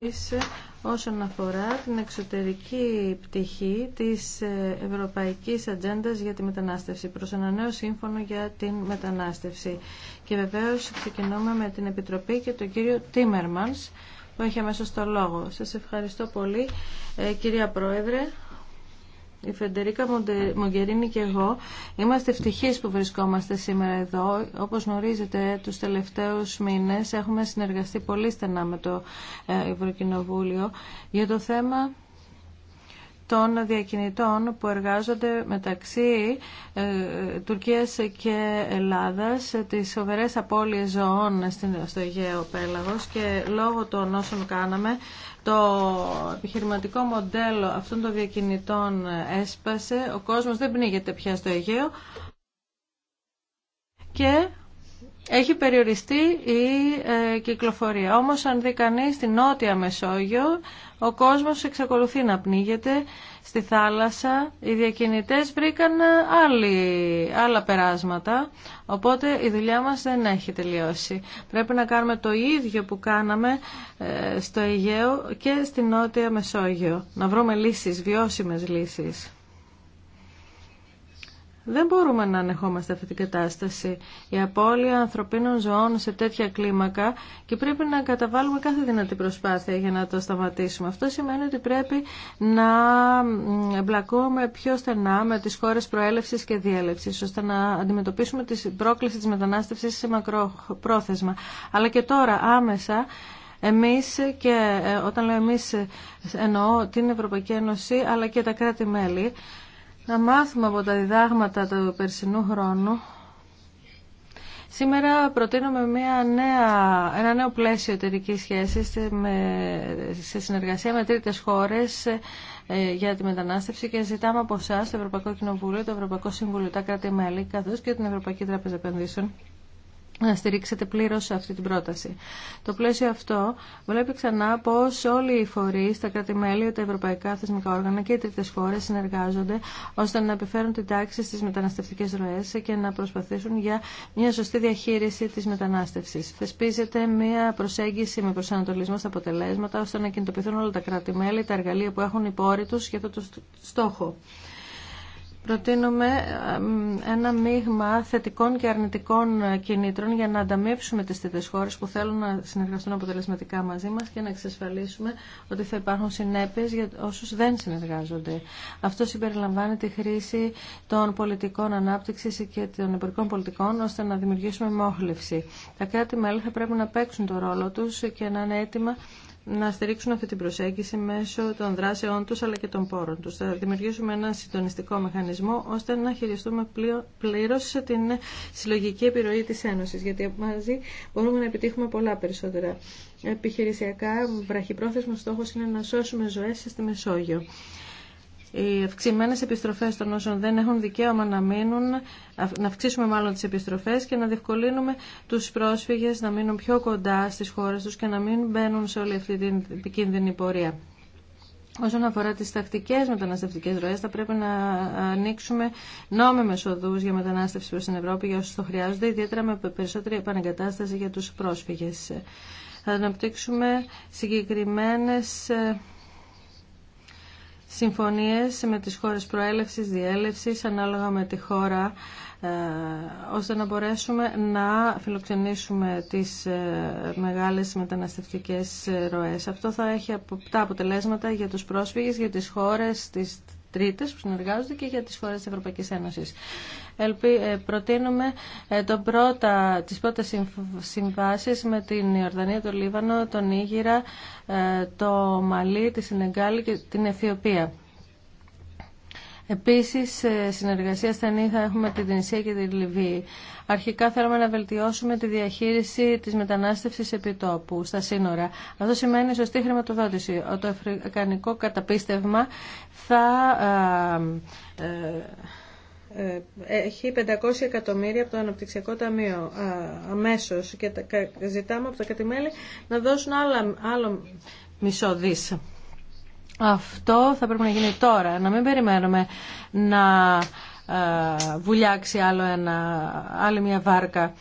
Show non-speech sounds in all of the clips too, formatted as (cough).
Ε, όσον αφορά την εξωτερική πτυχή της ε, Ευρωπαϊκής Ατζέντα για τη Μετανάστευση προς ένα νέο σύμφωνο για την μετανάστευση. Και βεβαίως ξεκινούμε με την Επιτροπή και τον κύριο Τίμερμανς που έχει αμέσως το λόγο. Σας ευχαριστώ πολύ ε, κυρία Πρόεδρε. Η Φεντερίκα Μογκερίνη και εγώ είμαστε ευτυχείς που βρισκόμαστε σήμερα εδώ. Όπως γνωρίζετε, τους τελευταίους μήνες έχουμε συνεργαστεί πολύ στενά με το ε, Ευρωκοινοβούλιο για το θέμα των διακινητών που εργάζονται μεταξύ ε, Τουρκίας και Ελλάδας, τις σοβερές απώλειες ζωών στο Αιγαίο Πέλαγος και λόγω των όσων κάναμε το επιχειρηματικό μοντέλο αυτών των διακινητών έσπασε, ο κόσμος δεν πνίγεται πια στο Αιγαίο και έχει περιοριστεί η ε, κυκλοφορία. Όμως αν δει κανείς στη Νότια Μεσόγειο, ο κόσμος εξακολουθεί να πνίγεται στη θάλασσα. Οι διακινητές βρήκαν ε, άλλη, άλλα περάσματα, οπότε η δουλειά μας δεν έχει τελειώσει. Πρέπει να κάνουμε το ίδιο που κάναμε ε, στο Αιγαίο και στη Νότια Μεσόγειο. Να βρούμε λύσεις, βιώσιμες λύσεις. Δεν μπορούμε να ανεχόμαστε αυτή την κατάσταση. Η απώλεια ανθρωπίνων ζωών σε τέτοια κλίμακα και πρέπει να καταβάλουμε κάθε δυνατή προσπάθεια για να το σταματήσουμε. Αυτό σημαίνει ότι πρέπει να εμπλακούμε πιο στενά με τις χώρες προέλευσης και διέλευσης, ώστε να αντιμετωπίσουμε την πρόκληση της μετανάστευσης σε πρόθεσμα. Αλλά και τώρα άμεσα εμείς και ε, όταν λέω εμείς εννοώ την Ευρωπαϊκή Ένωση αλλά και τα κράτη-μέλη να μάθουμε από τα διδάγματα του περσινού χρόνου. Σήμερα προτείνουμε μια νέα, ένα νέο πλαίσιο εταιρική σχέση σε συνεργασία με τρίτες χώρες ε, για τη μετανάστευση και ζητάμε από εσά, το Ευρωπαϊκό Κοινοβούλιο, το Ευρωπαϊκό Συμβούλιο, τα κράτη-μέλη καθώ και την Ευρωπαϊκή Τράπεζα Επενδύσεων να στηρίξετε πλήρως αυτή την πρόταση. Το πλαίσιο αυτό βλέπει ξανά πως όλοι οι φορείς, τα κράτη-μέλη, τα ευρωπαϊκά θεσμικά όργανα και οι τρίτες χώρες συνεργάζονται ώστε να επιφέρουν την τάξη στις μεταναστευτικές ροές και να προσπαθήσουν για μια σωστή διαχείριση της μετανάστευσης. Θεσπίζεται μια προσέγγιση με προσανατολισμό στα αποτελέσματα ώστε να κινητοποιηθούν όλα τα κράτη-μέλη, τα εργαλεία που έχουν υπόρρητους για αυτό το στόχο προτείνουμε ε, ένα μείγμα θετικών και αρνητικών ε, κινήτρων για να ανταμείψουμε τις τρίτες χώρες που θέλουν να συνεργαστούν αποτελεσματικά μαζί μας και να εξασφαλίσουμε ότι θα υπάρχουν συνέπειες για όσους δεν συνεργάζονται. Αυτό συμπεριλαμβάνει τη χρήση των πολιτικών ανάπτυξης και των εμπορικών πολιτικών ώστε να δημιουργήσουμε μόχλευση. Τα κράτη-μέλη θα πρέπει να παίξουν το ρόλο τους και να είναι έτοιμα να στηρίξουν αυτή την προσέγγιση μέσω των δράσεών τους αλλά και των πόρων τους. Θα δημιουργήσουμε ένα συντονιστικό μηχανισμό ώστε να χειριστούμε πλήρως την συλλογική επιρροή της Ένωσης γιατί μαζί μπορούμε να επιτύχουμε πολλά περισσότερα. Επιχειρησιακά, βραχυπρόθεσμος στόχος είναι να σώσουμε ζωές στη Μεσόγειο οι αυξημένε επιστροφέ των όσων δεν έχουν δικαίωμα να μείνουν, να αυξήσουμε μάλλον τι επιστροφέ και να διευκολύνουμε του πρόσφυγε να μείνουν πιο κοντά στι χώρε του και να μην μπαίνουν σε όλη αυτή την επικίνδυνη πορεία. Όσον αφορά τι τακτικές μεταναστευτικέ ροέ, θα πρέπει να ανοίξουμε νόμιμε οδού για μετανάστευση προ την Ευρώπη για όσου το χρειάζονται, ιδιαίτερα με περισσότερη επανεγκατάσταση για του πρόσφυγες. Θα αναπτύξουμε συγκεκριμένε. Ε, συμφωνίες με τις χώρες προέλευσης, διέλευσης, ανάλογα με τη χώρα, ε, ώστε να μπορέσουμε να φιλοξενήσουμε τις ε, μεγάλες μεταναστευτικές ροές. Αυτό θα έχει αποπτά αποτελέσματα για τους πρόσφυγες, για τις χώρες, τις τρίτες που συνεργάζονται και για τι χώρες τη Ευρωπαϊκή Ένωση. Ε, προτείνουμε ε, το πρώτα, τις πρώτες συμβάσεις με την Ιορδανία, το Λίβανο, τον Ήγυρα, ε, το Μαλί, τη Συνεγκάλη και την Αιθιοπία. Επίσης, συνεργασία στενή θα έχουμε την Τινησία και τη Λιβύη. Αρχικά θέλουμε να βελτιώσουμε τη διαχείριση της μετανάστευσης επιτόπου στα σύνορα. Αυτό σημαίνει σωστή χρηματοδότηση. Το αφρικανικό καταπίστευμα θα ε, ε, έχει 500 εκατομμύρια από το Αναπτυξιακό Ταμείο αμέσω και ζητάμε από τα κατημέλη να δώσουν άλλο μισό δις. Αυτό θα πρέπει να γίνει τώρα, να μην περιμένουμε να ε, βουλιάξει άλλο ένα, άλλη μια βάρκα.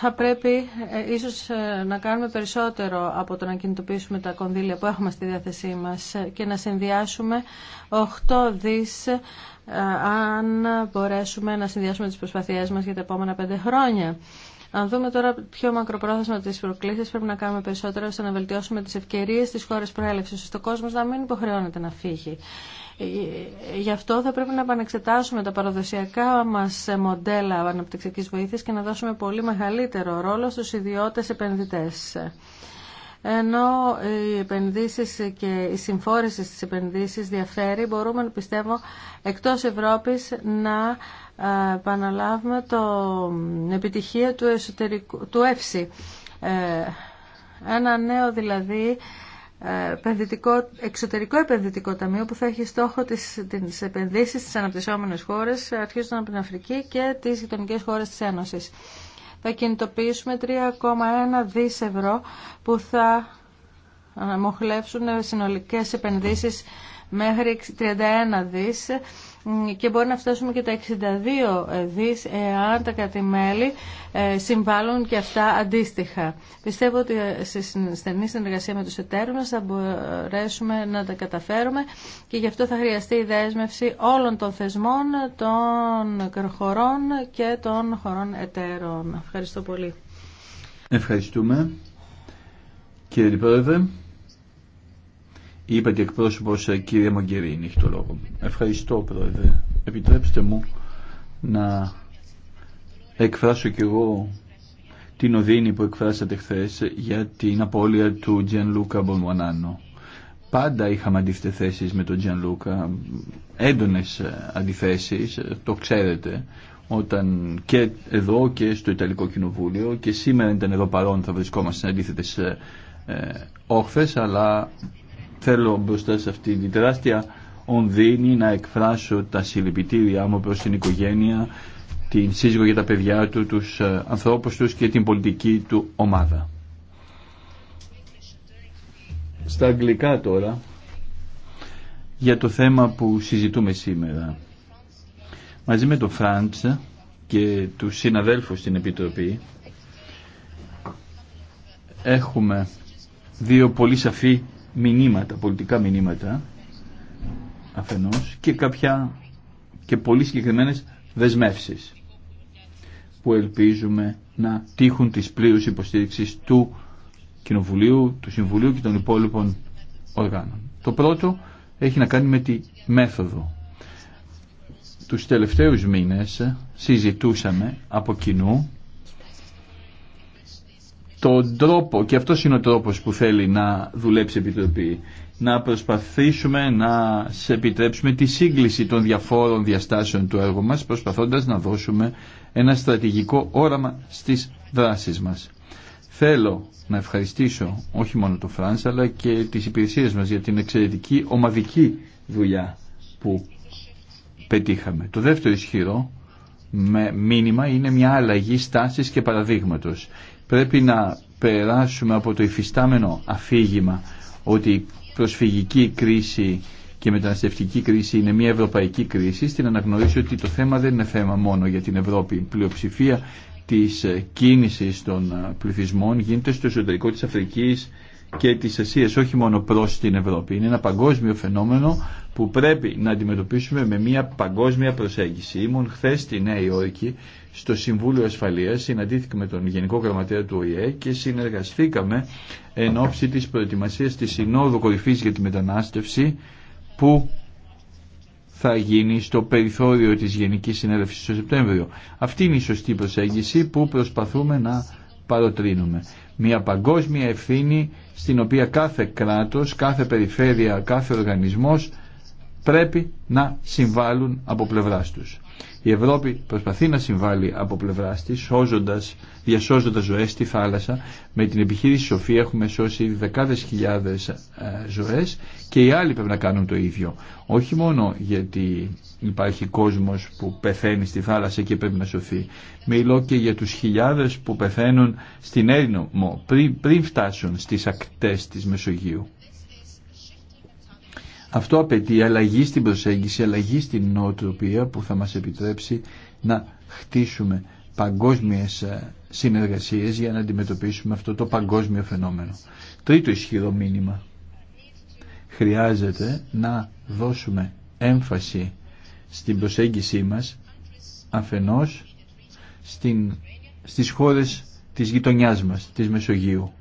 Θα πρέπει ε, ίσως ε, να κάνουμε περισσότερο από το να κινητοποιήσουμε τα κονδύλια που έχουμε στη διάθεσή μας και να συνδυάσουμε 8 δις αν μπορέσουμε να συνδυάσουμε τις προσπαθειές μας για τα επόμενα 5 χρόνια. Αν δούμε τώρα πιο μακροπρόθεσμα τι προκλήσει, πρέπει να κάνουμε περισσότερο ώστε να βελτιώσουμε τι ευκαιρίε τη χώρα προέλευση, ώστε ο κόσμο να μην υποχρεώνεται να φύγει. Γι' αυτό θα πρέπει να επανεξετάσουμε τα παραδοσιακά μας μοντέλα αναπτυξιακής βοήθεια και να δώσουμε πολύ μεγαλύτερο ρόλο στου ιδιώτες επενδυτέ. Ενώ οι επενδύσει και η συμφόρηση στις επενδύσει, διαφέρει, μπορούμε, πιστεύω, εκτός Ευρώπης να επαναλάβουμε το επιτυχία του, εσωτερικού, του ε, Ένα νέο δηλαδή ε, επενδυτικό, εξωτερικό επενδυτικό ταμείο που θα έχει στόχο τις, τις επενδύσεις στις αναπτυσσόμενες χώρες αρχίζοντα από την Αφρική και τις γειτονικέ χώρες της Ένωσης. Θα κινητοποιήσουμε 3,1 δις ευρώ που θα αναμοχλεύσουν συνολικές επενδύσεις μέχρι 31 δις και μπορεί να φτάσουμε και τα 62 δις εάν τα κατημέλη ε, συμβάλλουν και αυτά αντίστοιχα. Πιστεύω ότι ε, σε στενή συνεργασία με τους εταίρους μας θα μπορέσουμε να τα καταφέρουμε και γι' αυτό θα χρειαστεί η δέσμευση όλων των θεσμών, των χωρών και των χωρών εταίρων. Ευχαριστώ πολύ. Ευχαριστούμε. Κύριε Πρόεδρε είπε και εκπρόσωπος ε, κύριε Μογκερίνη έχει το λόγο. Ευχαριστώ πρόεδρε. Επιτρέψτε μου να εκφράσω κι εγώ την οδύνη που εκφράσατε χθε για την απώλεια του Τζεν Λούκα Μπορμονάνο. Πάντα είχαμε αντιθέσεις με τον Τζεν Λούκα, έντονες ε, αντιθέσεις, το ξέρετε, όταν και εδώ και στο Ιταλικό Κοινοβούλιο και σήμερα ήταν εδώ παρόν θα βρισκόμαστε σε αντίθετες ε, όχθες, αλλά θέλω μπροστά σε αυτή την τεράστια ονδύνη να εκφράσω τα συλληπιτήριά μου προς την οικογένεια, την σύζυγο για τα παιδιά του, τους ε, ανθρώπους τους και την πολιτική του ομάδα. Στα αγγλικά τώρα, για το θέμα που συζητούμε σήμερα. Μαζί με τον Φραντς και τους συναδέλφους στην Επιτροπή έχουμε δύο πολύ σαφή μηνύματα, πολιτικά μηνύματα αφενός και κάποια και πολύ συγκεκριμένες δεσμεύσεις που ελπίζουμε να τύχουν της πλήρους υποστήριξης του Κοινοβουλίου, του Συμβουλίου και των υπόλοιπων οργάνων. Το πρώτο έχει να κάνει με τη μέθοδο. Τους τελευταίους μήνες συζητούσαμε από κοινού τον τρόπο, και αυτός είναι ο τρόπος που θέλει να δουλέψει η Επιτροπή, να προσπαθήσουμε να σε επιτρέψουμε τη σύγκληση των διαφόρων διαστάσεων του έργου μας, προσπαθώντας να δώσουμε ένα στρατηγικό όραμα στις δράσεις μας. Θέλω να ευχαριστήσω όχι μόνο το Φράνς, αλλά και τις υπηρεσίες μας για την εξαιρετική ομαδική δουλειά που πετύχαμε. Το δεύτερο ισχυρό με μήνυμα είναι μια αλλαγή στάσης και παραδείγματος. Πρέπει να περάσουμε από το υφιστάμενο αφήγημα ότι η προσφυγική κρίση και η μεταναστευτική κρίση είναι μια ευρωπαϊκή κρίση στην αναγνωρίση ότι το θέμα δεν είναι θέμα μόνο για την Ευρώπη. Η πλειοψηφία της κίνησης των πληθυσμών γίνεται στο εσωτερικό της Αφρικής και της Ασίας, όχι μόνο προς την Ευρώπη. Είναι ένα παγκόσμιο φαινόμενο που πρέπει να αντιμετωπίσουμε με μια παγκόσμια προσέγγιση. Ήμουν χθε στη Νέα Υόρκη στο Συμβούλιο Ασφαλείας, συναντήθηκε με τον Γενικό Γραμματέα του ΟΗΕ και συνεργαστήκαμε εν ώψη της προετοιμασίας της Συνόδου Κορυφής για τη Μετανάστευση που θα γίνει στο περιθώριο της Γενικής Συνέλευσης το Σεπτέμβριο. Αυτή είναι η σωστή προσέγγιση που προσπαθούμε να παροτρύνουμε. Μια παγκόσμια ευθύνη στην οποία κάθε κράτος, κάθε περιφέρεια, κάθε οργανισμός πρέπει να συμβάλλουν από πλευράς τους. Η Ευρώπη προσπαθεί να συμβάλλει από πλευρά τη, διασώζοντα ζωέ στη θάλασσα. Με την επιχείρηση Σοφία έχουμε σώσει ήδη δεκάδε χιλιάδε ε, ζωέ και οι άλλοι πρέπει να κάνουν το ίδιο. Όχι μόνο γιατί υπάρχει κόσμο που πεθαίνει στη θάλασσα και πρέπει να σωθεί. Μιλώ και για του χιλιάδε που πεθαίνουν στην Έλληνο πριν, πριν φτάσουν στι ακτέ τη Μεσογείου. Αυτό απαιτεί αλλαγή στην προσέγγιση, αλλαγή στην νοοτροπία που θα μας επιτρέψει να χτίσουμε παγκόσμιες ε, συνεργασίες για να αντιμετωπίσουμε αυτό το παγκόσμιο φαινόμενο. Τρίτο ισχυρό μήνυμα. Χρειάζεται να δώσουμε έμφαση στην προσέγγιση μας αφενός στην, στις χώρες της γειτονιάς μας, της Μεσογείου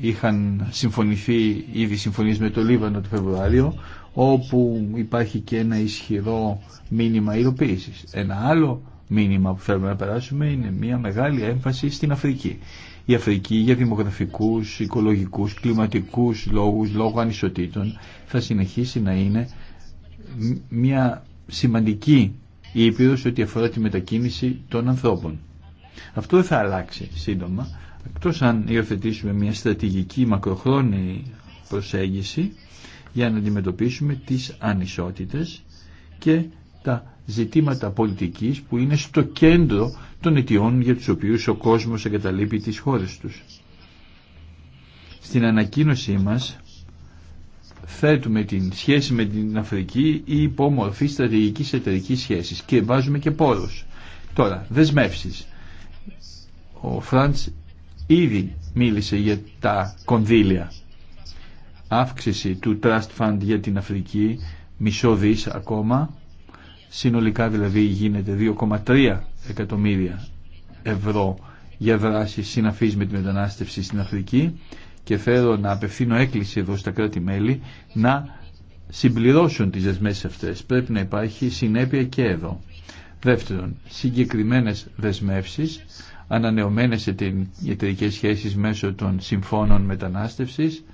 είχαν συμφωνηθεί ήδη συμφωνίες με το Λίβανο το Φεβρουάριο όπου υπάρχει και ένα ισχυρό μήνυμα υλοποίησης. Ένα άλλο μήνυμα που θέλουμε να περάσουμε είναι μια μεγάλη έμφαση στην Αφρική. Η Αφρική για δημογραφικούς, οικολογικούς, κλιματικούς λόγους, λόγω ανισοτήτων θα συνεχίσει να είναι μια σημαντική ήπειρος ότι αφορά τη μετακίνηση των ανθρώπων. Αυτό δεν θα αλλάξει σύντομα Εκτός αν υιοθετήσουμε μια στρατηγική μακροχρόνια προσέγγιση για να αντιμετωπίσουμε τις ανισότητες και τα ζητήματα πολιτικής που είναι στο κέντρο των αιτιών για τους οποίους ο κόσμος εγκαταλείπει τις χώρες τους. Στην ανακοίνωσή μας θέτουμε την σχέση με την Αφρική ή υπόμορφη στρατηγικής εταιρικής σχέσης και βάζουμε και πόρους. Τώρα, δεσμεύσεις. Ο Φραντς ήδη μίλησε για τα κονδύλια. Αύξηση του Trust Fund για την Αφρική, μισό δις ακόμα, συνολικά δηλαδή γίνεται 2,3 εκατομμύρια ευρώ για δράση συναφής με τη μετανάστευση στην Αφρική και θέλω να απευθύνω έκκληση εδώ στα κράτη-μέλη να συμπληρώσουν τις δεσμές αυτές. Πρέπει να υπάρχει συνέπεια και εδώ. Δεύτερον, συγκεκριμένες δεσμεύσεις ανανεωμένες εταιρικέ σχέσεις μέσω των συμφώνων μετανάστευσης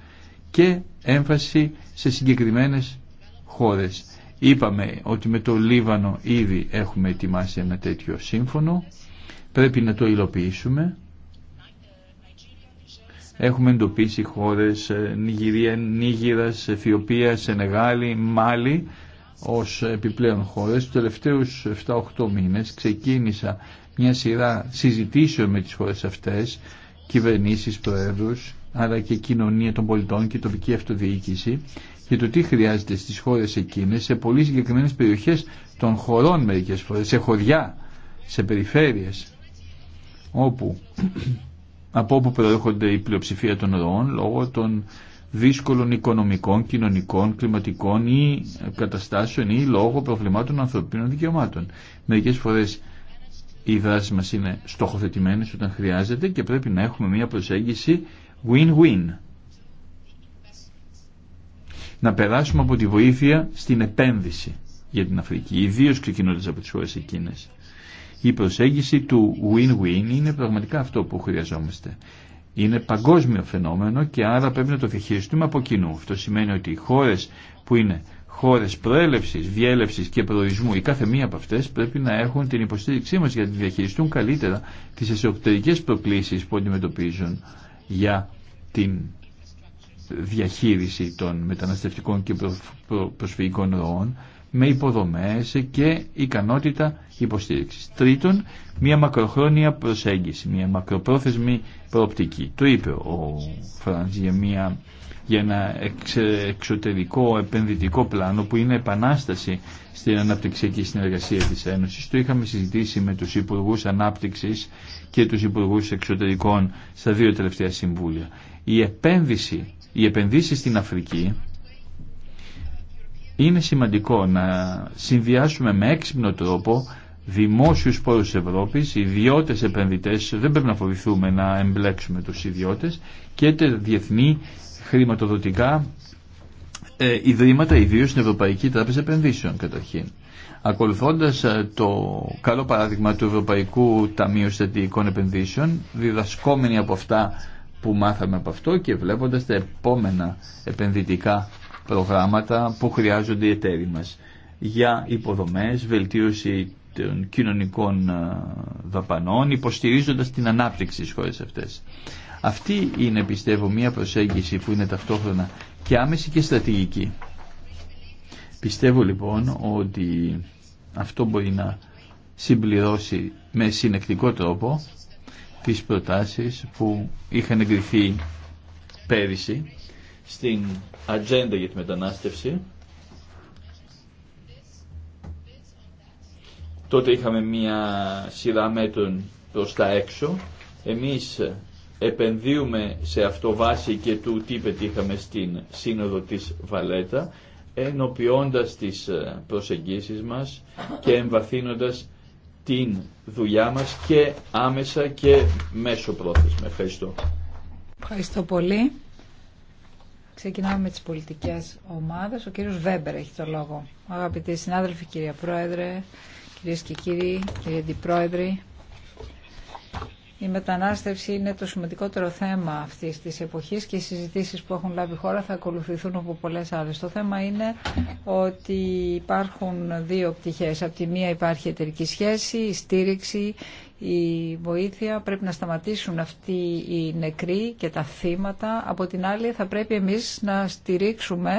και έμφαση σε συγκεκριμένες χώρες. Είπαμε ότι με το Λίβανο ήδη έχουμε ετοιμάσει ένα τέτοιο σύμφωνο. Πρέπει να το υλοποιήσουμε. Έχουμε εντοπίσει χώρες ε, Νιγηρία, Νίγηρας, Αιθιοπία, Σενεγάλη, Μάλι ως επιπλέον χώρες. Τους τελευταίους 7-8 μήνες ξεκίνησα μια σειρά συζητήσεων με τις χώρες αυτές, κυβερνήσεις, προέδρους, αλλά και κοινωνία των πολιτών και τοπική αυτοδιοίκηση για το τι χρειάζεται στις χώρες εκείνες, σε πολύ συγκεκριμένες περιοχές των χωρών μερικές φορές, σε χωριά, σε περιφέρειες, όπου, από όπου προέρχονται η πλειοψηφία των ροών λόγω των δύσκολων οικονομικών, κοινωνικών, κλιματικών ή καταστάσεων ή λόγω προβλημάτων ανθρωπίνων δικαιωμάτων. Μερικές φορές οι δράσεις μας είναι στοχοθετημένες όταν χρειάζεται και πρέπει να έχουμε μια προσέγγιση win-win. Να περάσουμε από τη βοήθεια στην επένδυση για την Αφρική, ιδίω ξεκινώντας από τις χώρες εκείνες. Η προσέγγιση του win-win είναι πραγματικά αυτό που χρειαζόμαστε. Είναι παγκόσμιο φαινόμενο και άρα πρέπει να το διαχειριστούμε από κοινού. Αυτό σημαίνει ότι οι χώρες που είναι χώρες προέλευσης, διέλευσης και προορισμού, η κάθε μία από αυτές πρέπει να έχουν την υποστήριξή μας για να διαχειριστούν καλύτερα τις εσωτερικές προκλήσεις που αντιμετωπίζουν για την διαχείριση των μεταναστευτικών και προσφυγικών ροών με υποδομές και ικανότητα υποστήριξης. Τρίτον, μια μακροχρόνια προσέγγιση, μια μακροπρόθεσμη προοπτική. Το είπε ο Φραντζ για μια για ένα εξωτερικό επενδυτικό πλάνο που είναι επανάσταση στην αναπτυξιακή συνεργασία της Ένωσης. Το είχαμε συζητήσει με τους Υπουργούς Ανάπτυξης και τους Υπουργούς Εξωτερικών στα δύο τελευταία συμβούλια. Η επένδυση, οι επένδυση στην Αφρική είναι σημαντικό να συνδυάσουμε με έξυπνο τρόπο δημόσιους πόρους της Ευρώπης, ιδιώτες επενδυτές, δεν πρέπει να φοβηθούμε να εμπλέξουμε τους ιδιώτες και διεθνή χρηματοδοτικά ε, ιδρύματα, ιδίω στην Ευρωπαϊκή Τράπεζα Επενδύσεων καταρχήν. Ακολουθώντα ε, το καλό παράδειγμα του Ευρωπαϊκού Ταμείου Στατικών Επενδύσεων, διδασκόμενοι από αυτά που μάθαμε από αυτό και βλέποντα τα επόμενα επενδυτικά προγράμματα που χρειάζονται οι εταίροι μα για υποδομές, βελτίωση των κοινωνικών ε, δαπανών, υποστηρίζοντα την ανάπτυξη στι χώρε αυτέ. Αυτή είναι πιστεύω μια προσέγγιση που είναι ταυτόχρονα και άμεση και στρατηγική. Πιστεύω λοιπόν ότι αυτό μπορεί να συμπληρώσει με συνεκτικό τρόπο τις προτάσεις που είχαν εγκριθεί πέρυσι στην ατζέντα για τη μετανάστευση. Τότε είχαμε μια σειρά μέτρων προς τα έξω. Εμείς επενδύουμε σε αυτό βάση και του τι πετύχαμε στην σύνοδο της Βαλέτα, ενοποιώντας τις ε, προσεγγίσεις μας και εμβαθύνοντας την δουλειά μας και άμεσα και μέσω πρόθεσμα. Ευχαριστώ. Ευχαριστώ πολύ. Ξεκινάμε με τις πολιτικές ομάδες. Ο κύριος Βέμπερ έχει το λόγο. Αγαπητοί συνάδελφοι, κυρία Πρόεδρε, κυρίες και κύριοι, κύριε Αντιπρόεδροι, η μετανάστευση είναι το σημαντικότερο θέμα αυτής της εποχής και οι συζητήσει που έχουν λάβει η χώρα θα ακολουθηθούν από πολλέ άλλε. Το θέμα είναι ότι υπάρχουν δύο πτυχέ. Από τη μία υπάρχει η εταιρική σχέση, η στήριξη, η βοήθεια. Πρέπει να σταματήσουν αυτοί οι νεκροί και τα θύματα. Από την άλλη θα πρέπει εμεί να στηρίξουμε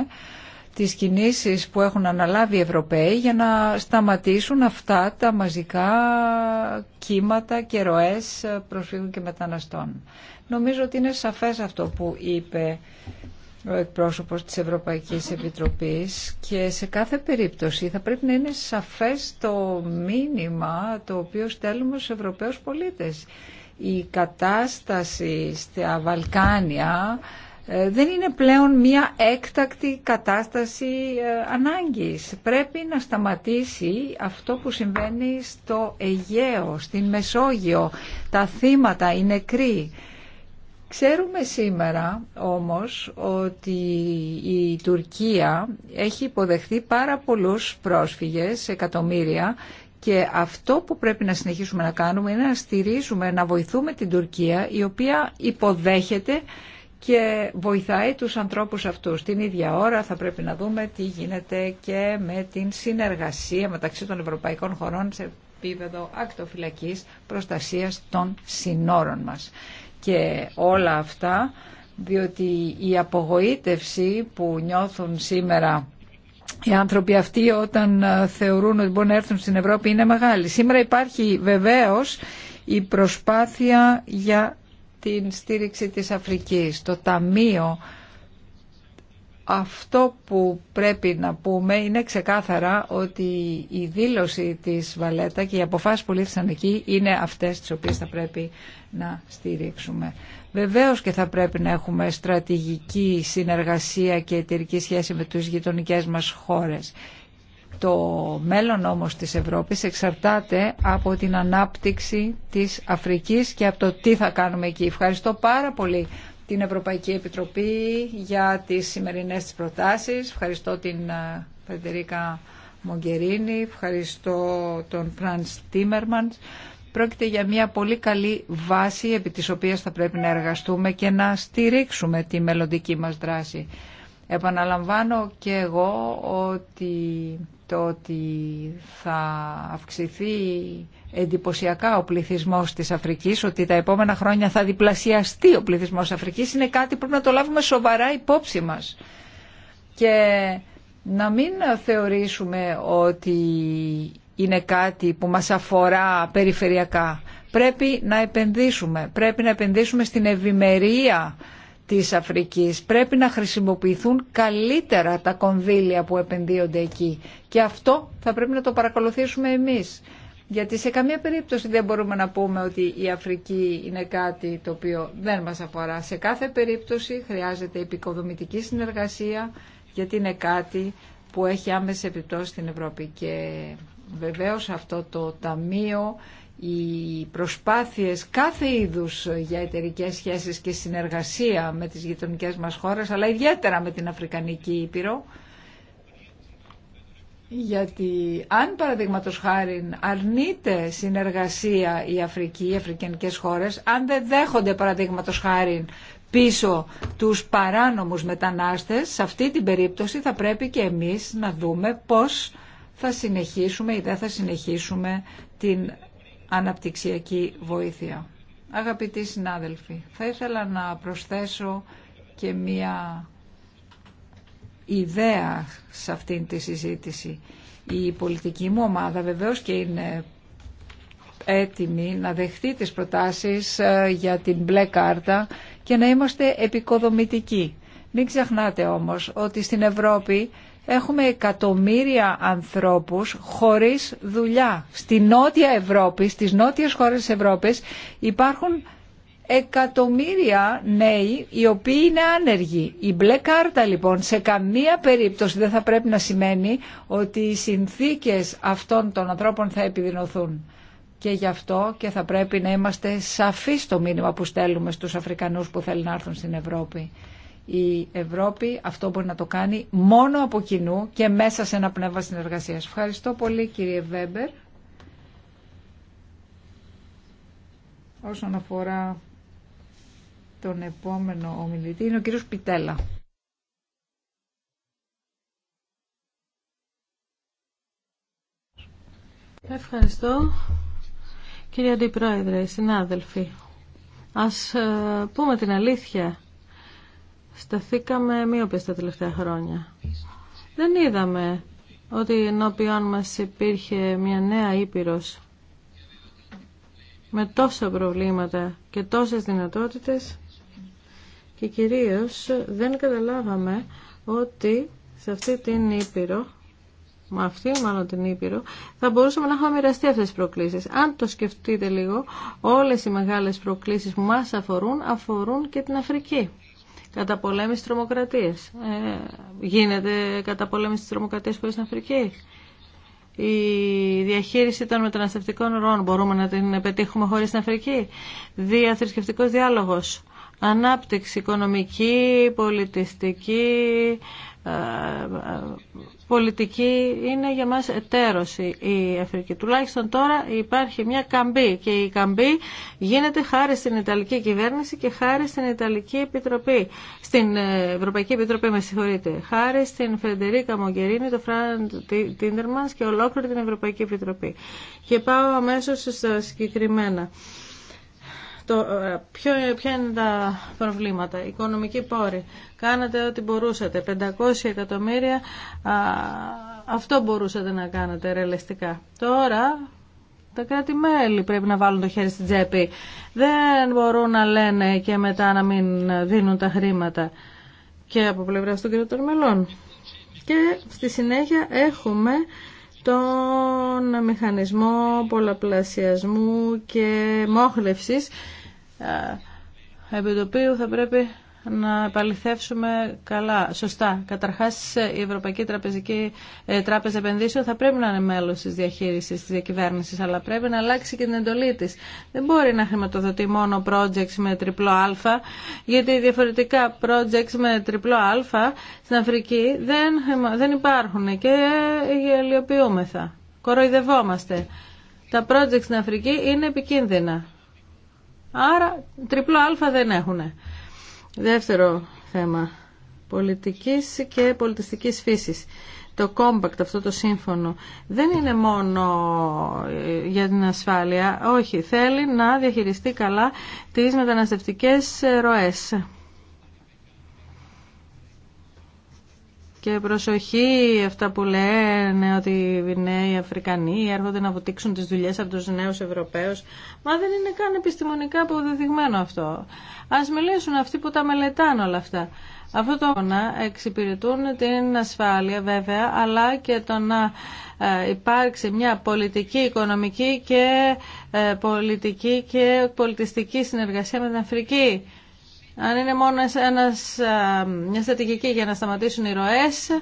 τις κινήσεις που έχουν αναλάβει οι Ευρωπαίοι για να σταματήσουν αυτά τα μαζικά κύματα και ροές προσφύγων και μεταναστών. Νομίζω ότι είναι σαφές αυτό που είπε ο εκπρόσωπος της Ευρωπαϊκής Επιτροπής και σε κάθε περίπτωση θα πρέπει να είναι σαφές το μήνυμα το οποίο στέλνουμε στους Ευρωπαίους πολίτες. Η κατάσταση στα Βαλκάνια ε, δεν είναι πλέον μια έκτακτη κατάσταση ε, ανάγκης. Πρέπει να σταματήσει αυτό που συμβαίνει στο Αιγαίο, στην Μεσόγειο, τα θύματα, οι νεκροί. Ξέρουμε σήμερα όμως ότι η Τουρκία έχει υποδεχθεί πάρα πολλούς πρόσφυγες, εκατομμύρια, και αυτό που πρέπει να συνεχίσουμε να κάνουμε είναι να στηρίζουμε, να βοηθούμε την Τουρκία, η οποία υποδέχεται και βοηθάει τους ανθρώπους αυτούς. Την ίδια ώρα θα πρέπει να δούμε τι γίνεται και με την συνεργασία μεταξύ των ευρωπαϊκών χωρών σε επίπεδο ακτοφυλακής προστασίας των συνόρων μας. Και όλα αυτά διότι η απογοήτευση που νιώθουν σήμερα οι άνθρωποι αυτοί όταν ε, θεωρούν ότι μπορούν να έρθουν στην Ευρώπη είναι μεγάλη. Σήμερα υπάρχει βεβαίως η προσπάθεια για την στήριξη της Αφρικής, το Ταμείο. Αυτό που πρέπει να πούμε είναι ξεκάθαρα ότι η δήλωση της Βαλέτα και οι αποφάσεις που λήφθησαν εκεί είναι αυτές τις οποίες θα πρέπει να στηρίξουμε. Βεβαίως και θα πρέπει να έχουμε στρατηγική συνεργασία και εταιρική σχέση με τους γειτονικές μας χώρες. Το μέλλον όμως της Ευρώπης εξαρτάται από την ανάπτυξη της Αφρικής και από το τι θα κάνουμε εκεί. Ευχαριστώ πάρα πολύ την Ευρωπαϊκή Επιτροπή για τις σημερινές της προτάσεις. Ευχαριστώ την ε, Φεντερίκα Μογκερίνη, ευχαριστώ τον Φρανς Τίμερμαντ. Πρόκειται για μια πολύ καλή βάση επί της οποίας θα πρέπει να εργαστούμε και να στηρίξουμε τη μελλοντική μας δράση. Επαναλαμβάνω και εγώ ότι ότι θα αυξηθεί εντυπωσιακά ο πληθυσμός της Αφρικής, ότι τα επόμενα χρόνια θα διπλασιαστεί ο πληθυσμός της Αφρικής, είναι κάτι που πρέπει να το λάβουμε σοβαρά υπόψη μας. Και να μην θεωρήσουμε ότι είναι κάτι που μας αφορά περιφερειακά. Πρέπει να επενδύσουμε, πρέπει να επενδύσουμε στην ευημερία της Αφρικής. Πρέπει να χρησιμοποιηθούν καλύτερα τα κονδύλια που επενδύονται εκεί. Και αυτό θα πρέπει να το παρακολουθήσουμε εμείς. Γιατί σε καμία περίπτωση δεν μπορούμε να πούμε ότι η Αφρική είναι κάτι το οποίο δεν μας αφορά. Σε κάθε περίπτωση χρειάζεται επικοδομητική συνεργασία γιατί είναι κάτι που έχει άμεση επιπτώσει στην Ευρώπη. Και βεβαίως αυτό το Ταμείο οι προσπάθειες κάθε είδους για εταιρικέ σχέσεις και συνεργασία με τις γειτονικές μας χώρες, αλλά ιδιαίτερα με την Αφρικανική Ήπειρο, γιατί αν παραδείγματος χάρη αρνείται συνεργασία η Αφρική, οι αφρικανικές χώρες, αν δεν δέχονται παραδείγματος χάρη πίσω τους παράνομους μετανάστες, σε αυτή την περίπτωση θα πρέπει και εμείς να δούμε πώς θα συνεχίσουμε ή δεν θα συνεχίσουμε την αναπτυξιακή βοήθεια. Αγαπητοί συνάδελφοι, θα ήθελα να προσθέσω και μία ιδέα σε αυτήν τη συζήτηση. Η πολιτική μου ομάδα βεβαίως και είναι έτοιμη να δεχτεί τις προτάσεις ε, για την μπλε κάρτα και να είμαστε επικοδομητικοί. Μην ξεχνάτε όμως ότι στην Ευρώπη έχουμε εκατομμύρια ανθρώπους χωρίς δουλειά. Στη Νότια Ευρώπη, στις νότιες χώρες της Ευρώπης υπάρχουν εκατομμύρια νέοι οι οποίοι είναι άνεργοι. Η μπλε κάρτα λοιπόν σε καμία περίπτωση δεν θα πρέπει να σημαίνει ότι οι συνθήκες αυτών των ανθρώπων θα επιδεινωθούν. Και γι' αυτό και θα πρέπει να είμαστε σαφείς στο μήνυμα που στέλνουμε στους Αφρικανούς που θέλουν να έρθουν στην Ευρώπη η Ευρώπη αυτό μπορεί να το κάνει μόνο από κοινού και μέσα σε ένα πνεύμα συνεργασία. Ευχαριστώ πολύ κύριε Βέμπερ. Όσον αφορά τον επόμενο ομιλητή είναι ο κύριος Πιτέλα. Ευχαριστώ. Κύριε Αντιπρόεδρε, συνάδελφοι, ας ε, πούμε την αλήθεια σταθήκαμε μείωπες τα τελευταία χρόνια. Δεν είδαμε ότι ενώπιόν μας υπήρχε μια νέα Ήπειρος με τόσα προβλήματα και τόσες δυνατότητες και κυρίως δεν καταλάβαμε ότι σε αυτή την Ήπειρο με αυτή μάλλον την Ήπειρο, θα μπορούσαμε να έχουμε μοιραστεί αυτές τις προκλήσεις. Αν το σκεφτείτε λίγο, όλες οι μεγάλες προκλήσεις που μας αφορούν, αφορούν και την Αφρική καταπολέμηση τρομοκρατίας. Ε, γίνεται καταπολέμηση τρομοκρατίας χωρίς την Αφρική. Η διαχείριση των μεταναστευτικών ροών μπορούμε να την πετύχουμε χωρίς την Αφρική. Διαθρησκευτικός διάλογος. Ανάπτυξη οικονομική, πολιτιστική, ε, ε, πολιτική είναι για μας ετέρωση η Αφρική. Τουλάχιστον τώρα υπάρχει μια καμπή και η καμπή γίνεται χάρη στην Ιταλική κυβέρνηση και χάρη στην Ιταλική Επιτροπή, στην ε, Ευρωπαϊκή Επιτροπή με συγχωρείτε, χάρη στην Φεντερίκα Μογκερίνη, το Φραντ Τίντερμανς και ολόκληρη την Ευρωπαϊκή Επιτροπή. Και πάω αμέσως στα συγκεκριμένα. Το, ε, ε, ποια είναι τα προβλήματα. οικονομική πόρη. Κάνατε ό,τι μπορούσατε. 500 εκατομμύρια. Α, αυτό μπορούσατε να κάνετε ρεαλιστικά. Τώρα τα κράτη-μέλη πρέπει να βάλουν το χέρι στην τσέπη. Δεν μπορούν να λένε και μετά να μην δίνουν τα χρήματα και από πλευρά των κρατών μελών. Και στη συνέχεια έχουμε τον μηχανισμό πολλαπλασιασμού και μόχλευσης ε, επί το οποίο θα πρέπει να επαληθεύσουμε καλά, σωστά. Καταρχάς, η Ευρωπαϊκή Τραπεζική ε, Τράπεζα Επενδύσεων θα πρέπει να είναι μέλος της διαχείρισης της διακυβέρνησης, αλλά πρέπει να αλλάξει και την εντολή της. Δεν μπορεί να χρηματοδοτεί μόνο projects με τριπλό α, γιατί διαφορετικά projects με τριπλό α στην Αφρική δεν, δεν υπάρχουν και γελιοποιούμεθα. Κοροϊδευόμαστε. Τα projects στην Αφρική είναι επικίνδυνα. Άρα τριπλό α δεν έχουνε. Δεύτερο θέμα. Πολιτικής και πολιτιστικής φύσης. Το κόμπακτ αυτό το σύμφωνο, δεν είναι μόνο ε, για την ασφάλεια. Όχι, θέλει να διαχειριστεί καλά τις μεταναστευτικές ροές. Και προσοχή αυτά που λένε ότι οι νέοι Αφρικανοί έρχονται να βουτήξουν τις δουλειές από τους νέους Ευρωπαίους. Μα δεν είναι καν επιστημονικά αποδεδειγμένο αυτό. Ας μιλήσουν αυτοί που τα μελετάνε όλα αυτά. Αυτό το να εξυπηρετούν την ασφάλεια βέβαια, αλλά και το να ε, υπάρξει μια πολιτική, οικονομική και ε, πολιτική και πολιτιστική συνεργασία με την Αφρική. Αν είναι μόνο ένας, μια στρατηγική για να σταματήσουν οι ροές, ε,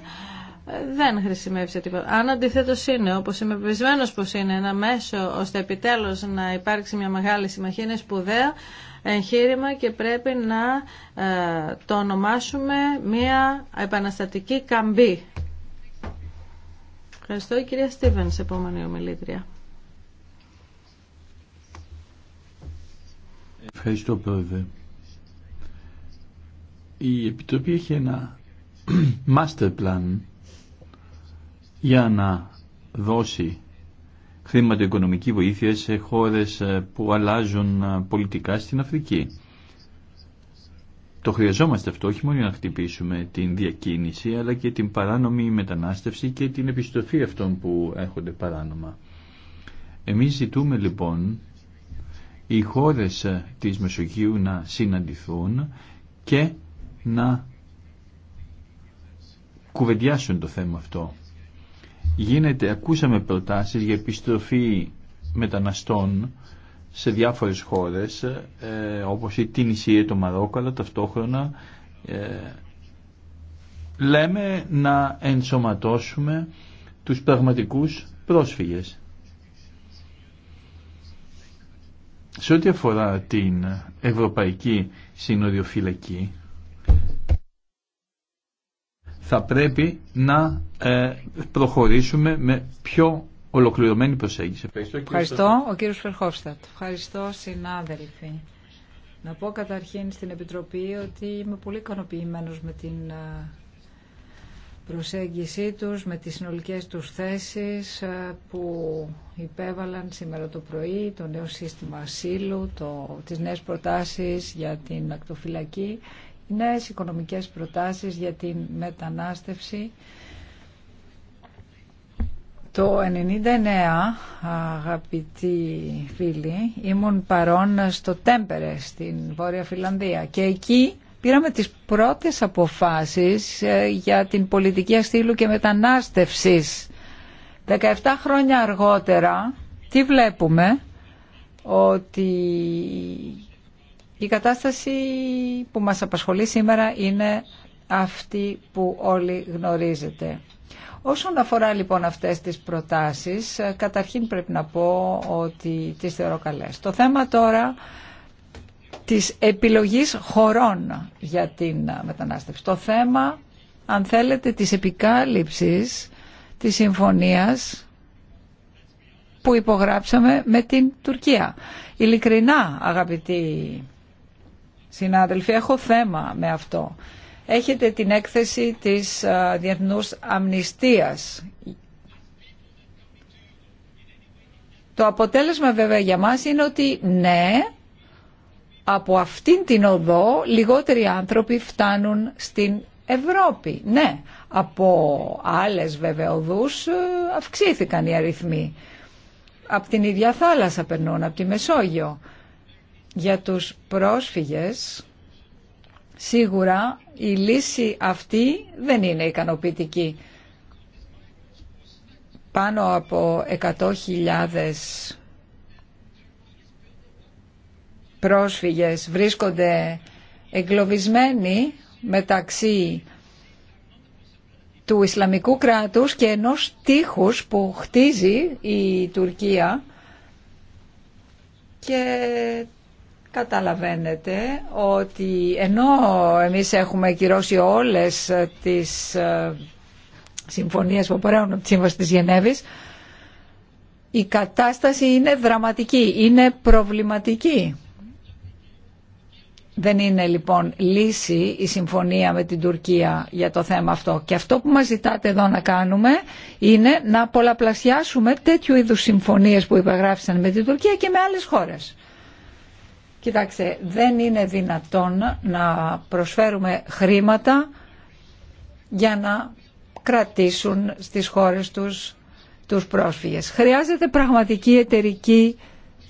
δεν χρησιμεύει τίποτα. Αν αντιθέτω είναι, όπω είμαι πεπισμένο πω είναι, ένα μέσο ώστε επιτέλου να υπάρξει μια μεγάλη συμμαχία, είναι σπουδαίο εγχείρημα και πρέπει να ε, το ονομάσουμε μια επαναστατική καμπή. Ευχαριστώ, η κυρία Στίβεν, επόμενη ομιλήτρια. Ευχαριστώ, πρόεδρε η Επιτροπή έχει ένα (clears throat) master plan για να δώσει χρηματοοικονομική βοήθεια σε χώρες ε, που αλλάζουν ε, πολιτικά στην Αφρική. Το χρειαζόμαστε αυτό όχι μόνο για να χτυπήσουμε την διακίνηση αλλά και την παράνομη μετανάστευση και την επιστροφή αυτών που έρχονται παράνομα. Εμείς ζητούμε λοιπόν οι χώρες ε, της Μεσογείου να συναντηθούν και να κουβεντιάσουν το θέμα αυτό. Γίνεται, ακούσαμε προτάσεις για επιστροφή μεταναστών σε διάφορες χώρες ε, όπως η Τινησία, το Μαρόκο αλλά ταυτόχρονα ε, λέμε να ενσωματώσουμε τους πραγματικούς πρόσφυγες. Σε ό,τι αφορά την Ευρωπαϊκή Συνοδιοφυλακή θα πρέπει να ε, προχωρήσουμε με πιο ολοκληρωμένη προσέγγιση. Ευχαριστώ, Ευχαριστώ ο κύριος Φερχόφστατ. Ευχαριστώ συνάδελφοι. Να πω καταρχήν στην Επιτροπή ότι είμαι πολύ ικανοποιημένο με την ε, προσέγγιση τους, με τις συνολικές τους θέσεις ε, που υπέβαλαν σήμερα το πρωί, το νέο σύστημα ασύλου, το, τις νέες προτάσεις για την ακτοφυλακή νέες οικονομικές προτάσεις για την μετανάστευση. Το 1999, αγαπητοί φίλοι, ήμουν παρόν στο Τέμπερε στην Βόρεια Φιλανδία και εκεί πήραμε τις πρώτες αποφάσεις ε, για την πολιτική αστήλου και μετανάστευσης. 17 χρόνια αργότερα, τι βλέπουμε, ότι η κατάσταση που μας απασχολεί σήμερα είναι αυτή που όλοι γνωρίζετε. Όσον αφορά λοιπόν αυτές τις προτάσεις, καταρχήν πρέπει να πω ότι τις θεωρώ καλές. Το θέμα τώρα της επιλογής χωρών για την μετανάστευση. Το θέμα, αν θέλετε, της επικάλυψης της συμφωνίας που υπογράψαμε με την Τουρκία. Ειλικρινά, αγαπητοί Συνάδελφοι, έχω θέμα με αυτό. Έχετε την έκθεση της Διεθνούς Αμνηστίας. Το αποτέλεσμα βέβαια για μας είναι ότι ναι, από αυτήν την οδό λιγότεροι άνθρωποι φτάνουν στην Ευρώπη. Ναι, από άλλες βέβαια οδούς αυξήθηκαν οι αριθμοί. Από την ίδια θάλασσα περνούν, από τη Μεσόγειο. Για τους πρόσφυγες, σίγουρα η λύση αυτή δεν είναι ικανοποιητική. Πάνω από 100.000 πρόσφυγες βρίσκονται εγκλωβισμένοι μεταξύ του Ισλαμικού κράτους και ενός τείχους που χτίζει η Τουρκία και Καταλαβαίνετε ότι ενώ εμείς έχουμε κυρώσει όλες τις ε, συμφωνίες που παρέχουν από τη Σύμβαση της Γενέβης, η κατάσταση είναι δραματική, είναι προβληματική. Δεν είναι λοιπόν λύση η συμφωνία με την Τουρκία για το θέμα αυτό. Και αυτό που μας ζητάτε εδώ να κάνουμε είναι να πολλαπλασιάσουμε τέτοιου είδους συμφωνίες που υπεγράφησαν με την Τουρκία και με άλλες χώρες. Κοιτάξτε, δεν είναι δυνατόν να προσφέρουμε χρήματα για να κρατήσουν στις χώρες τους τους πρόσφυγες. Χρειάζεται πραγματική εταιρική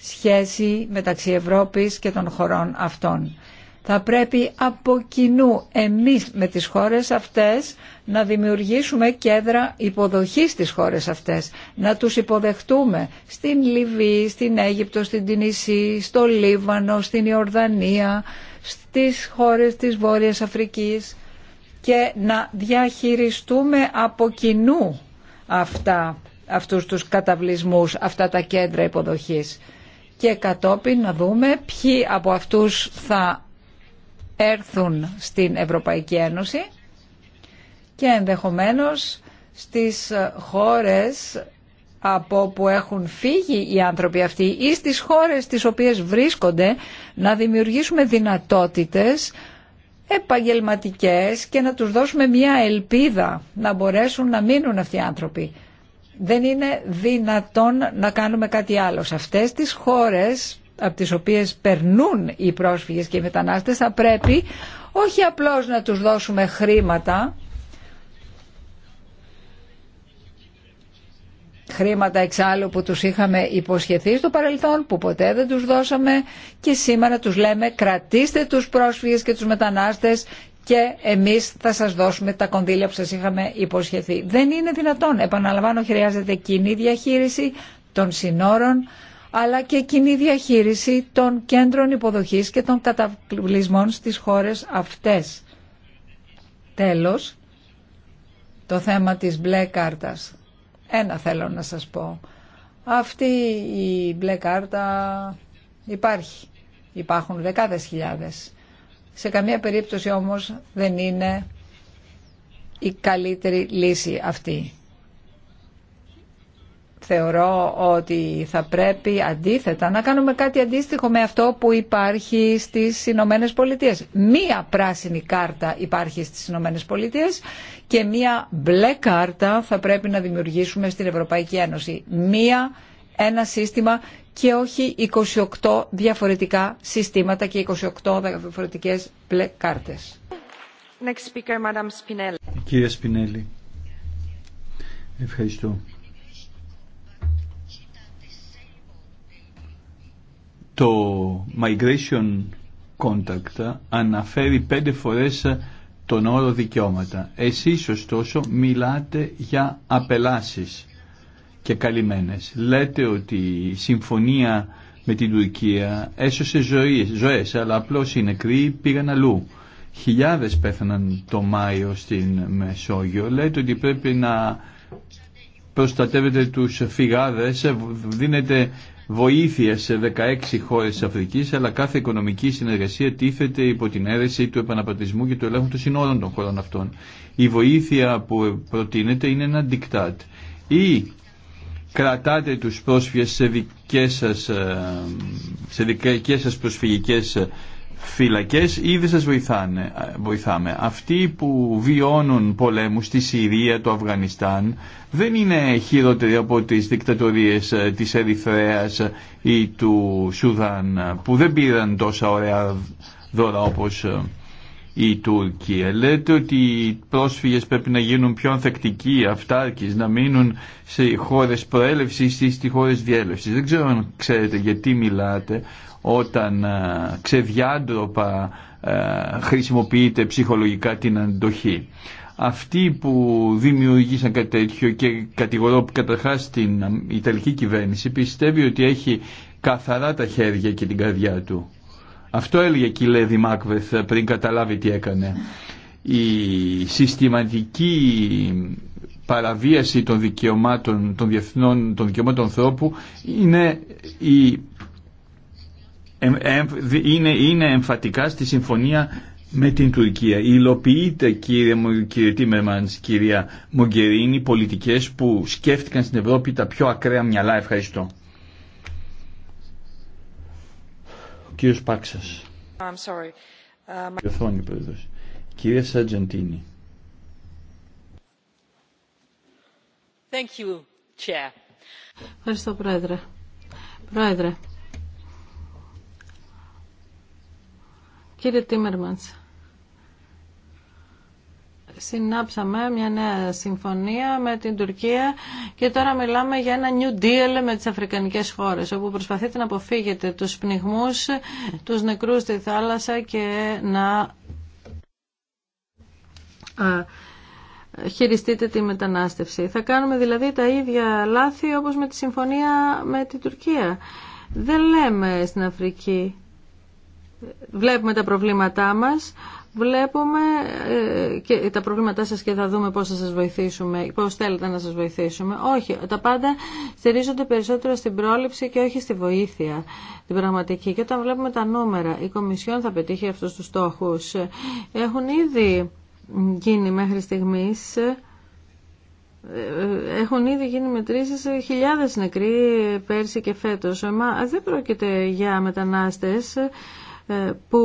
σχέση μεταξύ Ευρώπης και των χωρών αυτών. Θα πρέπει από κοινού εμείς με τις χώρες αυτές να δημιουργήσουμε κέντρα υποδοχής στις χώρες αυτές, να τους υποδεχτούμε στην Λιβύη, στην Αίγυπτο, στην Τινησή, στο Λίβανο, στην Ιορδανία, στις χώρες της Βόρειας Αφρικής και να διαχειριστούμε από κοινού αυτά, αυτούς τους καταβλισμούς, αυτά τα κέντρα υποδοχής και κατόπιν να δούμε ποιοι από αυτούς θα έρθουν στην Ευρωπαϊκή Ένωση και ενδεχομένως στις χώρες από που έχουν φύγει οι άνθρωποι αυτοί ή στις χώρες τις οποίες βρίσκονται να δημιουργήσουμε δυνατότητες επαγγελματικές και να τους δώσουμε μια ελπίδα να μπορέσουν να μείνουν αυτοί οι άνθρωποι. Δεν είναι δυνατόν να κάνουμε κάτι άλλο. Σε αυτές τις χώρες από τις οποίες περνούν οι πρόσφυγες και οι μετανάστες θα πρέπει όχι απλώς να τους δώσουμε χρήματα χρήματα εξάλλου που τους είχαμε υποσχεθεί στο παρελθόν που ποτέ δεν τους δώσαμε και σήμερα τους λέμε κρατήστε τους πρόσφυγες και τους μετανάστες και εμείς θα σας δώσουμε τα κονδύλια που σας είχαμε υποσχεθεί. Δεν είναι δυνατόν, επαναλαμβάνω, χρειάζεται κοινή διαχείριση των συνόρων αλλά και κοινή διαχείριση των κέντρων υποδοχής και των καταβλισμών στις χώρες αυτές. Τέλος, το θέμα της μπλε κάρτας. Ένα θέλω να σας πω. Αυτή η μπλε κάρτα υπάρχει. Υπάρχουν δεκάδες χιλιάδες. Σε καμία περίπτωση όμως δεν είναι η καλύτερη λύση αυτή θεωρώ ότι θα πρέπει αντίθετα να κάνουμε κάτι αντίστοιχο με αυτό που υπάρχει στις Ηνωμένε Πολιτείε. Μία πράσινη κάρτα υπάρχει στις Ηνωμένε Πολιτείε και μία μπλε κάρτα θα πρέπει να δημιουργήσουμε στην Ευρωπαϊκή Ένωση. Μία, ένα σύστημα και όχι 28 διαφορετικά συστήματα και 28 διαφορετικές μπλε κάρτες. Κύριε Σπινέλη, ευχαριστώ. Το Migration Contact αναφέρει πέντε φορές τον όρο δικαιώματα. Εσείς ωστόσο μιλάτε για απελάσεις και καλυμμένες. Λέτε ότι η συμφωνία με την Τουρκία έσωσε ζωές, ζωές αλλά απλώς οι νεκροί πήγαν αλλού. Χιλιάδες πέθαναν το Μάιο στην Μεσόγειο. Λέτε ότι πρέπει να προστατεύετε τους φυγάδες, δίνετε βοήθεια σε 16 χώρες της Αφρικής, αλλά κάθε οικονομική συνεργασία τίθεται υπό την αίρεση του επαναπατρισμού και του ελέγχου των συνόρων των χωρών αυτών. Η βοήθεια που προτείνεται είναι ένα δικτάτ. Ή κρατάτε τους πρόσφυγες σε δικές σας, ε, σε δικές σας προσφυγικές φυλακές ή δεν ε, βοηθάμε. Αυτοί που βιώνουν πολέμους στη Συρία, το Αφγανιστάν, δεν είναι χειρότερη από τις δικτατορίες ε, της Ερυθρέας ε, ή του Σουδάν ε, που δεν πήραν τόσα ωραία δώρα όπως η Τουρκία. Λέτε ότι οι πρόσφυγες πρέπει να γίνουν πιο ανθεκτικοί, αυτάρκεις, να μείνουν σε χώρες προέλευσης ή στις χώρες διέλευσης. Δεν ξέρω αν ξέρετε γιατί μιλάτε όταν ξεδιάντροπα χρησιμοποιείτε ψυχολογικά την αντοχή. Αυτοί που δημιούργησαν κάτι τέτοιο και κατηγορώ καταρχά την Ιταλική κυβέρνηση πιστεύει ότι έχει καθαρά τα χέρια και την καρδιά του. Αυτό έλεγε και η Λέδη Μάκβεθ πριν καταλάβει τι έκανε. Η συστηματική παραβίαση των δικαιωμάτων των διεθνών, των δικαιωμάτων ανθρώπου είναι η είναι, είναι εμφατικά στη συμφωνία με την Τουρκία. Υλοποιείται κύριε, κύριε Τίμερμανς, κυρία Μογκερίνη, πολιτικές που σκέφτηκαν στην Ευρώπη τα πιο ακραία μυαλά. Ευχαριστώ. Ο κύριος Πάξας. I'm sorry. Uh, my... Οθόνη, Σαρτζεντίνη. Thank you, Chair. Ευχαριστώ, Πρόεδρε. Πρόεδρε, Κύριε Τίμερμαντς, συνάψαμε μια νέα συμφωνία με την Τουρκία και τώρα μιλάμε για ένα new deal με τις αφρικανικές χώρες όπου προσπαθείτε να αποφύγετε τους πνιγμούς, τους νεκρούς στη θάλασσα και να χειριστείτε τη μετανάστευση. Θα κάνουμε δηλαδή τα ίδια λάθη όπως με τη συμφωνία με την Τουρκία. Δεν λέμε στην Αφρική, βλέπουμε τα προβλήματά μας, βλέπουμε ε, και τα προβλήματά σας και θα δούμε πώς θα σας βοηθήσουμε, πώς θέλετε να σας βοηθήσουμε. Όχι, τα πάντα στηρίζονται περισσότερο στην πρόληψη και όχι στη βοήθεια την πραγματική. Και όταν βλέπουμε τα νούμερα, η Κομισιόν θα πετύχει αυτούς τους στόχους. Έχουν ήδη γίνει μέχρι στιγμής ε, ε, έχουν ήδη γίνει μετρήσεις χιλιάδες νεκροί πέρσι και φέτος. δεν πρόκειται για μετανάστες που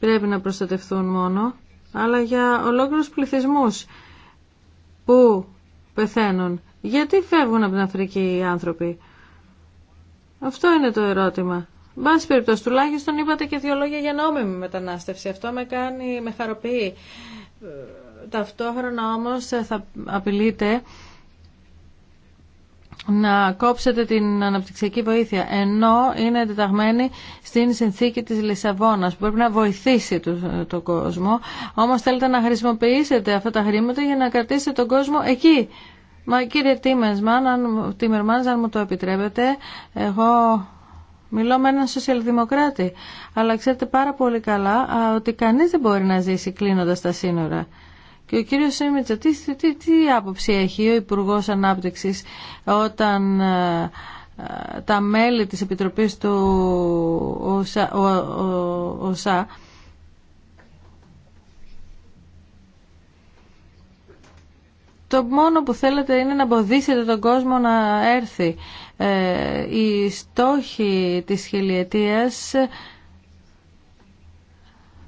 πρέπει να προστατευτούν μόνο, αλλά για ολόκληρους πληθυσμούς που πεθαίνουν. Γιατί φεύγουν από την Αφρική οι άνθρωποι. Αυτό είναι το ερώτημα. Μπάς περιπτώσει, τουλάχιστον είπατε και δύο λόγια για νόμιμη μετανάστευση. Αυτό με κάνει, με χαροποιεί. Ε, ταυτόχρονα όμως θα απειλείται να κόψετε την αναπτυξιακή βοήθεια ενώ είναι εντεταγμένη στην συνθήκη της Λισαβόνας που πρέπει να βοηθήσει τον το κόσμο όμως θέλετε να χρησιμοποιήσετε αυτά τα χρήματα για να κρατήσετε τον κόσμο εκεί Μα κύριε Τίμερμαν, αν, Τίμερμαν, αν μου το επιτρέπετε, εγώ μιλώ με έναν σοσιαλδημοκράτη, αλλά ξέρετε πάρα πολύ καλά ότι κανείς δεν μπορεί να ζήσει κλείνοντας τα σύνορα. Και ο κύριος Σίμιτσα, τι, άποψη έχει ο Υπουργός Ανάπτυξης όταν ε, ε, τα μέλη της Επιτροπής του ΟΣΑ, το μόνο που θέλετε είναι να εμποδίσετε τον κόσμο να έρθει. Ε, οι στόχοι της χιλιετίας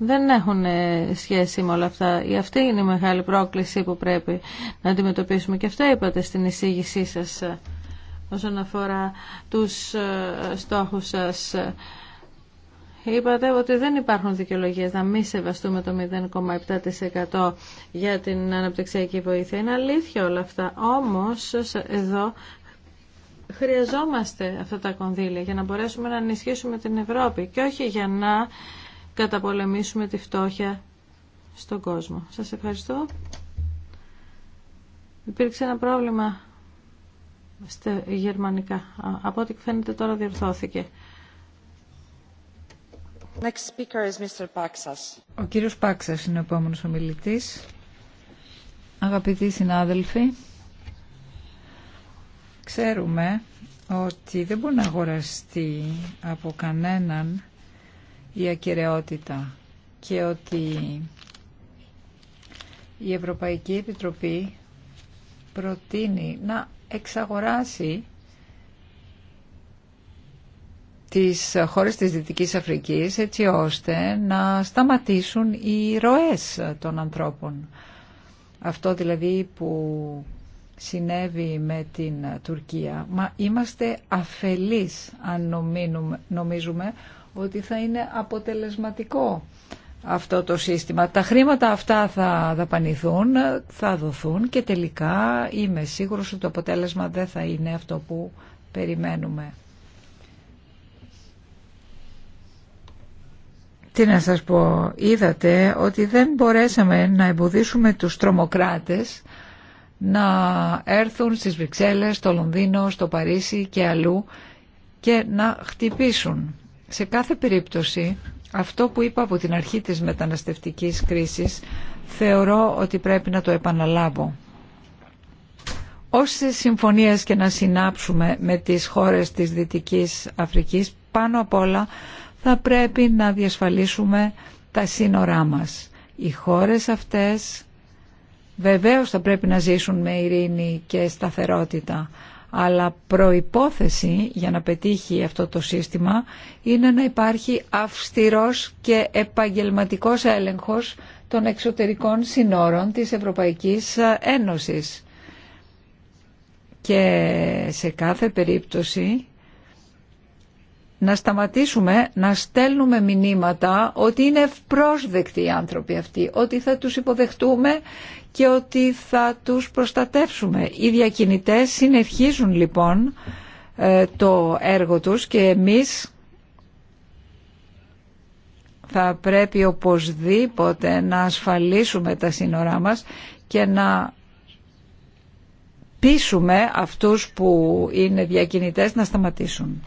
δεν έχουν ε, σχέση με όλα αυτά. Η αυτή είναι η μεγάλη πρόκληση που πρέπει να αντιμετωπίσουμε. Και αυτό είπατε στην εισήγησή σας ε, όσον αφορά τους ε, στόχους σας. Είπατε ότι δεν υπάρχουν δικαιολογίε να μην σεβαστούμε το 0,7% για την αναπτυξιακή βοήθεια. Είναι αλήθεια όλα αυτά. Όμως εδώ χρειαζόμαστε αυτά τα κονδύλια για να μπορέσουμε να ενισχύσουμε την Ευρώπη και όχι για να καταπολεμήσουμε τη φτώχεια στον κόσμο. Σας ευχαριστώ. Υπήρξε ένα πρόβλημα στα γερμανικά. Από ό,τι φαίνεται τώρα διορθώθηκε. Next speaker is Mr. Ο κύριος Πάξας είναι ο επόμενος ομιλητής. Αγαπητοί συνάδελφοι, ξέρουμε ότι δεν μπορεί να αγοραστεί από κανέναν η ακυρεότητα και ότι η Ευρωπαϊκή Επιτροπή προτείνει να εξαγοράσει τις χώρες της Δυτικής Αφρικής έτσι ώστε να σταματήσουν οι ροές των ανθρώπων. Αυτό δηλαδή που συνέβη με την ε, Τουρκία, μα είμαστε αφελείς αν νομίζουμε ότι θα είναι αποτελεσματικό αυτό το σύστημα. Τα χρήματα αυτά θα δαπανηθούν, θα δοθούν και τελικά είμαι σίγουρος ότι το αποτέλεσμα δεν θα είναι αυτό που περιμένουμε. Τι να σας πω, είδατε ότι δεν μπορέσαμε να εμποδίσουμε τους τρομοκράτες να έρθουν στις Βρυξέλλες, στο Λονδίνο, στο Παρίσι και αλλού και να χτυπήσουν. Σε κάθε περίπτωση, αυτό που είπα από την αρχή της μεταναστευτικής κρίσης, θεωρώ ότι πρέπει να το επαναλάβω. Όσες συμφωνίες και να συνάψουμε με τις χώρες της Δυτικής Αφρικής, πάνω απ' όλα θα πρέπει να διασφαλίσουμε τα σύνορά μας. Οι χώρες αυτές Βεβαίως θα πρέπει να ζήσουν με ειρήνη και σταθερότητα, αλλά προϋπόθεση για να πετύχει αυτό το σύστημα είναι να υπάρχει αυστηρός και επαγγελματικός έλεγχος των εξωτερικών συνόρων της Ευρωπαϊκής Ένωσης. Και σε κάθε περίπτωση να σταματήσουμε να στέλνουμε μηνύματα ότι είναι ευπρόσδεκτοι οι άνθρωποι αυτοί, ότι θα τους υποδεχτούμε και ότι θα τους προστατεύσουμε. Οι διακινητές συνεχίζουν λοιπόν ε, το έργο τους και εμείς θα πρέπει οπωσδήποτε να ασφαλίσουμε τα σύνορά μας και να πείσουμε αυτούς που είναι διακινητές να σταματήσουν.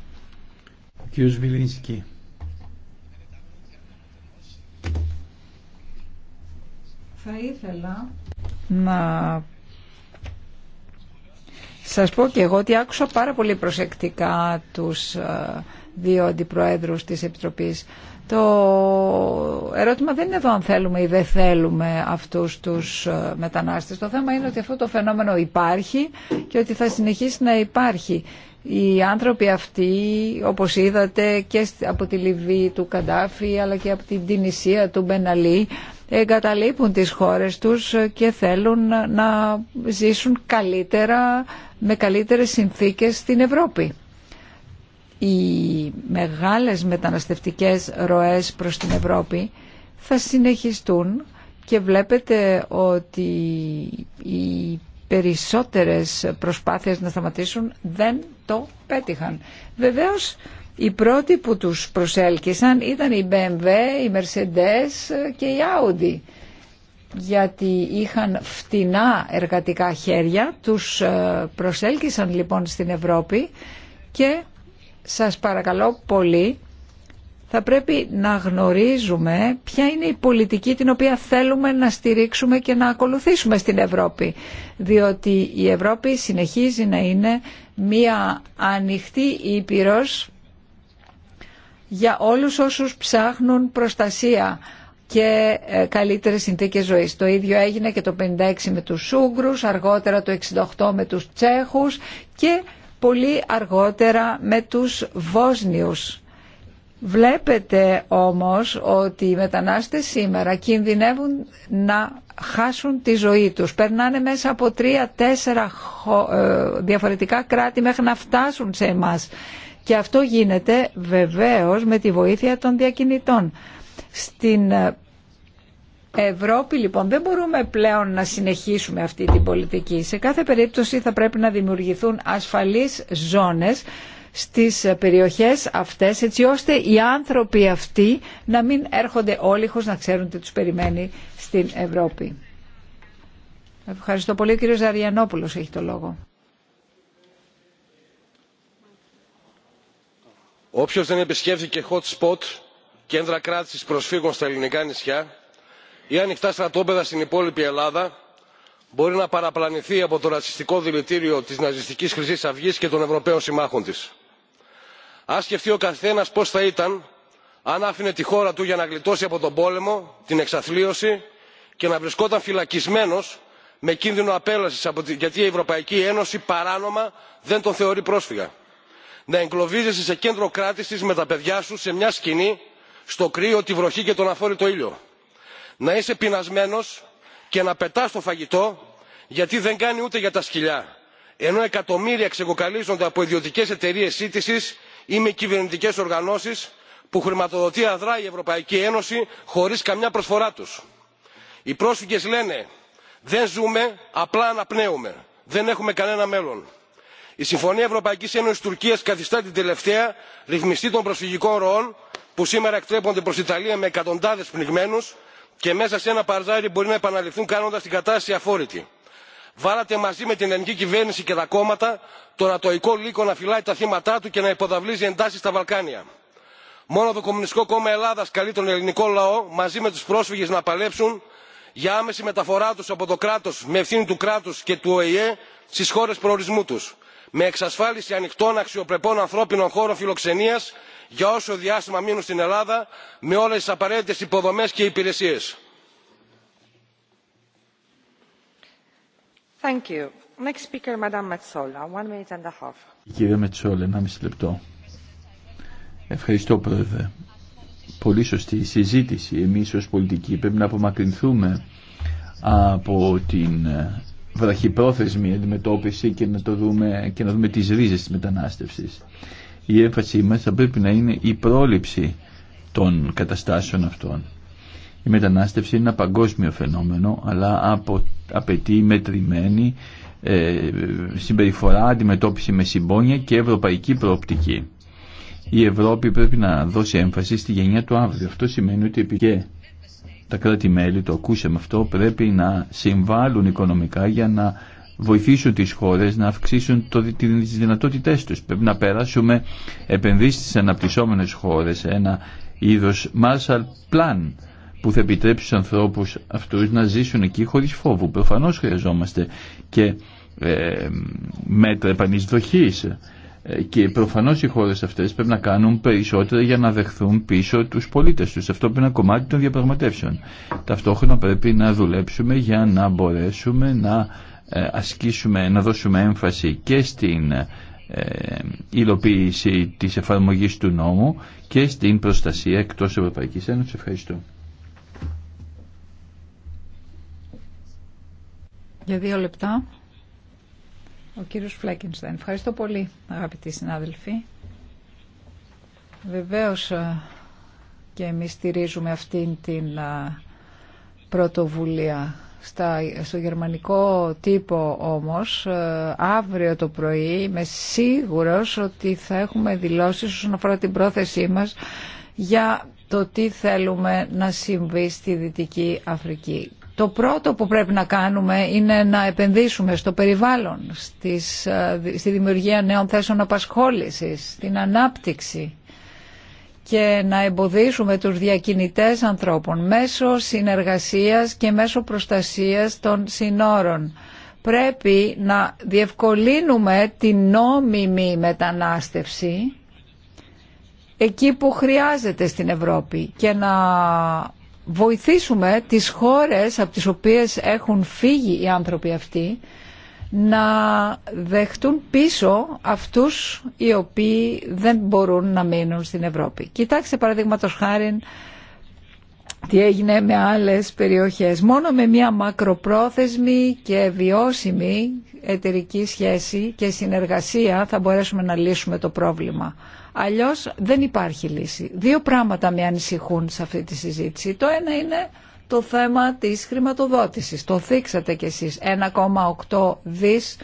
Θα ήθελα να σας πω και εγώ ότι άκουσα πάρα πολύ προσεκτικά τους ε, δύο αντιπροέδρους της Επιτροπής. Το ερώτημα δεν είναι εδώ αν θέλουμε ή δεν θέλουμε αυτούς τους ε, μετανάστες. Το θέμα είναι ότι αυτό το φαινόμενο υπάρχει και ότι θα συνεχίσει να υπάρχει. Οι άνθρωποι αυτοί, όπως είδατε, και από τη Λιβύη του Καντάφη, αλλά και από την Τινησία του Μπεναλή, εγκαταλείπουν τις χώρες τους και θέλουν να ζήσουν καλύτερα, με καλύτερες συνθήκες στην Ευρώπη. Οι μεγάλες μεταναστευτικές ροές προς την Ευρώπη θα συνεχιστούν και βλέπετε ότι οι περισσότερες προσπάθειες να σταματήσουν δεν το πέτυχαν. Βεβαίως οι πρώτοι που τους προσέλκυσαν ήταν η BMW, η Mercedes και η Audi γιατί είχαν φτηνά εργατικά χέρια, τους ε, προσέλκυσαν λοιπόν στην Ευρώπη και σας παρακαλώ πολύ θα πρέπει να γνωρίζουμε ποια είναι η πολιτική την οποία θέλουμε να στηρίξουμε και να ακολουθήσουμε στην Ευρώπη. Διότι η Ευρώπη συνεχίζει να είναι μία ανοιχτή ήπειρος για όλους όσους ψάχνουν προστασία και ε, καλύτερες συνθήκες ζωής. Το ίδιο έγινε και το 56 με τους Σούγκρους, αργότερα το 68 με τους Τσέχους και πολύ αργότερα με τους Βόσνιους. Βλέπετε όμως ότι οι μετανάστες σήμερα κινδυνεύουν να χάσουν τη ζωή τους. Περνάνε μέσα από τρία-τέσσερα ε, διαφορετικά κράτη μέχρι να φτάσουν σε εμάς. Και αυτό γίνεται βεβαίως με τη βοήθεια των διακινητών. Στην ε, Ευρώπη λοιπόν δεν μπορούμε πλέον να συνεχίσουμε αυτή την πολιτική. Σε κάθε περίπτωση θα πρέπει να δημιουργηθούν ασφαλείς ζώνες στις ε, περιοχές αυτές έτσι ώστε οι άνθρωποι αυτοί να μην έρχονται όλοι χωρίς να ξέρουν τι τους περιμένει στην Ευρώπη. Ευχαριστώ πολύ. Ο κύριος Ζαριανόπουλος έχει το λόγο. Όποιος δεν επισκέφθηκε hot spot, κέντρα κράτησης προσφύγων στα ελληνικά νησιά ή ανοιχτά στρατόπεδα στην υπόλοιπη Ελλάδα, μπορεί να παραπλανηθεί από το ρατσιστικό δηλητήριο της ναζιστικής Χρυσής Αυγής και των Ευρωπαίων συμμάχων της. Ας σκεφτεί ο καθένας πώς θα ήταν αν άφηνε τη χώρα του για να γλιτώσει από τον πόλεμο, την εξαθλίωση και να βρισκόταν φυλακισμένος με κίνδυνο απέλασης γιατί η Ευρωπαϊκή Ένωση παράνομα δεν τον θεωρεί πρόσφυγα να εγκλωβίζεσαι σε κέντρο κράτησης με τα παιδιά σου σε μια σκηνή στο κρύο τη βροχή και τον αφόρητο ήλιο να είσαι πεινασμένο και να πετάς το φαγητό γιατί δεν κάνει ούτε για τα σκυλιά ενώ εκατομμύρια ξεκοκαλίζονται από ιδιωτικέ εταιρείε σύντηση ή με κυβερνητικέ οργανώσει που χρηματοδοτεί αδρά η ευρωπαϊκή ένωση χωρί καμιά προσφορά του. οι πρόσφυγες λένε δεν ζούμε απλά αναπνέουμε δεν έχουμε κανένα μέλλον η συμφωνία ευρωπαϊκής ένωσης τουρκίας καθιστά την τελευταία ρυθμιστή των προσφυγικών ροών που σήμερα εκτρέπονται προς ιταλία με εκατοντάδες πνιγμένους και μέσα σε ένα παρζάρι μπορεί να επαναληφθούν κάνοντας την κατάσταση αφόρητη. Βάλατε μαζί με την ελληνική κυβέρνηση και τα κόμματα το ατοϊκό λύκο να φυλάει τα θύματα του και να υποδαβλίζει εντάσει στα Βαλκάνια. Μόνο το Κομμουνιστικό Κόμμα Ελλάδα καλεί τον ελληνικό λαό μαζί με του πρόσφυγε να παλέψουν για άμεση μεταφορά του από το κράτο με ευθύνη του κράτου και του ΟΗΕ στι χώρε προορισμού του με εξασφάλιση ανοιχτών αξιοπρεπών ανθρώπινων χώρων φιλοξενίας για όσο διάστημα μείνουν στην ελλάδα με όλες τις απαραίτητες υποδομές και υπηρεσίες. Thank you. μισή λεπτό. Ευχαριστώ, Πρόεδρε. Πολύ σωστή συζήτηση. Εμείς ως πολιτικοί πρέπει να απομακρυνθούμε από την βραχυπρόθεσμη αντιμετώπιση και να, το δούμε, και να δούμε τις ρίζες της μετανάστευσης. Η έμφασή μας θα πρέπει να είναι η πρόληψη των καταστάσεων αυτών. Η μετανάστευση είναι ένα παγκόσμιο φαινόμενο, αλλά απο, απαιτεί μετρημένη ε, συμπεριφορά, αντιμετώπιση με συμπόνια και ευρωπαϊκή προοπτική. Η Ευρώπη πρέπει να δώσει έμφαση στη γενιά του αύριο. Αυτό σημαίνει ότι και τα κράτη-μέλη, το ακούσαμε αυτό, πρέπει να συμβάλλουν οικονομικά για να βοηθήσουν τις χώρες να αυξήσουν το, τις δυνατότητές τους. Πρέπει να περάσουμε επενδύσεις στις αναπτυσσόμενες χώρες, ένα είδος Marshall Plan που θα επιτρέψει στους ανθρώπους αυτούς να ζήσουν εκεί χωρίς φόβου. Προφανώς χρειαζόμαστε και ε, μέτρα επανεισδοχής και προφανώς οι χώρε αυτές πρέπει να κάνουν περισσότερα για να δεχθούν πίσω τους πολίτες τους. Αυτό πρέπει να ένα κομμάτι των διαπραγματεύσεων. Ταυτόχρονα πρέπει να δουλέψουμε για να μπορέσουμε να ε, ασκήσουμε, να δώσουμε έμφαση και στην ε, υλοποίηση της εφαρμογής του νόμου και στην προστασία εκτός Ευρωπαϊκή Ένωση. Ευχαριστώ. Για δύο λεπτά. Ο κύριος Φλέκενσταν. Ευχαριστώ πολύ αγαπητοί συνάδελφοι. Βεβαίως ε, και εμείς στηρίζουμε αυτήν την ε, πρωτοβουλία. Στα, στο γερμανικό τύπο όμως ε, αύριο το πρωί είμαι σίγουρος ότι θα έχουμε δηλώσεις όσον αφορά την πρόθεσή μας για το τι θέλουμε να συμβεί στη Δυτική Αφρική. Το πρώτο που πρέπει να κάνουμε είναι να επενδύσουμε στο περιβάλλον, ε, στη δημιουργία νέων θέσεων απασχόλησης, στην ανάπτυξη και να εμποδίσουμε τους διακινητές ανθρώπων μέσω συνεργασίας και μέσω προστασίας των συνόρων. Πρέπει να διευκολύνουμε την νόμιμη μετανάστευση εκεί που χρειάζεται στην Ευρώπη και να βοηθήσουμε τις χώρες από τις οποίες έχουν φύγει οι άνθρωποι αυτοί να δεχτούν πίσω αυτούς οι οποίοι δεν μπορούν να μείνουν στην Ευρώπη. Κοιτάξτε παραδείγματος χάρη τι έγινε με άλλες περιοχές. Μόνο με μια μακροπρόθεσμη και βιώσιμη εταιρική σχέση και συνεργασία θα μπορέσουμε να λύσουμε το πρόβλημα. Αλλιώς δεν υπάρχει λύση. Δύο πράγματα με ανησυχούν σε αυτή τη συζήτηση. Το ένα είναι το θέμα της χρηματοδότησης. Το θίξατε κι εσείς. 1,8 δις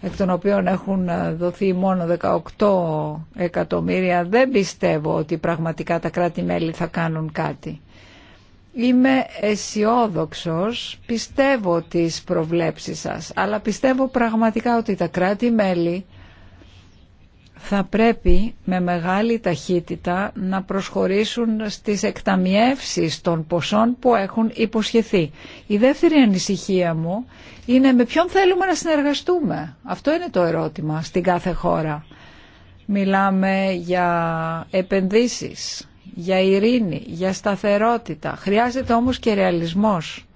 εκ των οποίων έχουν δοθεί μόνο 18 εκατομμύρια. Δεν πιστεύω ότι πραγματικά τα κράτη-μέλη θα κάνουν κάτι. Είμαι αισιόδοξο, πιστεύω τις προβλέψεις σας, αλλά πιστεύω πραγματικά ότι τα κράτη-μέλη θα πρέπει με μεγάλη ταχύτητα να προσχωρήσουν στις εκταμιεύσεις των ποσών που έχουν υποσχεθεί. Η δεύτερη ανησυχία μου είναι με ποιον θέλουμε να συνεργαστούμε. Αυτό είναι το ερώτημα στην κάθε χώρα. Μιλάμε για επενδύσεις για ειρήνη, για σταθερότητα. Χρειάζεται όμως και ρεαλισμός.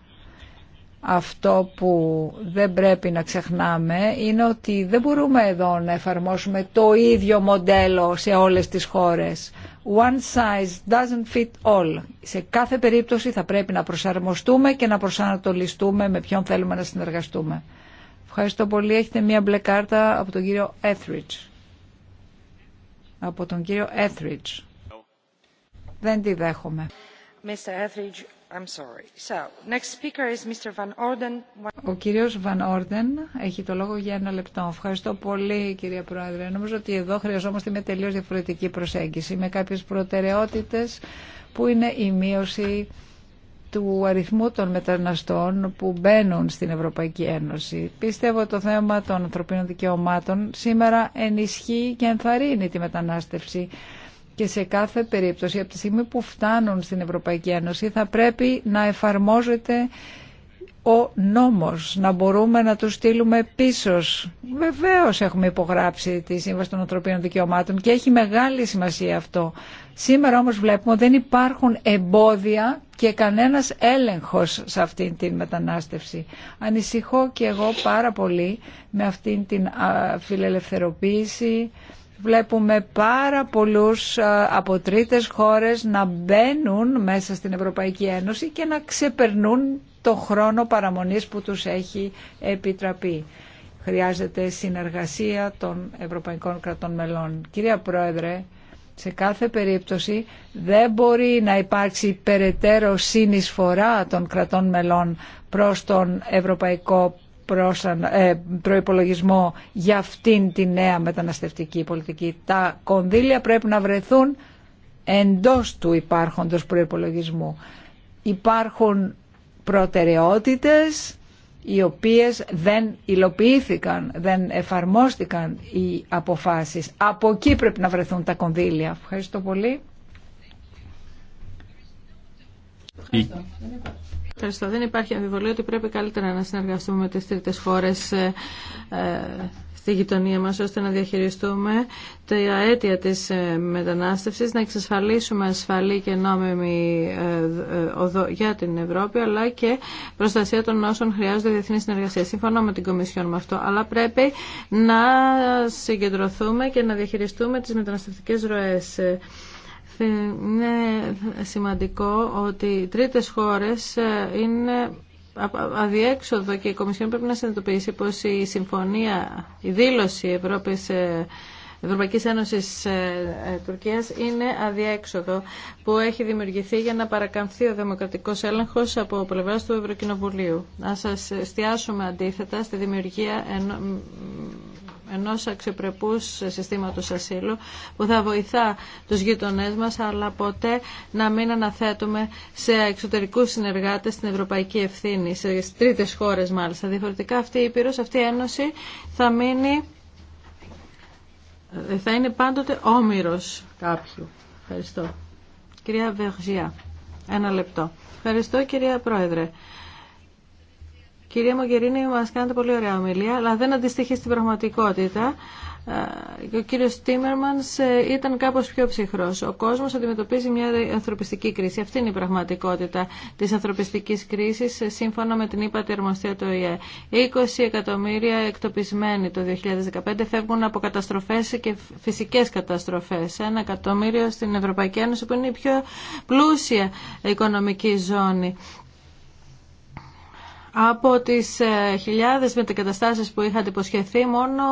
Αυτό που δεν πρέπει να ξεχνάμε είναι ότι δεν μπορούμε εδώ να εφαρμόσουμε το ίδιο μοντέλο σε όλες τις χώρες. One size doesn't fit all. Σε κάθε περίπτωση θα πρέπει να προσαρμοστούμε και να προσανατολιστούμε με ποιον θέλουμε να συνεργαστούμε. Ευχαριστώ πολύ. Έχετε μία μπλε κάρτα από τον κύριο Etheridge. Από τον κύριο δεν τη δέχομαι. Ο κύριος Βαν Όρντεν έχει το λόγο για ένα λεπτό. Ευχαριστώ πολύ κυρία Πρόεδρε. Νομίζω ότι εδώ χρειαζόμαστε μια τελείως διαφορετική προσέγγιση με κάποιες προτεραιότητες που είναι η μείωση του αριθμού των μεταναστών που μπαίνουν στην Ευρωπαϊκή Ένωση. Πιστεύω το θέμα των ανθρωπίνων δικαιωμάτων σήμερα ενισχύει και ενθαρρύνει τη μετανάστευση και σε κάθε περίπτωση από τη στιγμή που φτάνουν στην Ευρωπαϊκή Ένωση θα πρέπει να εφαρμόζεται ο νόμος, να μπορούμε να τους στείλουμε πίσω. Βεβαίως έχουμε υπογράψει τη Σύμβαση των Ανθρωπίνων Δικαιωμάτων και έχει μεγάλη σημασία αυτό. Σήμερα όμως βλέπουμε ότι δεν υπάρχουν εμπόδια και κανένας έλεγχος σε αυτήν την μετανάστευση. Ανησυχώ και εγώ πάρα πολύ με αυτήν την φιλελευθερωποίηση Βλέπουμε πάρα πολλούς ε, από τρίτες χώρες να μπαίνουν μέσα στην Ευρωπαϊκή Ένωση και να ξεπερνούν το χρόνο παραμονής που τους έχει επιτραπεί. Χρειάζεται συνεργασία των Ευρωπαϊκών Κρατών Μελών. Κυρία Πρόεδρε, σε κάθε περίπτωση δεν μπορεί να υπάρξει περαιτέρω συνεισφορά των κρατών μελών προς τον ευρωπαϊκό ε, προϋπολογισμό για αυτήν τη νέα μεταναστευτική πολιτική. Τα κονδύλια πρέπει να βρεθούν εντός του υπάρχοντος προϋπολογισμού. Υπάρχουν προτεραιότητες οι οποίες δεν υλοποιήθηκαν, δεν εφαρμόστηκαν οι αποφάσεις. Από εκεί πρέπει να βρεθούν τα κονδύλια. Ευχαριστώ πολύ. Ευχαριστώ. Ευχαριστώ. Δεν υπάρχει αμφιβολία ότι πρέπει καλύτερα να συνεργαστούμε με τις τρίτες χώρες ε, ε, στη γειτονία μας ώστε να διαχειριστούμε τα αίτια της ε, μετανάστευσης, να εξασφαλίσουμε ασφαλή και νόμιμη οδό για την Ευρώπη, αλλά και προστασία των όσων χρειάζονται διεθνή συνεργασία. Συμφωνώ με την Κομισιόν με αυτό, αλλά πρέπει να συγκεντρωθούμε και να διαχειριστούμε τις μεταναστευτικές ροές. Είναι σημαντικό ότι τρίτες χώρες ε, είναι αδιέξοδο και η Κομισιόν πρέπει να συνειδητοποιήσει πως η συμφωνία, η δήλωση Ευρώπης ε, Ευρωπαϊκής Ένωσης ε, Τουρκίας είναι αδιέξοδο που έχει δημιουργηθεί για να παρακαμφθεί ο δημοκρατικός έλεγχος από πλευρά του Ευρωκοινοβουλίου. Να σας εστιάσουμε αντίθετα στη δημιουργία Ενό αξιοπρεπού συστήματο ασύλου που θα βοηθά τους γείτονές μας αλλά ποτέ να μην αναθέτουμε σε εξωτερικούς συνεργάτες την ευρωπαϊκή ευθύνη, σε τρίτες χώρες μάλιστα. Διαφορετικά αυτή η Ήπειρο, αυτή η Ένωση θα μείνει θα είναι πάντοτε όμοιρος κάποιου. Ευχαριστώ. Κυρία Βεργιά, ένα λεπτό. Ευχαριστώ κυρία Πρόεδρε. Κυρία Μογκερίνη, μα κάνετε πολύ ωραία ομιλία, αλλά δεν αντιστοιχεί στην πραγματικότητα ε, ο κύριο Τίμερμαν ε, ήταν κάπω πιο ψυχρό. Ο κόσμο αντιμετωπίζει μια ανθρωπιστική κρίση. Αυτή είναι η πραγματικότητα τη ανθρωπιστική κρίση ε, σύμφωνα με την ύπατη αρμοστία του ΟΗΕ. 20 εκατομμύρια εκτοπισμένοι το 2015 φεύγουν από καταστροφέ και φυσικέ καταστροφέ. Ένα εκατομμύριο στην Ευρωπαϊκή Ένωση που είναι η πιο πλούσια οικονομική ζώνη. Από τις ε, χιλιάδες μετακαταστάσεις που είχατε υποσχεθεί, μόνο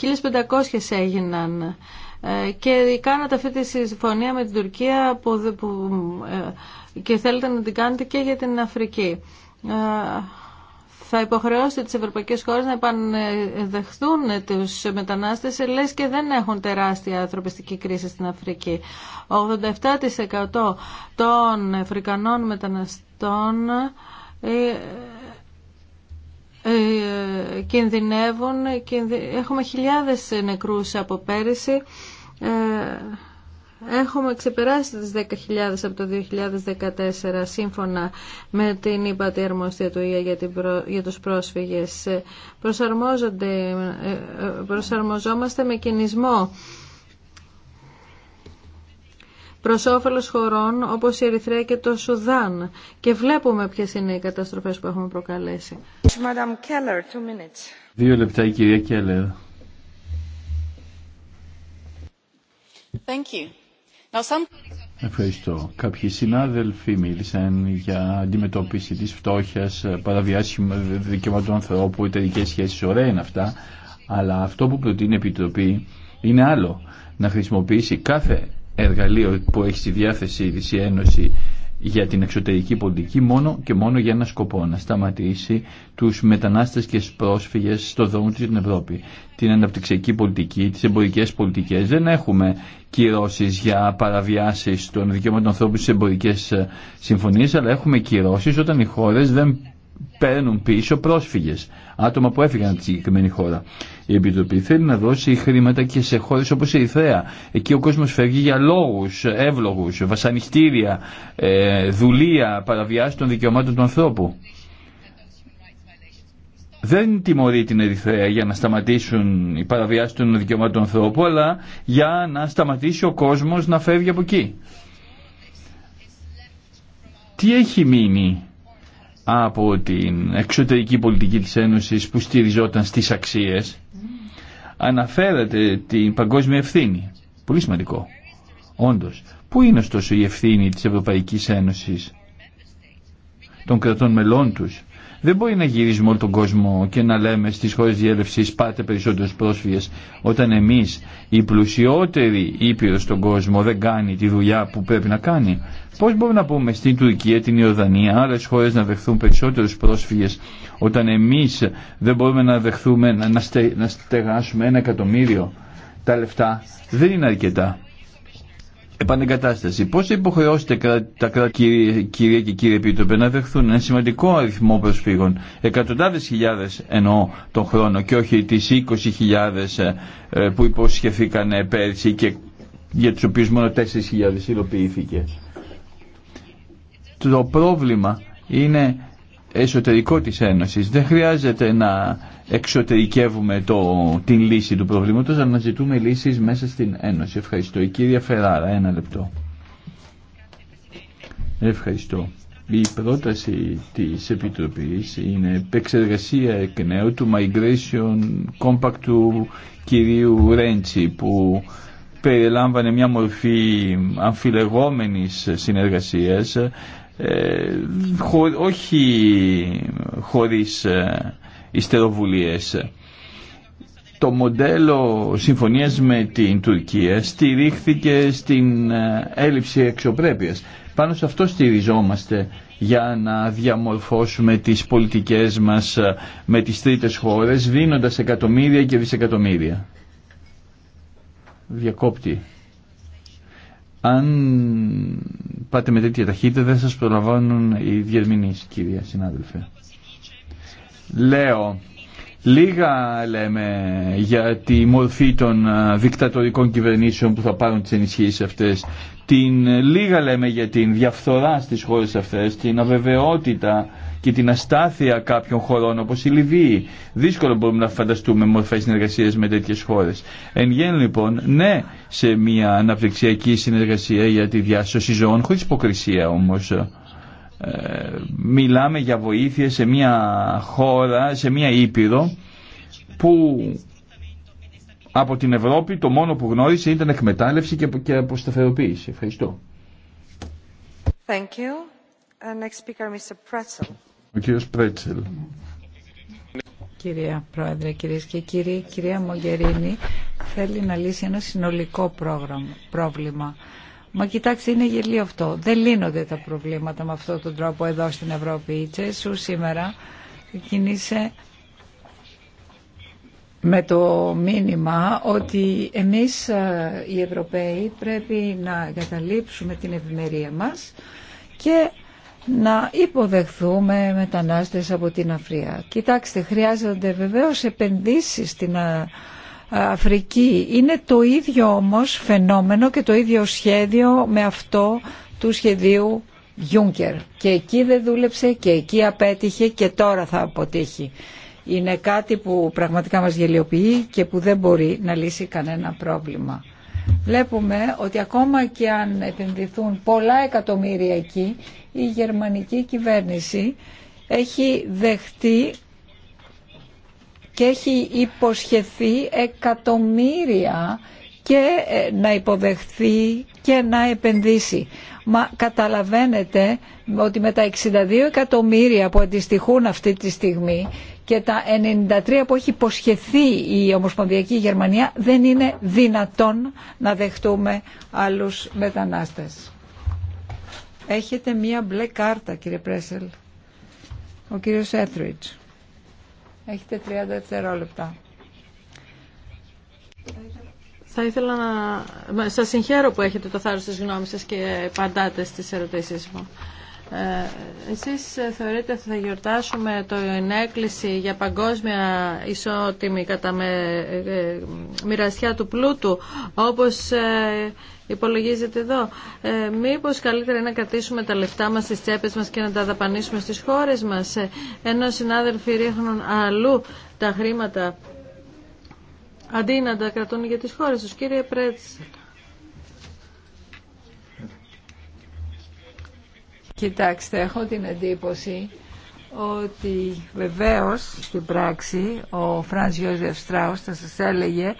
1500 έγιναν. Ε, και κάνατε αυτή τη συμφωνία με την Τουρκία που, που, ε, και θέλετε να την κάνετε και για την Αφρική. Θα υποχρεώσετε τις ευρωπαϊκές χώρες να επανεδεχθούν τους μετανάστες, λες και δεν έχουν τεράστια ανθρωπιστική κρίση στην Αφρική. 87% των Αφρικανών μεταναστών ε, κινδυνεύουν. Έχουμε χιλιάδες νεκρούς από πέρυσι. Ε, έχουμε ξεπεράσει τις 10.000 από το 2014 σύμφωνα με την ύπατη αρμοστία του ΙΑ για, προ... για τους πρόσφυγες. Ε, προσαρμοζόμαστε με κινησμό προς όφελος χωρών όπως η Ερυθρέα και το Σουδάν και βλέπουμε ποιες είναι οι καταστροφές που έχουμε προκαλέσει. Δύο λεπτά η κυρία Κέλλερ. Ευχαριστώ. Κάποιοι συνάδελφοι μίλησαν για αντιμετώπιση της φτώχειας, παραβιάσχημα δικαιωμάτων ανθρώπου, εταιρικές σχέσεις, ωραία είναι αυτά, αλλά αυτό που προτείνει η Επιτροπή είναι άλλο. Να χρησιμοποιήσει κάθε εργαλείο που έχει στη διάθεσή η η Ένωση για την εξωτερική πολιτική μόνο και μόνο για ένα σκοπό, να σταματήσει τους μετανάστες και πρόσφυγες στο δρόμο της στην Ευρώπη. Την αναπτυξιακή πολιτική, τις εμπορικές πολιτικές. Δεν έχουμε κυρώσεις για παραβιάσεις των δικαιωμάτων ανθρώπων στις εμπορικές ε, συμφωνίες, αλλά έχουμε κυρώσεις όταν οι χώρες δεν παίρνουν πίσω πρόσφυγε, άτομα που έφυγαν από τη συγκεκριμένη χώρα. Η Επιτροπή θέλει να δώσει χρήματα και σε χώρε όπω η Ερυθρέα. Εκεί ο κόσμο φεύγει για λόγου εύλογου, βασανιστήρια, ε, δουλεία, παραβιάσει των δικαιωμάτων του ανθρώπου. Δεν τιμωρεί την Ερυθρέα για να σταματήσουν οι παραβιάσει των δικαιωμάτων του ανθρώπου, αλλά για να σταματήσει ο κόσμο να φεύγει από εκεί. Τι έχει μείνει από την εξωτερική πολιτική της Ένωσης που στηριζόταν στις αξίες αναφέρατε την παγκόσμια ευθύνη. Πολύ σημαντικό. Όντως. Πού είναι ωστόσο η ευθύνη της Ευρωπαϊκής Ένωσης των κρατών μελών τους δεν μπορεί να γυρίζουμε όλο τον κόσμο και να λέμε στις χώρε διέλευση πάτε περισσότερε πρόσφυγες όταν εμείς η πλουσιότερη ήπειρο στον κόσμο δεν κάνει τη δουλειά που πρέπει να κάνει. Πώς μπορούμε να πούμε στην Τουρκία, την Ιορδανία, άλλε χώρε να δεχθούν περισσότερους πρόσφυγες όταν εμείς δεν μπορούμε να δεχθούμε να, να στεγάσουμε ένα εκατομμύριο. Τα λεφτά δεν είναι αρκετά επανεγκατάσταση. Πώς υποχρεώσετε τα κράτη, κύριε, και κύριε Επίτροπε, να δεχθούν ένα σημαντικό αριθμό προσφύγων, εκατοντάδες χιλιάδες εννοώ τον χρόνο και όχι τις 20.000 ε, ε, που υποσχεθήκαν πέρσι και για τους οποίους μόνο 4.000 υλοποιήθηκε. Το πρόβλημα είναι εσωτερικό της Ένωσης. Δεν χρειάζεται να εξωτερικεύουμε το, την λύση του προβλήματος, αλλά να ζητούμε λύσεις μέσα στην Ένωση. Ευχαριστώ. Η κυρία Φεράρα, ένα λεπτό. Ευχαριστώ. Η πρόταση της Επιτροπής είναι επεξεργασία εκ νέου του Migration Compact του κυρίου Ρέντσι που περιλάμβανε μια μορφή αμφιλεγόμενης συνεργασίας ε, χω, όχι χωρίς ε, ιστεροβουλίες. Το μοντέλο συμφωνίας με την Τουρκία στηρίχθηκε στην ε, έλλειψη εξωπρέπειας. Πάνω σε αυτό στηριζόμαστε για να διαμορφώσουμε τις πολιτικές μας ε, με τις τρίτες χώρες, δίνοντας εκατομμύρια και δισεκατομμύρια. Διακόπτη. Αν πάτε με τέτοια ταχύτητα δεν σας προλαμβάνουν οι διερμηνείς, κυρία συνάδελφε. Λέω, λίγα λέμε για τη μορφή των δικτατορικών κυβερνήσεων που θα πάρουν τις ενισχύσεις αυτές. Την, ε, λίγα λέμε για την διαφθορά στις χώρες αυτές, την αβεβαιότητα και την αστάθεια κάποιων χωρών όπως η Λιβύη. Δύσκολο μπορούμε να φανταστούμε μορφές συνεργασίας με τέτοιες χώρες. Εν γέν λοιπόν, ναι σε μια αναπτυξιακή συνεργασία για τη διάσωση ζώων, χωρίς υποκρισία όμως μιλάμε για βοήθεια σε μια χώρα, σε μια ήπειρο που από την Ευρώπη το μόνο που γνώρισε ήταν εκμετάλλευση και αποσταθεροποίηση. Ευχαριστώ. Thank you. Next speaker, Mr. Ο Κυρία Πρόεδρε, κυρίες και κύριοι, κυρία Μογκερίνη, θέλει να λύσει ένα συνολικό πρόβλημα. Μα κοιτάξτε, είναι γελίο αυτό. Δεν λύνονται τα προβλήματα με αυτόν τον τρόπο εδώ στην Ευρώπη. Η Τσέσου σήμερα κινήσε με το μήνυμα ότι εμείς ε, οι Ευρωπαίοι πρέπει να εγκαταλείψουμε την ευημερία μας και να υποδεχθούμε μετανάστες από την Αφρία. Κοιτάξτε, χρειάζονται βεβαίως επενδύσεις στην ε, Αφρική. Είναι το ίδιο όμως φαινόμενο και το ίδιο σχέδιο με αυτό του σχεδίου Juncker. Και εκεί δεν δούλεψε και εκεί απέτυχε και τώρα θα αποτύχει. Είναι κάτι που πραγματικά μας γελιοποιεί και που δεν μπορεί να λύσει κανένα πρόβλημα. Βλέπουμε ότι ακόμα και αν επενδυθούν πολλά εκατομμύρια εκεί, η γερμανική κυβέρνηση έχει δεχτεί και έχει υποσχεθεί εκατομμύρια και ε, να υποδεχθεί και να επενδύσει. Μα καταλαβαίνετε ότι με τα 62 εκατομμύρια που αντιστοιχούν αυτή τη στιγμή και τα 93 που έχει υποσχεθεί η Ομοσπονδιακή Γερμανία δεν είναι δυνατόν να δεχτούμε άλλους μετανάστες. Έχετε μία μπλε κάρτα κύριε Πρέσελ. Ο κύριος Έθριτς. Έχετε 30 δευτερόλεπτα. Θα ήθελα να... Σας συγχαίρω που έχετε το θάρρος της γνώμης σας και παντάτε στις ερωτήσεις μου. Ε, εσείς θεωρείτε ότι θα γιορτάσουμε το ενέκκληση για παγκόσμια ισότιμη κατά ε, μοιρασιά του πλούτου, όπως ε, υπολογίζεται εδώ. Ε, μήπως καλύτερα είναι να κρατήσουμε τα λεφτά μας στις τσέπες μας και να τα δαπανίσουμε στις χώρες μας, ενώ συνάδελφοι ρίχνουν αλλού τα χρήματα αντί να τα κρατούν για τις χώρες τους. Κύριε Πρέτς. Κοιτάξτε, έχω την εντύπωση ότι βεβαίως στην πράξη ο Φρανς Γιώζεφ Στράους θα σας έλεγε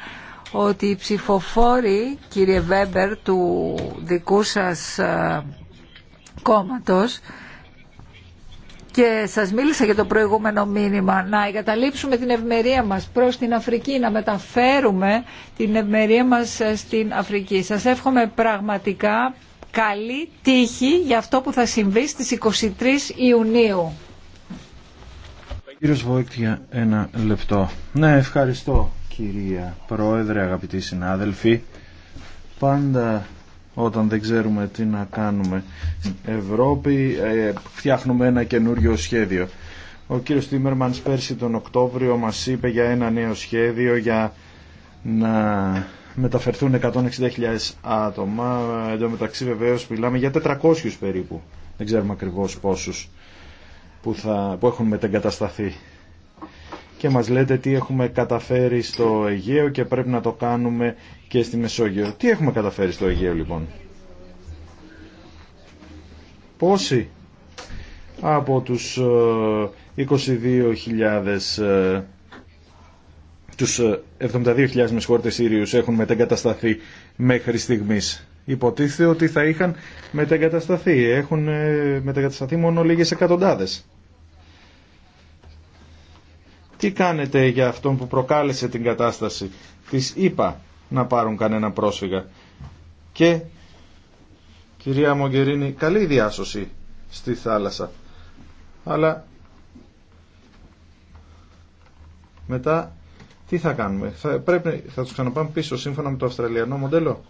ότι οι ψηφοφόροι, κύριε Βέμπερ, του δικού σας ε, κόμματος και σας μίλησα για το προηγούμενο μήνυμα να εγκαταλείψουμε την ευμερία μας προς την Αφρική, να μεταφέρουμε την ευμερία μας ε, στην Αφρική. Σας εύχομαι πραγματικά καλή τύχη για αυτό που θα συμβεί στις 23 Ιουνίου. Κύριος Βόικτ για ένα λεπτό. Ναι, ευχαριστώ κυρία Πρόεδρε, αγαπητοί συνάδελφοι. Πάντα όταν δεν ξέρουμε τι να κάνουμε στην Ευρώπη ε, φτιάχνουμε ένα καινούριο σχέδιο. Ο κύριος Τίμερμανς πέρσι τον Οκτώβριο μας είπε για ένα νέο σχέδιο για να μεταφερθούν 160.000 άτομα. Εν τω μεταξύ βεβαίως μιλάμε για 400 περίπου. Δεν ξέρουμε ακριβώς πόσους που, που έχουν μετεγκατασταθεί. Και μας λέτε τι έχουμε καταφέρει στο Αιγαίο και πρέπει να το κάνουμε και στη Μεσόγειο. Τι έχουμε καταφέρει στο Αιγαίο λοιπόν. Πόσοι από τους 22.000 ε, τους 72.000 ε, με συγχωρείτε έχουν μετεγκατασταθεί μέχρι στιγμής. Υποτίθεται ότι θα είχαν μετεγκατασταθεί. Έχουν ε, μετεγκατασταθεί μόνο λίγες εκατοντάδες. Τι κάνετε για αυτόν που προκάλεσε την κατάσταση. Της ΙΠΑ να πάρουν κανένα πρόσφυγα. Και, κυρία Μογκερίνη, καλή διάσωση στη θάλασσα. Αλλά μετά τι θα κάνουμε. Θα, πρέπει, θα τους ξαναπάμε πίσω σύμφωνα με το αυστραλιανό μοντέλο.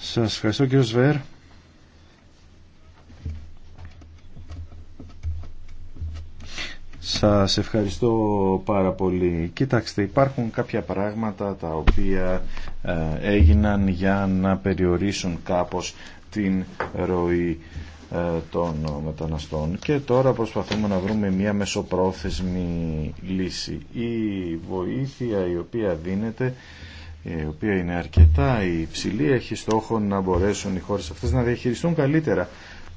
Σας ευχαριστώ κύριο Σβέρ. Σας ευχαριστώ πάρα πολύ. Κοιτάξτε, υπάρχουν κάποια πράγματα τα οποία ε, έγιναν για να περιορίσουν κάπως την ροή ε, των μεταναστών και τώρα προσπαθούμε να βρούμε μια μεσοπρόθεσμη λύση. Η βοήθεια η οποία δίνεται, ε, η οποία είναι αρκετά υψηλή, έχει στόχο να μπορέσουν οι χώρες αυτές να διαχειριστούν καλύτερα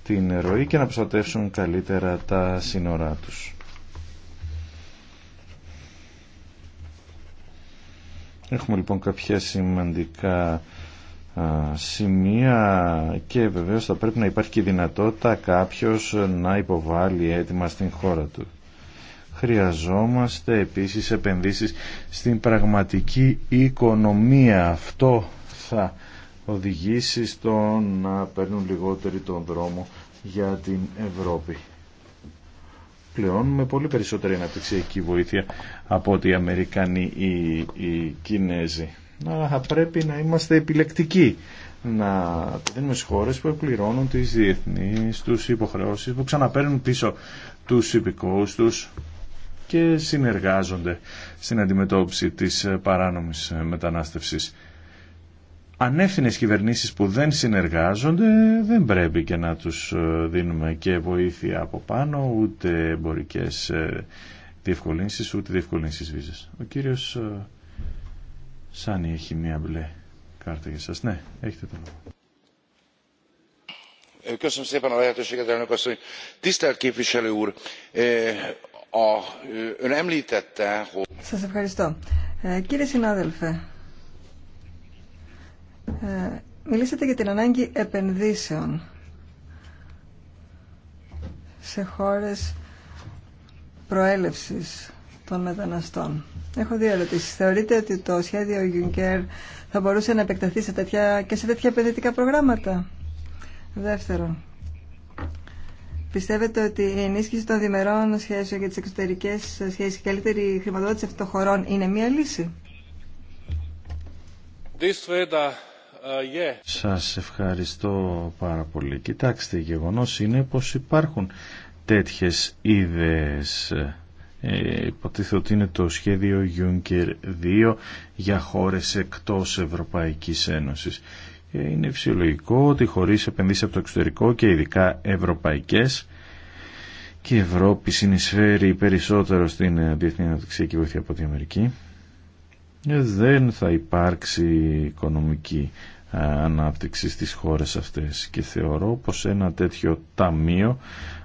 την ροή και να προστατεύσουν καλύτερα τα σύνορά τους. Έχουμε λοιπόν κάποια σημαντικά σημεία και βεβαίως θα πρέπει να υπάρχει και δυνατότητα κάποιος να υποβάλει έτοιμα στην χώρα του. Χρειαζόμαστε επίσης επενδύσεις στην πραγματική οικονομία. Αυτό θα οδηγήσει στο να παίρνουν λιγότερο τον δρόμο για την Ευρώπη. Πλέον με πολύ περισσότερη αναπτυξιακή βοήθεια από ότι οι Αμερικανοί ή οι Κινέζοι να πρέπει να είμαστε επιλεκτικοί να δίνουμε στις χώρες που εκπληρώνουν τις διεθνείς τους υποχρεώσεις που ξαναπαίρνουν πίσω τους υπηκόους τους και συνεργάζονται στην αντιμετώπιση της παράνομης μετανάστευσης. Ανεύθυνες κυβερνήσεις που δεν συνεργάζονται δεν πρέπει και να τους ε, δίνουμε και βοήθεια από πάνω ούτε εμπορικές ε, διευκολύνσεις ούτε διευκολύνσεις βίζες. Ο κύριος ε, Σάνι έχει μία μπλε κάρτα για σας. Ναι, έχετε το λόγο. Köszönöm ε, ε, ε, Σας ευχαριστώ. κύριε συνάδελφε, μιλήσατε για την ανάγκη επενδύσεων σε χώρες προέλευσης των μεταναστών. Έχω δύο ερωτήσει. Θεωρείτε ότι το σχέδιο Juncker θα μπορούσε να επεκταθεί σε τέτοια, και σε τέτοια επενδυτικά προγράμματα. Δεύτερο. πιστεύετε ότι η ενίσχυση των διμερών σχέσεων για τι εξωτερικέ σχέσει και καλύτερη χρηματοδότηση αυτών των χωρών είναι μία λύση. Uh, uh, Σας ευχαριστώ πάρα πολύ. Κοιτάξτε, γεγονός είναι πως υπάρχουν τέτοιες είδες ε, υποτίθεται ότι είναι το σχέδιο Juncker 2 για χώρες εκτός Ευρωπαϊκής Ένωσης. Ε, είναι φυσιολογικό ότι χωρίς επενδύσεις από το εξωτερικό και ειδικά ευρωπαϊκές και η Ευρώπη συνεισφέρει περισσότερο στην ε, διεθνή και βοήθεια από την Αμερική ε, δεν θα υπάρξει οικονομική ανάπτυξη στις χώρες αυτές και θεωρώ πως ένα τέτοιο ταμείο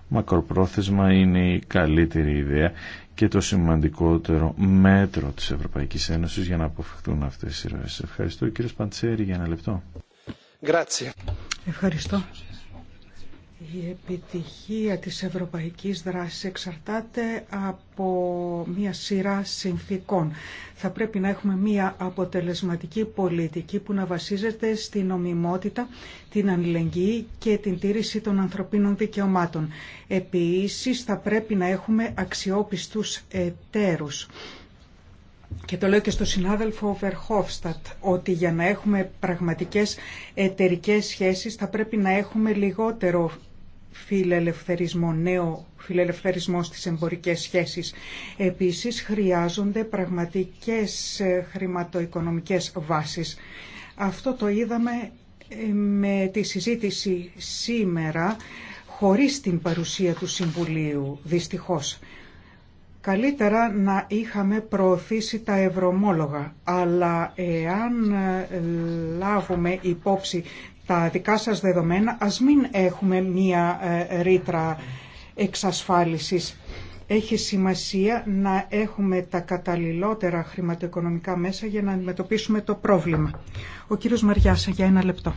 μακροπρόθεσμα είναι η καλύτερη ιδέα και το σημαντικότερο μέτρο της Ευρωπαϊκής Ένωσης για να αποφευχθούν αυτές οι ροές. Ευχαριστώ. Κύριε Παντσέρη για ένα λεπτό. Ευχαριστώ. Η επιτυχία της ευρωπαϊκής δράσης εξαρτάται από μια σειρά συνθήκων. Θα πρέπει να έχουμε μια αποτελεσματική πολιτική που να βασίζεται στην νομιμότητα, την αλληλεγγύη και την τήρηση των ανθρωπίνων δικαιωμάτων. Επίσης θα πρέπει να έχουμε αξιόπιστους εταίρους. Και το λέω και στο συνάδελφο Βερχόφστατ, ότι για να έχουμε πραγματικές εταιρικές σχέσεις θα πρέπει να έχουμε λιγότερο φιλελευθερισμό, νέο φιλελευθερισμό στις εμπορικές σχέσεις. Επίσης χρειάζονται πραγματικές ε, χρηματοοικονομικές βάσεις. Αυτό το είδαμε ε, με τη συζήτηση σήμερα χωρίς την παρουσία του Συμβουλίου, δυστυχώς. Καλύτερα να είχαμε προωθήσει τα ευρωμόλογα, αλλά εάν ε, λάβουμε υπόψη τα δικά σας δεδομένα, ας μην έχουμε μία ε, ρήτρα εξασφάλισης. Έχει σημασία να έχουμε τα καταλληλότερα χρηματοοικονομικά μέσα για να αντιμετωπίσουμε το πρόβλημα. Ο κύριος Μαριάσα, για ένα λεπτό.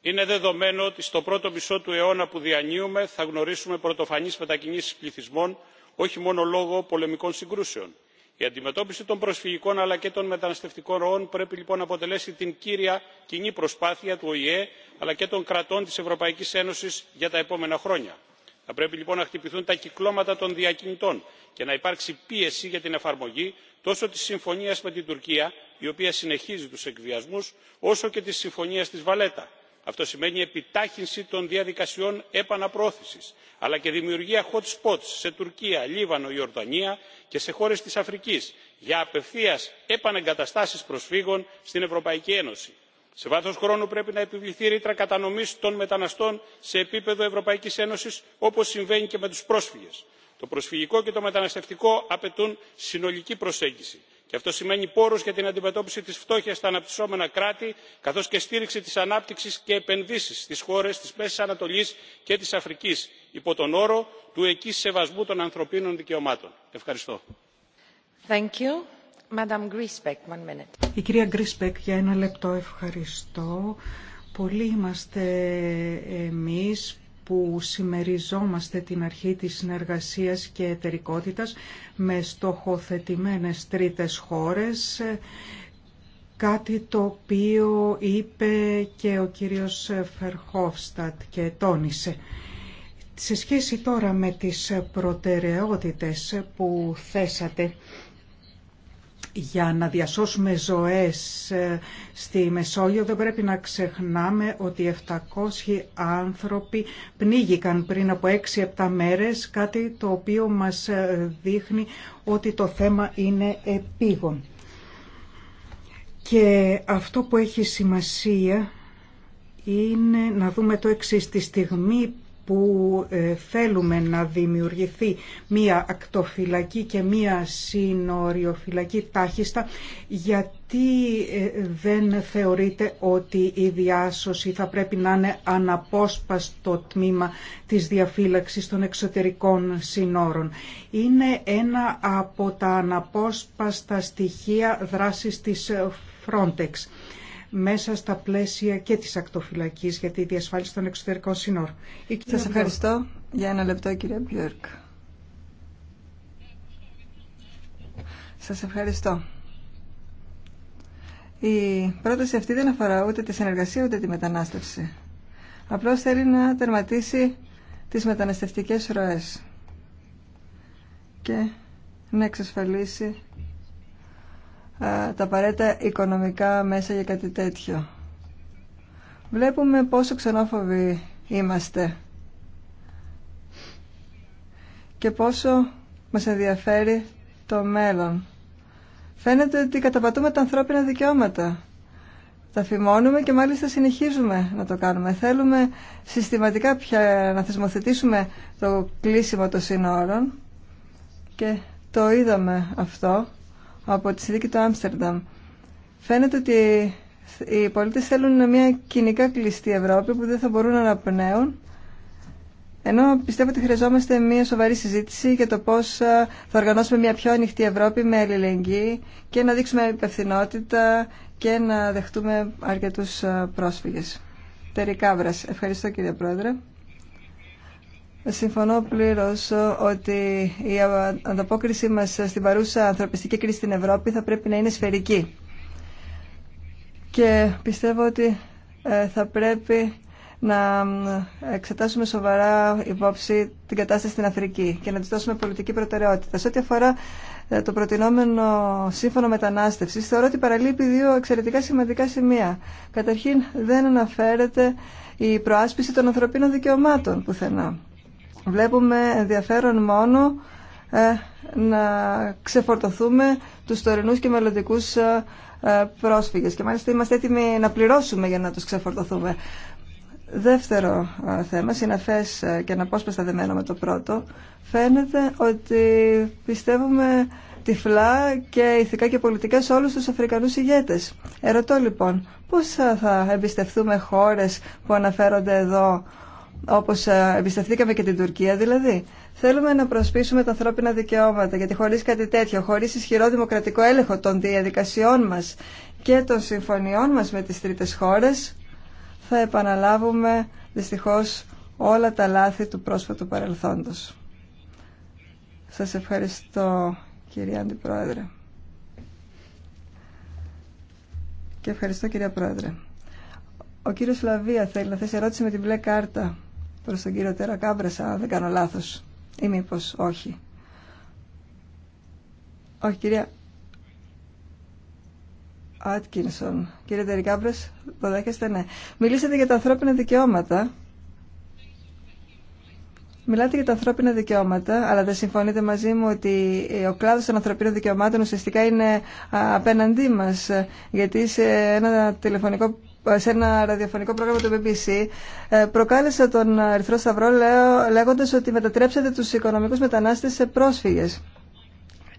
Είναι δεδομένο ότι στο πρώτο μισό του αιώνα που διανύουμε θα γνωρίσουμε πρωτοφανείς μετακινήσεις πληθυσμών, όχι μόνο λόγω πολεμικών συγκρούσεων η αντιμετώπιση των προσφυγικών αλλά και των μεταναστευτικών ροών πρέπει λοιπόν να αποτελέσει την κύρια κοινή προσπάθεια του οηε αλλά και των κρατών της ευρωπαϊκής ένωσης για τα επόμενα χρόνια. θα πρέπει λοιπόν να χτυπηθούν τα κυκλώματα των διακινητών και να υπάρξει πίεση για την εφαρμογή τόσο τη συμφωνία με την τουρκία η οποία συνεχίζει τους εκβιασμούς όσο και τη συμφωνίας της βαλέτα. αυτό σημαίνει επιτάχυνση των διαδικασιών επαναπροώθησης αλλά και δημιουργία hot spots σε τουρκία λίβανο ιορδανία και σε χώρες της αφρικής για απευθείας επανεγκαταστάσεις προσφύγων στην ευρωπαϊκή ένωση. σε βάθος χρόνου πρέπει να επιβληθεί ρήτρα κατανομής των μεταναστών σε επίπεδο ευρωπαϊκής ένωσης όπως συμβαίνει και με τους πρόσφυγες. το προσφυγικό και το μεταναστευτικό απαιτούν συνολική προσέγγιση και αυτό σημαίνει πόρους για την αντιμετώπιση της φτώχειας στα αναπτυσσόμενα κράτη καθώς και στήριξη της ανάπτυξης και επενδύσεις στις χώρες της μέσης ανατολής και της αφρικής υπό τον όρο του εκείς σεβασμού των ανθρωπίνων δικαιωμάτων. Ευχαριστώ. Η κυρία Γκρίσπεκ για ένα λεπτό ευχαριστώ. Πολλοί είμαστε εμείς που συμμεριζόμαστε την αρχή της συνεργασίας και εταιρικότητας με στοχοθετημένες τρίτες χώρες, κάτι το οποίο είπε και ο κύριος Φερχόφστατ και τόνισε. Σε σχέση τώρα με τις προτεραιότητες που θέσατε για να διασώσουμε ζωές ε, στη Μεσόγειο δεν πρέπει να ξεχνάμε ότι 700 άνθρωποι πνίγηκαν πριν από 6-7 μέρες, κάτι το οποίο μας ε, δείχνει ότι το θέμα είναι επίγον. Και αυτό που έχει σημασία είναι να δούμε το εξής. Τη στιγμή που ε, θέλουμε να δημιουργηθεί μία ακτοφυλακή και μία συνοριοφυλακή τάχιστα γιατί ε, δεν θεωρείται ότι η διάσωση θα πρέπει να είναι αναπόσπαστο τμήμα της διαφύλαξης των εξωτερικών συνόρων. Είναι ένα από τα αναπόσπαστα στοιχεία δράσης της Frontex μέσα στα πλαίσια και της ακτοφυλακής για τη διασφάλιση των εξωτερικών συνόρων. Σας ευχαριστώ. Για ένα λεπτό, κυρία Μπιόρκ. Σας ευχαριστώ. Η πρόταση αυτή δεν αφορά ούτε τη συνεργασία ούτε τη μετανάστευση. Απλώς θέλει να τερματίσει τις μεταναστευτικές ροές και να εξασφαλίσει τα απαραίτητα οικονομικά μέσα για κάτι τέτοιο. Βλέπουμε πόσο ξενόφοβοι είμαστε και πόσο μας ενδιαφέρει το μέλλον. Φαίνεται ότι καταπατούμε τα ανθρώπινα δικαιώματα. Τα φημώνουμε και μάλιστα συνεχίζουμε να το κάνουμε. Θέλουμε συστηματικά πια να θεσμοθετήσουμε το κλείσιμο των συνόρων και το είδαμε αυτό από τη συνθήκη του Άμστερνταμ. Φαίνεται ότι οι πολίτες θέλουν μια κοινικά κλειστή Ευρώπη που δεν θα μπορούν να αναπνέουν ενώ πιστεύω ότι χρειαζόμαστε μια σοβαρή συζήτηση για το πώς θα οργανώσουμε μια πιο ανοιχτή Ευρώπη με αλληλεγγύη και να δείξουμε υπευθυνότητα και να δεχτούμε αρκετούς ε, πρόσφυγες. Τερικά Ευχαριστώ κύριε Πρόεδρε. Συμφωνώ πλήρω ότι η ανταπόκριση μα στην παρούσα ανθρωπιστική κρίση στην Ευρώπη θα πρέπει να είναι σφαιρική. Και πιστεύω ότι ε, θα πρέπει να εξετάσουμε σοβαρά υπόψη την κατάσταση στην Αφρική και να τη δώσουμε πολιτική προτεραιότητα. Σε ό,τι αφορά ε, το προτινόμενο σύμφωνο μετανάστευση, θεωρώ ότι παραλείπει δύο εξαιρετικά σημαντικά σημεία. Καταρχήν, δεν αναφέρεται η προάσπιση των ανθρωπίνων δικαιωμάτων πουθενά. Βλέπουμε ενδιαφέρον μόνο ε, να ξεφορτωθούμε τους τωρινούς και μελλοντικού ε, ε, πρόσφυγες και μάλιστα είμαστε έτοιμοι να πληρώσουμε για να τους ξεφορτωθούμε. Δεύτερο θέμα, συναφές και αναπόσπαστα δεμένο με το πρώτο, φαίνεται ότι πιστεύουμε τυφλά και ηθικά και πολιτικά σε όλους τους Αφρικανούς ηγέτες. Ερωτώ λοιπόν, πώς θα εμπιστευτούμε χώρες που αναφέρονται εδώ όπως ε, εμπιστευτήκαμε και την Τουρκία δηλαδή. Θέλουμε να προσπίσουμε τα ανθρώπινα δικαιώματα, γιατί χωρίς κάτι τέτοιο, χωρίς ισχυρό δημοκρατικό έλεγχο των διαδικασιών μας και των συμφωνιών μας με τις τρίτες χώρες, θα επαναλάβουμε δυστυχώς όλα τα λάθη του πρόσφατου παρελθόντος. Σας ευχαριστώ κυρία Αντιπρόεδρε. Και ευχαριστώ κυρία Πρόεδρε. Ο κύριος Λαβία θέλει να θέσει ερώτηση με την μπλε κάρτα προς τον κύριο Τέρα δεν κάνω λάθος. Ή μήπω όχι. Όχι, κυρία Άτκινσον. Κύριε τερικάβρες, το δέχεστε, ναι. Μιλήσατε για τα ανθρώπινα δικαιώματα. Μιλάτε για τα ανθρώπινα δικαιώματα, αλλά δεν συμφωνείτε μαζί μου ότι ε, ο κλάδο των ανθρωπίνων δικαιωμάτων ουσιαστικά είναι απέναντί μα. Γιατί σε ένα τηλεφωνικό σε ένα ραδιοφωνικό πρόγραμμα του BBC, ε, προκάλεσε τον Ερυθρό Σταυρό λέγοντας ότι μετατρέψατε τους οικονομικούς μετανάστες σε πρόσφυγες.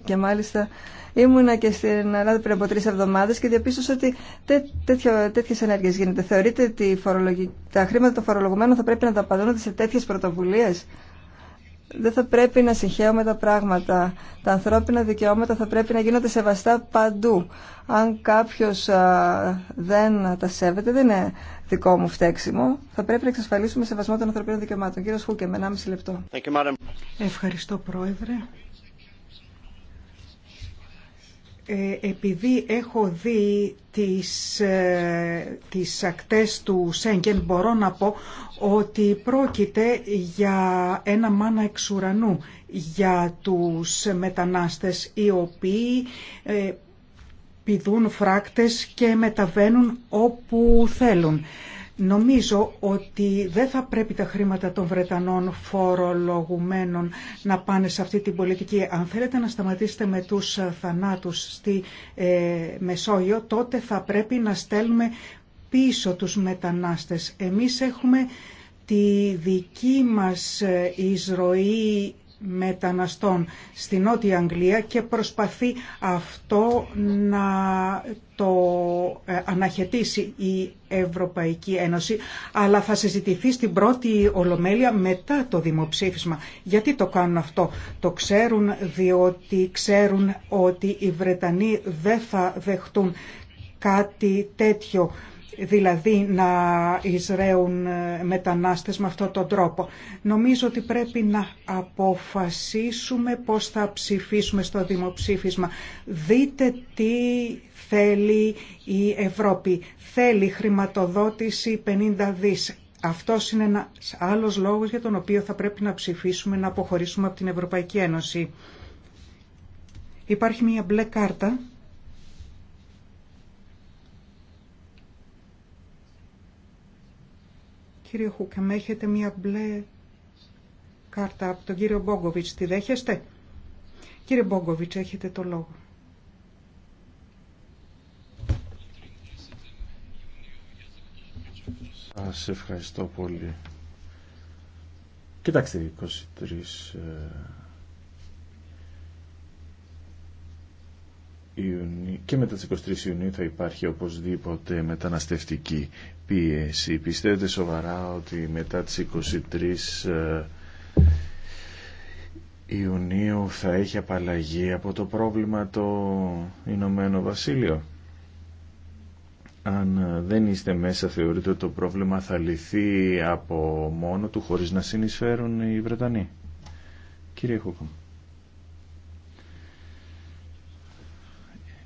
Και μάλιστα ήμουνα και στην Ελλάδα πριν από τρεις εβδομάδες και διαπίστωσα ότι τέτοιες ενέργειες γίνεται. Θεωρείτε ότι τα χρήματα των φορολογουμένων θα πρέπει να τα απαντώνονται σε τέτοιε πρωτοβουλίες δεν θα πρέπει να συγχαίουμε τα πράγματα. Τα ανθρώπινα δικαιώματα θα πρέπει να γίνονται σεβαστά παντού. Αν κάποιος δεν τα σέβεται, δεν είναι δικό μου φταίξιμο. Θα πρέπει να εξασφαλίσουμε σεβασμό των ανθρωπίνων δικαιωμάτων. Κύριος Χούκε, με 1,5 λεπτό. Ευχαριστώ, Πρόεδρε. Ε, επειδή έχω δει τις, ε, τις ακτές του Σέγγεν μπορώ να πω ότι πρόκειται για ένα μάνα εξ ουρανού για τους μετανάστες οι οποίοι ε, πηδούν φράκτες και μεταβαίνουν όπου θέλουν. Νομίζω ότι δεν θα πρέπει τα χρήματα των Βρετανών φορολογουμένων να πάνε σε αυτή την πολιτική. Αν θέλετε να σταματήσετε με τους θανάτους στη ε, Μεσόγειο, τότε θα πρέπει να στέλνουμε πίσω τους μετανάστες. Εμείς έχουμε τη δική μας ε, εισρωή μεταναστών στην Νότια Αγγλία και προσπαθεί αυτό να το ε, αναχαιτήσει η Ευρωπαϊκή Ένωση, αλλά θα συζητηθεί στην πρώτη Ολομέλεια μετά το δημοψήφισμα. Γιατί το κάνουν αυτό. Το ξέρουν διότι ξέρουν ότι οι Βρετανοί δεν θα δεχτούν κάτι τέτοιο δηλαδή να εισραίουν ε, μετανάστες με αυτόν τον τρόπο. Νομίζω ότι πρέπει να αποφασίσουμε πώς θα ψηφίσουμε στο δημοψήφισμα. Δείτε τι θέλει η Ευρώπη. Θέλει χρηματοδότηση 50 δις. Αυτό είναι ένα άλλος λόγος για τον οποίο θα πρέπει να ψηφίσουμε να αποχωρήσουμε από την Ευρωπαϊκή Ένωση. Υπάρχει μια μπλε κάρτα Κύριε Χούκεμ, έχετε μία μπλε κάρτα από τον κύριο Μπόγκοβιτς. Τη δέχεστε? Κύριε Μπόγκοβιτς, έχετε το λόγο. Σας ευχαριστώ πολύ. Κοιτάξτε, 23 και μετά τις 23 Ιουνίου θα υπάρχει οπωσδήποτε μεταναστευτική πίεση. Πιστεύετε σοβαρά ότι μετά τις 23 ε, Ιουνίου θα έχει απαλλαγή από το πρόβλημα το Ηνωμένο Βασίλειο. Αν ε, δεν είστε μέσα θεωρείτε ότι το πρόβλημα θα λυθεί από μόνο του χωρίς να συνεισφέρουν οι Βρετανοί. Κύριε Χούκομ.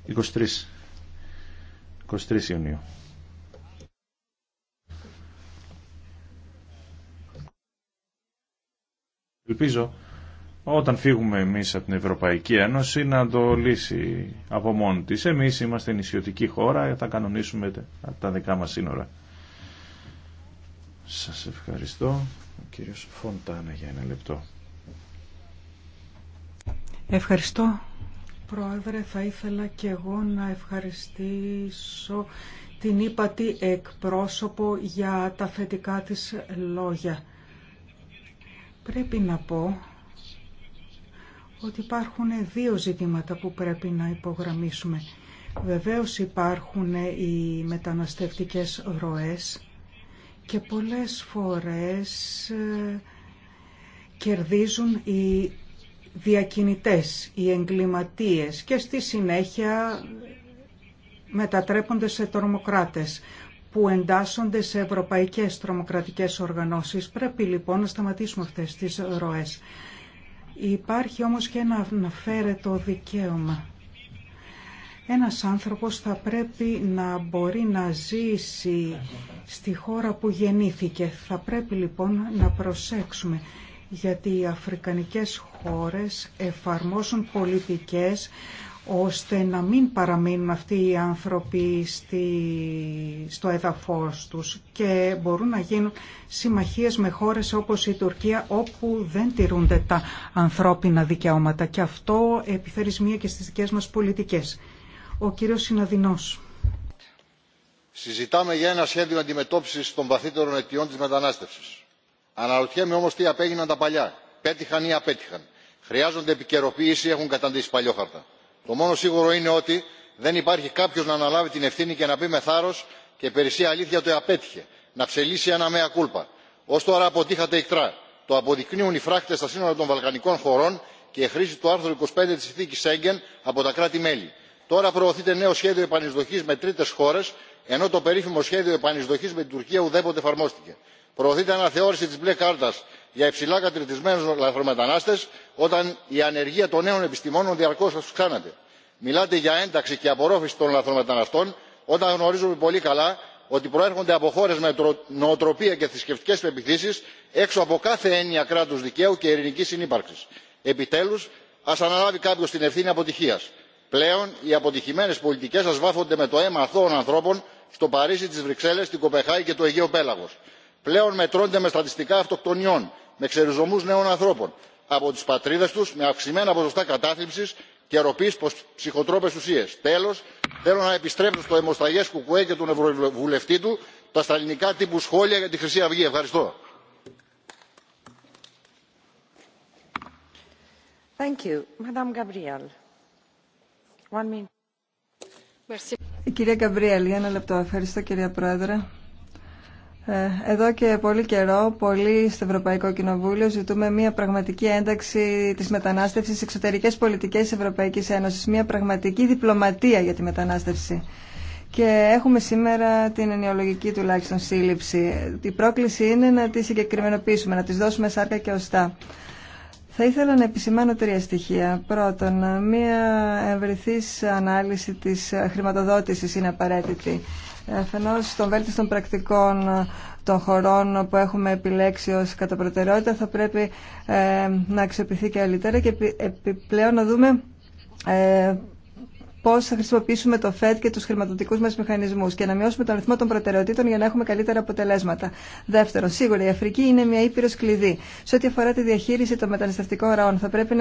23. 23 Ιουνίου. Ελπίζω όταν φύγουμε εμείς από την Ευρωπαϊκή Ένωση να το λύσει από μόνη της. Εμείς είμαστε νησιωτική χώρα, θα κανονίσουμε τα δικά μας σύνορα. Σας ευχαριστώ. Ο κύριος Φοντάνα για ένα λεπτό. Ευχαριστώ Πρόεδρε, θα ήθελα και εγώ να ευχαριστήσω την ύπατη εκπρόσωπο για τα θετικά της λόγια. Πρέπει να πω ότι υπάρχουν δύο ζητήματα που πρέπει να υπογραμμίσουμε. Βεβαίως υπάρχουν οι μεταναστευτικές ροές και πολλές φορές ε, κερδίζουν οι διακινητές, οι εγκληματίες και στη συνέχεια μετατρέπονται σε τρομοκράτες που εντάσσονται σε ευρωπαϊκές τρομοκρατικές οργανώσεις. Πρέπει λοιπόν να σταματήσουμε αυτές τις ροές. Υπάρχει όμως και ένα το δικαίωμα. Ένας άνθρωπος θα πρέπει να μπορεί να ζήσει στη χώρα που γεννήθηκε. Θα πρέπει λοιπόν να προσέξουμε γιατί οι αφρικανικές χώρες εφαρμόσουν πολιτικές ώστε να μην παραμείνουν αυτοί οι άνθρωποι στο έδαφος τους και μπορούν να γίνουν συμμαχίες με χώρες όπως η Τουρκία όπου δεν τηρούνται τα ανθρώπινα δικαιώματα και αυτό επιφέρει μία και στις δικές μας πολιτικές. Ο κύριος Συναδεινός. Συζητάμε για ένα σχέδιο αντιμετώπισης των βαθύτερων αιτιών της μετανάστευσης Αναρωτιέμαι όμω τι απέγιναν τα παλιά. Πέτυχαν ή απέτυχαν. Χρειάζονται επικαιροποίηση ή έχουν καταντήσει παλιόχαρτα. Το μόνο σίγουρο είναι ότι δεν υπάρχει κάποιο να αναλάβει την ευθύνη και να πει με θάρρο και περισσή αλήθεια το απέτυχε. Να ψελίσει ένα μέα κούλπα. Ω τώρα αποτύχατε εκτρά. Το αποδεικνύουν οι φράχτε στα σύνορα των Βαλκανικών χωρών και η χρήση του άρθρου 25 τη συνθήκη Σέγγεν από τα κράτη-μέλη. Τώρα προωθείται νέο σχέδιο επανεισδοχή με τρίτε χώρε, ενώ το περίφημο σχέδιο επανεισδοχή με την Τουρκία ουδέποτε εφαρμόστηκε προωθείται αναθεώρηση τη μπλε κάρτα για υψηλά κατηρτισμένου λαθρομετανάστε όταν η ανεργία των νέων επιστημόνων διαρκώ αυξάνεται. μιλάτε για ένταξη και απορρόφηση των λαθρομεταναστών όταν γνωρίζουμε πολύ καλά ότι προέρχονται από χώρε με νοοτροπία και θρησκευτικέ πεπιθήσει έξω από κάθε έννοια κράτου δικαίου και ειρηνική συνύπαρξη. επιτέλου α αναλάβει κάποιο την ευθύνη αποτυχία. πλέον οι αποτυχημένε πολιτικέ σα βάφονται με το αίμα αθώων ανθρώπων στο παρίσι τι βρυξέλλες την κοπεγχάγη και το αιγαίο πέλαγο πλέον μετρώνται με στατιστικά αυτοκτονιών με ξεριζωμούς νέων ανθρώπων από τις πατρίδες τους με αυξημένα ποσοστά κατάθλιψης και ροπής προς ψυχοτρόπες ουσίες. τέλος θέλω να επιστρέψω στο αιμοσταγές κουκουέ και τον ευρωβουλευτή του τα στα τύπου σχόλια για τη χρυσή αυγή. ευχαριστώ. Ευχαριστώ κυρία Πρόεδρε. Ε, εδώ και πολύ καιρό, πολύ στο Ευρωπαϊκό Κοινοβούλιο ζητούμε μια πραγματική ένταξη της μετανάστευσης σε εξωτερικές πολιτικές της Ευρωπαϊκής Ένωσης, μια πραγματική διπλωματία για τη μετανάστευση. Και έχουμε σήμερα την ενοιολογική τουλάχιστον σύλληψη. Η πρόκληση είναι να τη συγκεκριμενοποιήσουμε, να τη δώσουμε σάρκα και οστά. Θα ήθελα να επισημάνω τρία στοιχεία. Πρώτον, μια ευρυθής ανάλυση της χρηματοδότησης είναι απαραίτητη Αφενός των βέλτιστων πρακτικών ε, των χωρών που έχουμε επιλέξει ως κατά θα πρέπει ε, να αξιοποιηθεί και και επιπλέον να δούμε ε, πώ θα χρησιμοποιήσουμε το ΦΕΤ και του χρηματοδοτικού μα μηχανισμού και να μειώσουμε τον ρυθμό των προτεραιοτήτων για να έχουμε καλύτερα αποτελέσματα. Δεύτερον, σίγουρα η Αφρική είναι μια ήπειρο κλειδί. Σε ό,τι αφορά τη διαχείριση των μεταναστευτικών ροών θα πρέπει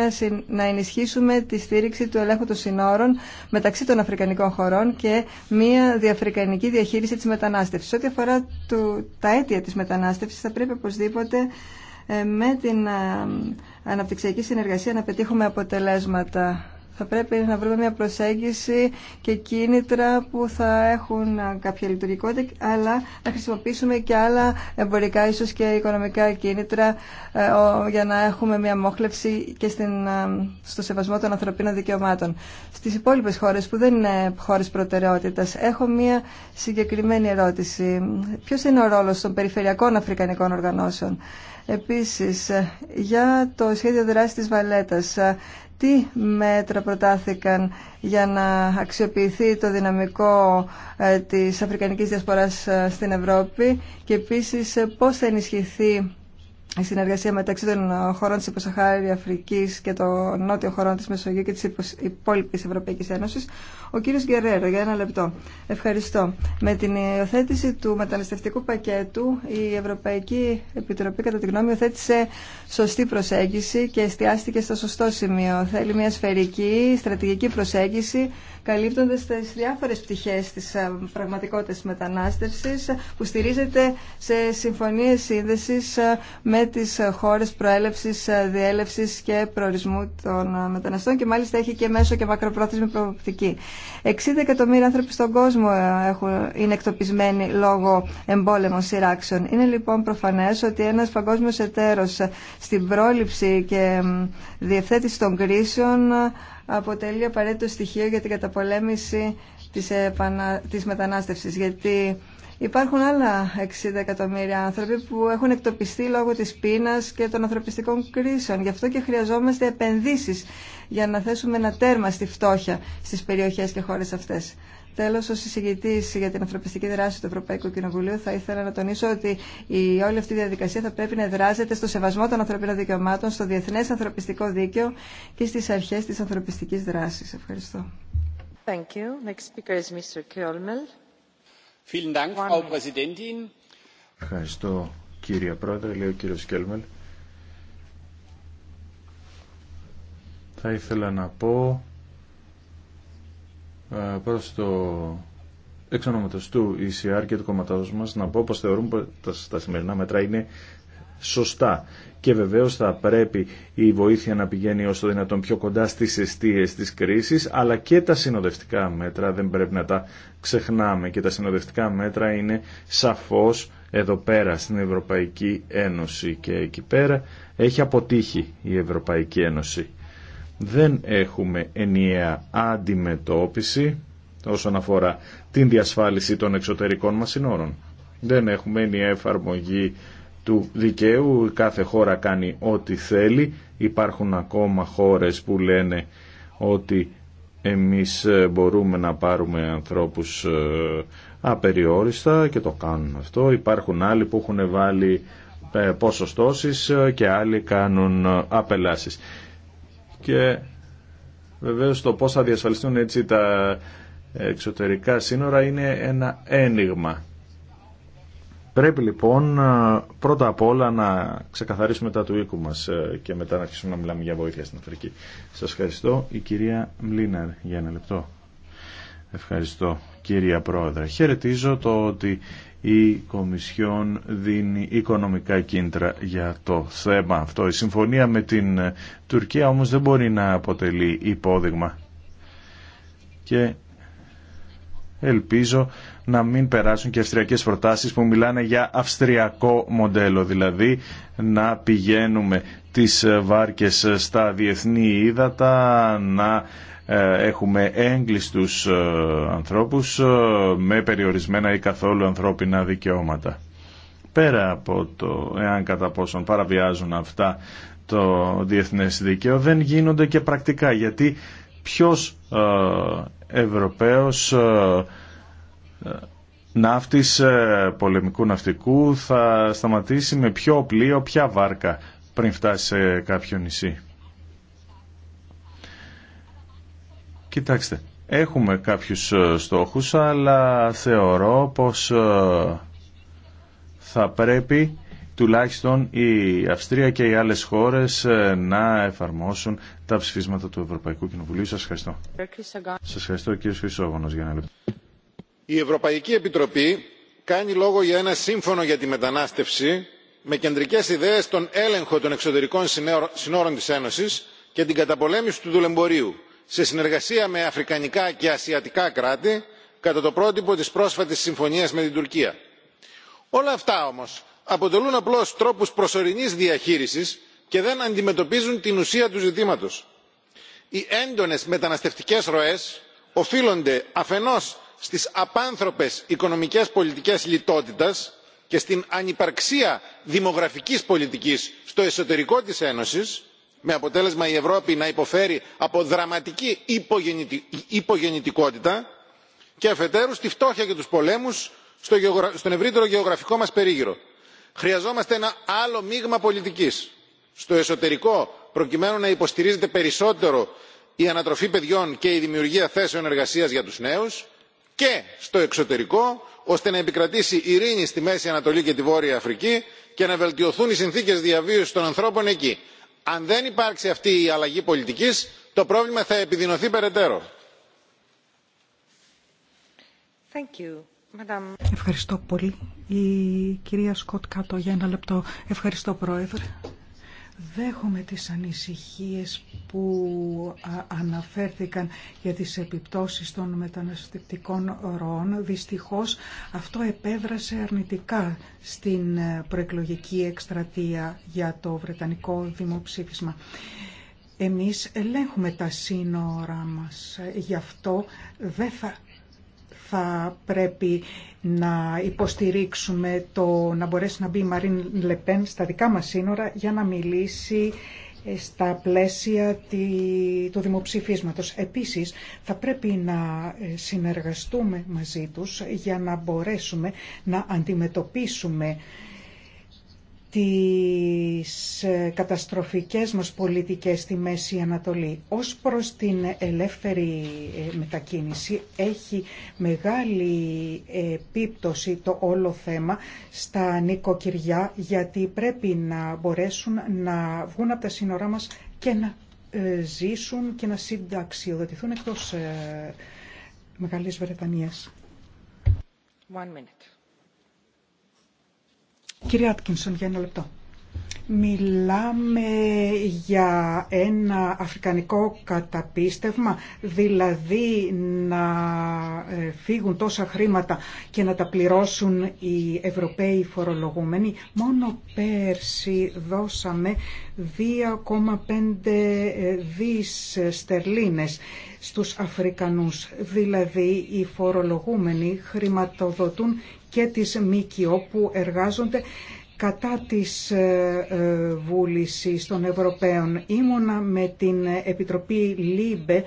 να, ενισχύσουμε τη στήριξη του ελέγχου των συνόρων μεταξύ των Αφρικανικών χωρών και μια διαφρικανική διαχείριση τη μετανάστευσης. Σε ό,τι αφορά του, τα αίτια τη μετανάστευση θα πρέπει οπωσδήποτε ε, με την ε, αναπτυξιακή συνεργασία να πετύχουμε αποτελέσματα θα πρέπει να βρούμε μια προσέγγιση και κίνητρα που θα έχουν κάποια λειτουργικότητα, αλλά να χρησιμοποιήσουμε και άλλα εμπορικά ίσω και οικονομικά κίνητρα ε, για να έχουμε μια μόχλευση και ε, στο σεβασμό των ανθρωπίνων δικαιωμάτων. Στι υπόλοιπε χώρε που δεν είναι χώρε προτεραιότητα, έχω μια συγκεκριμένη ερώτηση. Ποιο είναι ο ρόλο των περιφερειακών αφρικανικών οργανώσεων. Επίσης, ε, για το σχέδιο δράσης της Βαλέτας, τι μέτρα προτάθηκαν για να αξιοποιηθεί το δυναμικό ε, της Αφρικανικής Διασποράς ε, στην Ευρώπη και επίσης ε, πώς θα ενισχυθεί η συνεργασία μεταξύ των χωρών της Υποσαχάρη Αφρικής και των νότιων χωρών της Μεσογείου και της υπόλοιπης Ευρωπαϊκής Ένωσης. Ο κύριος Γκερέρο, για ένα λεπτό. Ευχαριστώ. Με την υιοθέτηση του μεταναστευτικού πακέτου, η Ευρωπαϊκή Επιτροπή, κατά τη γνώμη, υιοθέτησε σωστή προσέγγιση και εστιάστηκε στο σωστό σημείο. Θέλει μια σφαιρική, στρατηγική προσέγγιση, καλύπτοντα τις διάφορες πτυχές της ε, πραγματικότητας μετανάστευσης, που στηρίζεται σε συμφωνίες σύνδεσης ε, με τις ε, χώρες προέλευσης, ε, διέλευσης και προορισμού των ε, μεταναστών και μάλιστα έχει και μέσο και μακροπρόθεσμη προοπτική. 60 εκατομμύρια άνθρωποι στον κόσμο έχουν, είναι εκτοπισμένοι λόγω εμπόλεμων σειράξεων. Είναι λοιπόν προφανές ότι ένας παγκόσμιος εταίρος στην πρόληψη και διευθέτηση των κρίσεων αποτελεί απαραίτητο στοιχείο για την καταπολέμηση της, επανα... της μετανάστευσης γιατί Υπάρχουν άλλα 60 εκατομμύρια άνθρωποι που έχουν εκτοπιστεί λόγω της πείνας και των ανθρωπιστικών κρίσεων. Γι' αυτό και χρειαζόμαστε επενδύσεις για να θέσουμε ένα τέρμα στη φτώχεια στις περιοχές και χώρες αυτές. Τέλο, ω εισηγητή για την ανθρωπιστική δράση του Ευρωπαϊκού Κοινοβουλίου, θα ήθελα να τονίσω ότι η, όλη αυτή η διαδικασία θα πρέπει να δράζεται στο σεβασμό των ανθρωπίνων δικαιωμάτων, στο διεθνέ ανθρωπιστικό δίκαιο και στι αρχέ τη ανθρωπιστική δράση. Ευχαριστώ. Thank Ευχαριστώ κύριε Πρόεδρε, λέει ο κύριος Κέλμελ. Θα ήθελα να πω ε, προς το εξ του ECR και του κομματός μας να πω πως θεωρούμε πως τα σημερινά μέτρα είναι σωστά. Και βεβαίω θα πρέπει η βοήθεια να πηγαίνει όσο το δυνατόν πιο κοντά στι αιστείε τη κρίση, αλλά και τα συνοδευτικά μέτρα δεν πρέπει να τα ξεχνάμε. Και τα συνοδευτικά μέτρα είναι σαφώ εδώ πέρα στην Ευρωπαϊκή Ένωση και εκεί πέρα έχει αποτύχει η Ευρωπαϊκή Ένωση. Δεν έχουμε ενιαία αντιμετώπιση όσον αφορά την διασφάλιση των εξωτερικών μα συνόρων. Δεν έχουμε ενιαία εφαρμογή του δικαίου, κάθε χώρα κάνει ό,τι θέλει. Υπάρχουν ακόμα χώρες που λένε ότι εμείς ε, μπορούμε να πάρουμε ανθρώπους ε, απεριόριστα και το κάνουν αυτό. Υπάρχουν άλλοι που έχουν βάλει ε, ποσοστώσεις και άλλοι κάνουν απελάσεις. Και βεβαίως το πώς θα διασφαλιστούν έτσι τα εξωτερικά σύνορα είναι ένα ένιγμα Πρέπει λοιπόν ε, πρώτα απ' όλα να ξεκαθαρίσουμε τα του οίκου μας ε, και μετά να αρχίσουμε να μιλάμε για βοήθεια στην Αφρική. Σας ευχαριστώ. Η κυρία Μλίναρ για ένα λεπτό. Ευχαριστώ κυρία Πρόεδρε. Χαιρετίζω το ότι η Κομισιόν δίνει οικονομικά κίνητρα για το θέμα αυτό. Η συμφωνία με την ε, Τουρκία όμω δεν μπορεί να αποτελεί υπόδειγμα. Και ελπίζω να μην περάσουν και αυστριακές προτάσει που μιλάνε για αυστριακό μοντέλο, δηλαδή να πηγαίνουμε τις βάρκες στα διεθνή ύδατα, να ε, έχουμε έγκλειστους ε, ανθρώπους ε, με περιορισμένα ή καθόλου ανθρώπινα δικαιώματα. Πέρα από το εάν κατά πόσον παραβιάζουν αυτά το διεθνές δίκαιο δεν γίνονται και πρακτικά γιατί ποιος Ευρωπαίος ναύτης ε, πολεμικού ναυτικού θα σταματήσει με ποιο πλοίο, ποια βάρκα πριν φτάσει σε κάποιο νησί. Κοιτάξτε, έχουμε κάποιους ε, στόχους, αλλά θεωρώ πως ε, θα πρέπει τουλάχιστον η Αυστρία και οι άλλες χώρες να εφαρμόσουν τα ψηφίσματα του Ευρωπαϊκού Κοινοβουλίου. Σας ευχαριστώ. Σας ευχαριστώ κύριε Χρυσόγωνος για ένα λεπτό η ευρωπαϊκή επιτροπή κάνει λόγο για ένα σύμφωνο για τη μετανάστευση με κεντρικές ιδέες τον έλεγχο των εξωτερικών συνόρων της ένωσης και την καταπολέμηση του δουλεμπορίου σε συνεργασία με αφρικανικά και ασιατικά κράτη κατά το πρότυπο της πρόσφατης συμφωνίας με την τουρκία. όλα αυτά όμως αποτελούν απλώς τρόπους προσωρινής διαχείρισης και δεν αντιμετωπίζουν την ουσία του ζητήματος. οι έντονες μεταναστευτικές ροές οφείλονται αφενός στις απάνθρωπες οικονομικές πολιτικές λιτότητας και στην ανυπαρξία δημογραφικής πολιτικής στο εσωτερικό της ένωσης με αποτέλεσμα η ευρώπη να υποφέρει από δραματική υπογεννητικότητα και αφετέρου στη φτώχεια και τους πολέμους στον ευρύτερο γεωγραφικό μας περίγυρο. χρειαζόμαστε ένα άλλο μείγμα πολιτικής στο εσωτερικό προκειμένου να υποστηρίζεται περισσότερο η ανατροφή παιδιών και η δημιουργία θέσεων εργασίας για τους νέους και στο εξωτερικό ώστε να επικρατήσει ειρήνη στη μέση ανατολή και τη βόρεια αφρική και να βελτιωθούν οι συνθήκες διαβίωσης των ανθρώπων εκεί. αν δεν υπάρξει αυτή η αλλαγή πολιτικής το πρόβλημα θα επιδεινωθεί περαιτέρω. Thank you. Ευχαριστώ πολύ. Η κυρία Σκοτ Κάτω για ένα λεπτό. Ευχαριστώ, Πρόεδρε. Δέχομαι τις ανησυχίες που αναφέρθηκαν για τις επιπτώσεις των μεταναστευτικών ροών. Δυστυχώς αυτό επέδρασε αρνητικά στην ε, προεκλογική εκστρατεία για το Βρετανικό δημοψήφισμα. Εμείς ελέγχουμε τα σύνορα μας, γι' αυτό δεν θα θα πρέπει να υποστηρίξουμε το να μπορέσει να μπει η Μαρίν Λεπέν στα δικά μας σύνορα για να μιλήσει ε, στα πλαίσια του δημοψηφίσματος. Επίσης, θα πρέπει να ε, συνεργαστούμε μαζί τους για να μπορέσουμε να αντιμετωπίσουμε τις ε, καταστροφικές μας πολιτικές στη Μέση Ανατολή. Ως προς την ελεύθερη ε, μετακίνηση έχει μεγάλη επίπτωση το όλο θέμα στα νοικοκυριά γιατί πρέπει να μπορέσουν να βγουν από τα σύνορά μας και να ε, ζήσουν και να συνταξιοδοτηθούν εκτός Μεγάλης Βρετανίας. One minute. Κύριε Άτκινσον, για ένα λεπτό. Μιλάμε για ένα αφρικανικό καταπίστευμα, δηλαδή να ε, φύγουν τόσα χρήματα και να τα πληρώσουν οι Ευρωπαίοι φορολογούμενοι. Μόνο πέρσι δώσαμε 2,5 ε, δις στερλίνες στους Αφρικανούς, δηλαδή οι φορολογούμενοι χρηματοδοτούν και τις ΜΚΟ που εργάζονται κατά της ε, ε, βούλησης των Ευρωπαίων. Ήμουνα με την Επιτροπή ΛΥΜΠΕ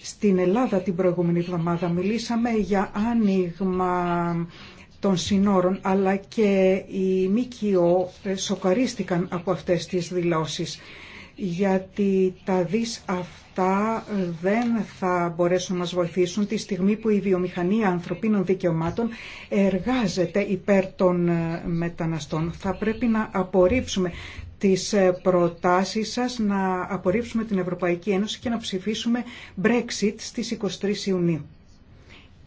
στην Ελλάδα την προηγούμενη εβδομάδα. Μιλήσαμε για άνοιγμα των συνόρων, αλλά και οι ΜΚΟ σοκαρίστηκαν από αυτές τις δηλώσεις γιατί τα δις αυτά δεν θα μπορέσουν να μας βοηθήσουν τη στιγμή που η βιομηχανία ανθρωπίνων δικαιωμάτων εργάζεται υπέρ των ε, μεταναστών. Θα πρέπει να απορρίψουμε τις ε, προτάσεις σας, να απορρίψουμε την Ευρωπαϊκή Ένωση και να ψηφίσουμε Brexit στις 23 Ιουνίου.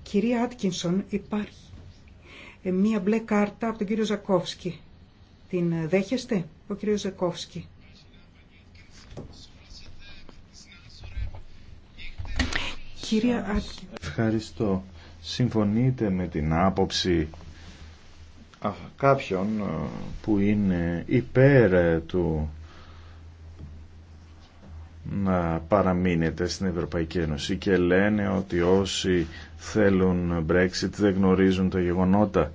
Κυρία Άτκινσον, υπάρχει ε, μία μπλε κάρτα από τον κύριο Ζακόφσκι. Την δέχεστε, ο κύριο Ζακόφσκι. Ευχαριστώ. Συμφωνείτε με την άποψη κάποιων ε, που είναι υπέρ ε, του να παραμείνετε στην Ευρωπαϊκή Ένωση και λένε ότι όσοι θέλουν Brexit δεν γνωρίζουν τα γεγονότα.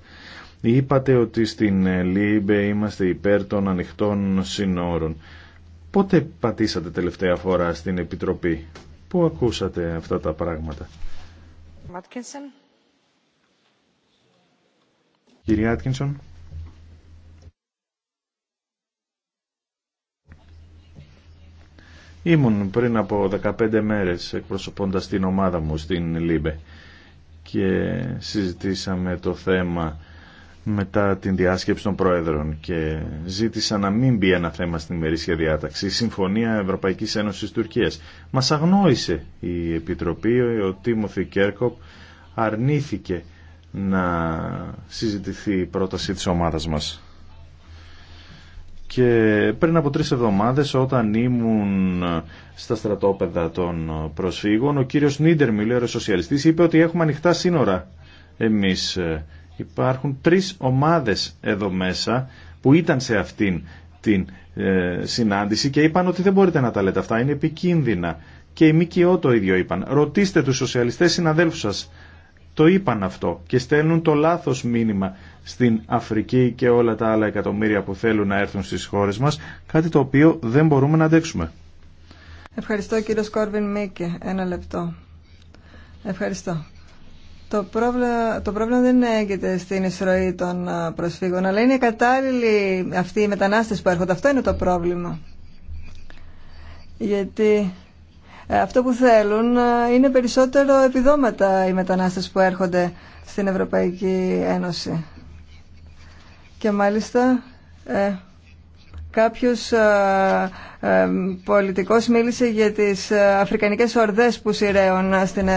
Είπατε ότι στην Λίμπε είμαστε υπέρ των ανοιχτών συνόρων. Πότε πατήσατε τελευταία φορά στην Επιτροπή. Πού ακούσατε αυτά τα πράγματα. Μάτκινσον. Κυρία Άτκινσον. Ήμουν πριν από 15 μέρες εκπροσωπώντας την ομάδα μου στην Λίμπε και συζητήσαμε το θέμα μετά την διάσκεψη των Προέδρων και ζήτησα να μην μπει ένα θέμα στην ημερήσια διάταξη. Η Συμφωνία Ευρωπαϊκής Ένωσης Τουρκίας. Μας αγνόησε η Επιτροπή, ο Τίμωθη Κέρκοπ αρνήθηκε να συζητηθεί η πρόταση της ομάδας μας. Και πριν από τρεις εβδομάδες όταν ήμουν στα στρατόπεδα των προσφύγων, ο κύριος Νίντερ Μιλέρος Σοσιαλιστής είπε ότι έχουμε ανοιχτά σύνορα εμείς ε, Υπάρχουν τρεις ομάδες εδώ μέσα που ήταν σε αυτήν την ε, συνάντηση και είπαν ότι δεν μπορείτε να τα λέτε αυτά, είναι επικίνδυνα. Και οι ΜΚΟ το ίδιο είπαν. Ρωτήστε τους σοσιαλιστές συναδέλφους σας. Το είπαν αυτό και στέλνουν το λάθος μήνυμα στην Αφρική και όλα τα άλλα εκατομμύρια που θέλουν να έρθουν στις χώρες μας, κάτι το οποίο δεν μπορούμε να αντέξουμε. Ευχαριστώ κύριο Σκόρβιν Μίκη, Ένα λεπτό. Ευχαριστώ. Το πρόβλημα, το πρόβλημα δεν έγκυται στην ισροή των προσφύγων, αλλά είναι κατάλληλοι αυτοί οι μετανάστες που έρχονται. Αυτό είναι το πρόβλημα. Γιατί ε, αυτό που θέλουν είναι περισσότερο επιδόματα οι μετανάστες που έρχονται στην Ευρωπαϊκή Ένωση. Και μάλιστα ε, κάποιος ε, πολιτικός μίλησε για τις ε, αφρικανικές ορδές που σειραίων στην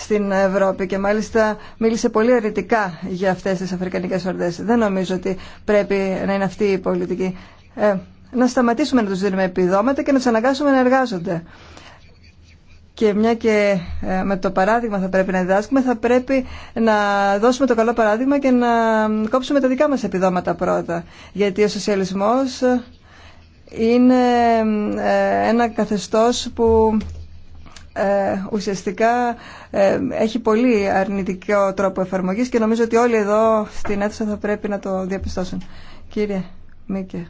στην Ευρώπη και μάλιστα μίλησε πολύ αρνητικά για αυτές τις αφρικανικές ορδές. Δεν νομίζω ότι πρέπει να είναι αυτή η πολιτική. Ε, να σταματήσουμε να τους δίνουμε επιδόματα και να τους αναγκάσουμε να εργάζονται. Και μια και ε, με το παράδειγμα θα πρέπει να διδάσκουμε, θα πρέπει να δώσουμε το καλό παράδειγμα και να κόψουμε τα δικά μας επιδόματα πρώτα. Γιατί ο σοσιαλισμός ε, είναι ε, ένα καθεστώς που ε, ουσιαστικά ε, έχει πολύ αρνητικό τρόπο εφαρμογής και νομίζω ότι όλοι εδώ στην αίθουσα θα πρέπει να το διαπιστώσουν. Κύριε Μίκε,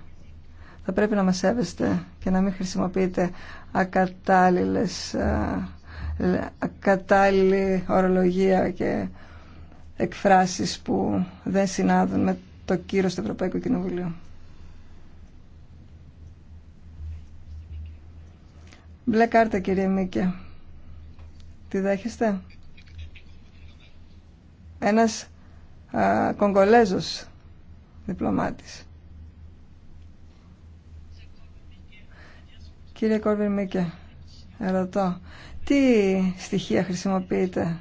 θα πρέπει να μας σέβεστε και να μην χρησιμοποιείτε ακατάλληλες, ε, ακατάλληλη ορολογία και εκφράσεις που δεν συνάδουν με το κύρος του Ευρωπαϊκού Κοινοβουλίου. Μπλε κάρτα κύριε Μίκε. Τη δέχεστε. Ένας α, Κογκολέζος διπλωμάτης. Κύριε Κόρβιν Μίκε, ερωτώ, τι στοιχεία χρησιμοποιείτε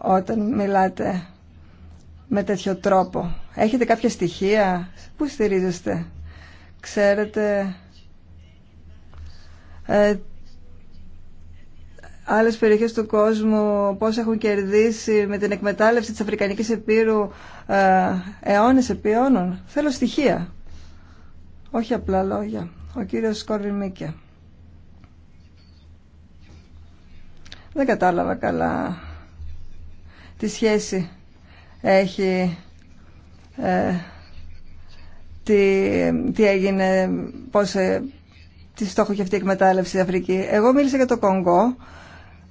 όταν μιλάτε με τέτοιο τρόπο. Έχετε κάποια στοιχεία, πού στηρίζεστε. Ξέρετε ε, Άλλε περιοχέ του κόσμου πώ έχουν κερδίσει με την εκμετάλλευση τη Αφρικανική Επίρου ε, αιώνε επί αιώνων. Θέλω στοιχεία. Όχι απλά λόγια. Ο κύριο Κόρβιν Μίκε. Δεν κατάλαβα καλά τη σχέση έχει ε, τι, τι έγινε, πώς, ε, τι στόχο έχει αυτή η εκμετάλλευση Αφρική. Εγώ μίλησα για το Κονγκό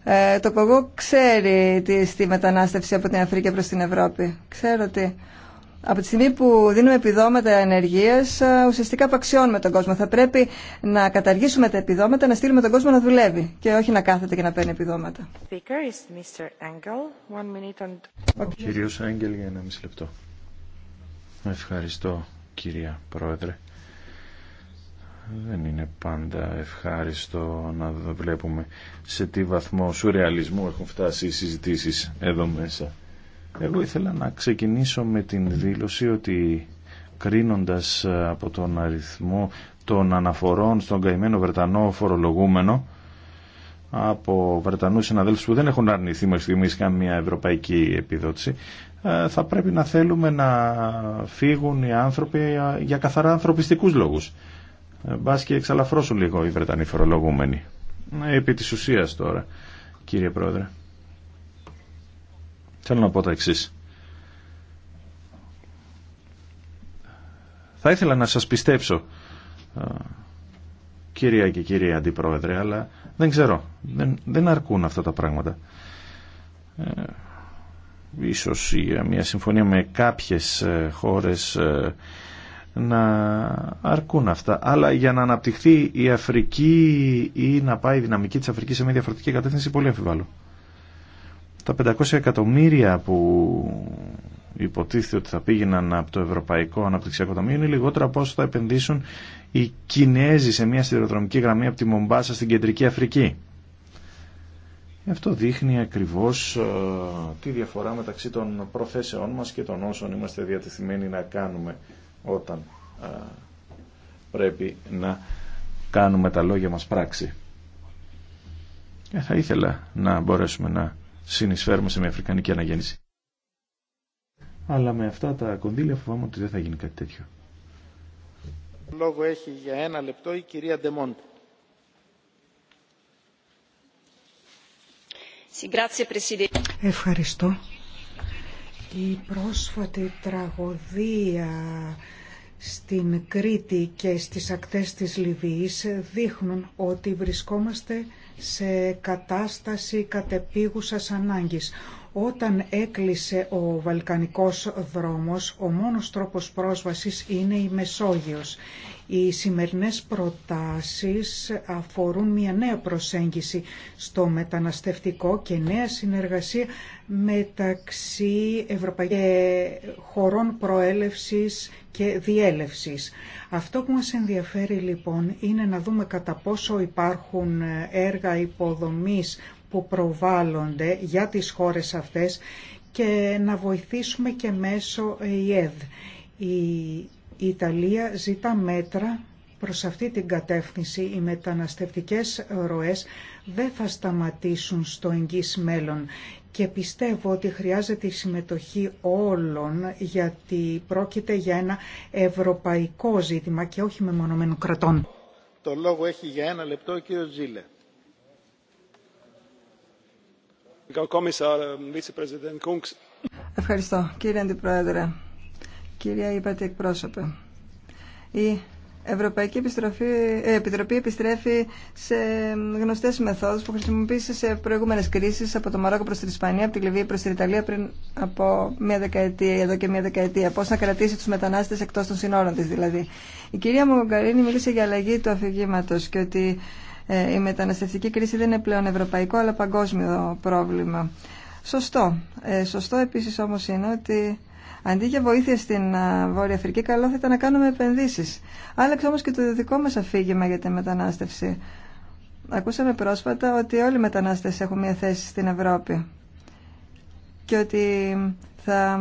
ε, το Παγού ξέρει τη, στη μετανάστευση από την Αφρική προς την Ευρώπη. Ξέρω ότι από τη στιγμή που δίνουμε επιδόματα ενεργείας, ε, ουσιαστικά παξιώνουμε τον κόσμο. Θα πρέπει να καταργήσουμε τα επιδόματα, να στείλουμε τον κόσμο να δουλεύει και όχι να κάθεται και να παίρνει επιδόματα. Ο κύριος για λεπτό. Ευχαριστώ κυρία Πρόεδρε δεν είναι πάντα ευχάριστο να βλέπουμε σε τι βαθμό σουρεαλισμού έχουν φτάσει οι συζητήσεις εδώ μέσα. Εγώ ήθελα να ξεκινήσω με την δήλωση ότι κρίνοντας από τον αριθμό των αναφορών στον καημένο Βρετανό φορολογούμενο από Βρετανούς συναδέλφους που δεν έχουν αρνηθεί μέχρι στιγμής καμία ευρωπαϊκή επιδότηση ε, θα πρέπει να θέλουμε να φύγουν οι άνθρωποι ε, για καθαρά ανθρωπιστικούς λόγους. Ε, Μπα και εξαλαφρώσουν λίγο οι Βρετανοί φορολογούμενοι. Ε, επί της ουσίας τώρα, κύριε Πρόεδρε. Θέλω να πω τα εξή. Θα ήθελα να σας πιστέψω, ε, κυρία και κύριε Αντιπρόεδρε, αλλά δεν ξέρω. Δεν, δεν αρκούν αυτά τα πράγματα. Ε, ίσως μια συμφωνία με κάποιες χώρες να αρκούν αυτά. Αλλά για να αναπτυχθεί η Αφρική ή να πάει η δυναμική της Αφρικής σε μια διαφορετική κατεύθυνση, πολύ αμφιβάλλω. Τα 500 εκατομμύρια που υποτίθεται ότι θα πήγαιναν από το Ευρωπαϊκό Αναπτυξιακό Ταμείο είναι λιγότερα από όσο θα επενδύσουν οι Κινέζοι σε μια σιδηροδρομική γραμμή από τη Μομπάσα στην Κεντρική Αφρική. Αυτό δείχνει ακριβώς ε, τη διαφορά μεταξύ των προθέσεών μας και των όσων είμαστε διατεθειμένοι να κάνουμε όταν πρέπει να κάνουμε τα λόγια μας πράξη. Ε, θα ήθελα να μπορέσουμε να συνεισφέρουμε σε μια Αφρικανική αναγέννηση. Αλλά με αυτά τα κονδύλια φοβάμαι ότι δεν θα γίνει κάτι τέτοιο. Λόγο έχει για ένα λεπτό η κυρία Ευχαριστώ η πρόσφατη τραγωδία στην Κρήτη και στις ακτές της Λιβύης δείχνουν ότι βρισκόμαστε σε κατάσταση κατεπίγουσας ανάγκης. Όταν έκλεισε ο Βαλκανικός δρόμος, ο μόνος τρόπος πρόσβασης είναι η Μεσόγειος. Οι σημερινές προτάσεις αφορούν μια νέα προσέγγιση στο μεταναστευτικό και νέα συνεργασία μεταξύ Ευρωπαϊκών χωρών προέλευσης και διέλευσης. Αυτό που μας ενδιαφέρει λοιπόν είναι να δούμε κατά πόσο υπάρχουν έργα υποδομής που προβάλλονται για τις χώρες αυτές και να βοηθήσουμε και μέσω ΕΙΕΔ. Η Ιταλία ζητά μέτρα προς αυτή την κατεύθυνση. Οι μεταναστευτικές ροές δεν θα σταματήσουν στο εγγύς μέλλον και πιστεύω ότι χρειάζεται η συμμετοχή όλων γιατί πρόκειται για ένα ευρωπαϊκό ζήτημα και όχι μεμονωμένων κρατών. Το λόγο έχει για ένα λεπτό ο κύριος Ähm, Ευχαριστώ. Κύριε Αντιπρόεδρε, κύριε Υπατή εκπρόσωπε. Η Ευρωπαϊκή ε, Επιτροπή επιστρέφει σε γνωστές μεθόδους που χρησιμοποίησε σε προηγούμενες κρίσεις από το Μαρόκο προς την Ισπανία, από τη Λιβύη προς την Ιταλία πριν από μια δεκαετία, εδώ και μια δεκαετία. Πώς να κρατήσει τους μετανάστες εκτός των συνόρων της δηλαδή. Η κυρία Μογκαρίνη μίλησε για αλλαγή του αφηγήματο και ότι ε, η μεταναστευτική κρίση δεν είναι πλέον ευρωπαϊκό αλλά παγκόσμιο πρόβλημα. Σωστό. Ε, σωστό επίσης όμως είναι ότι αντί για βοήθεια στην Βόρεια Αφρική καλό θα ήταν να κάνουμε επενδύσεις. Άλλαξε όμως και το δικό μας αφήγημα για τη μετανάστευση. Ακούσαμε πρόσφατα ότι όλοι οι μετανάστες έχουν μια θέση στην Ευρώπη και ότι θα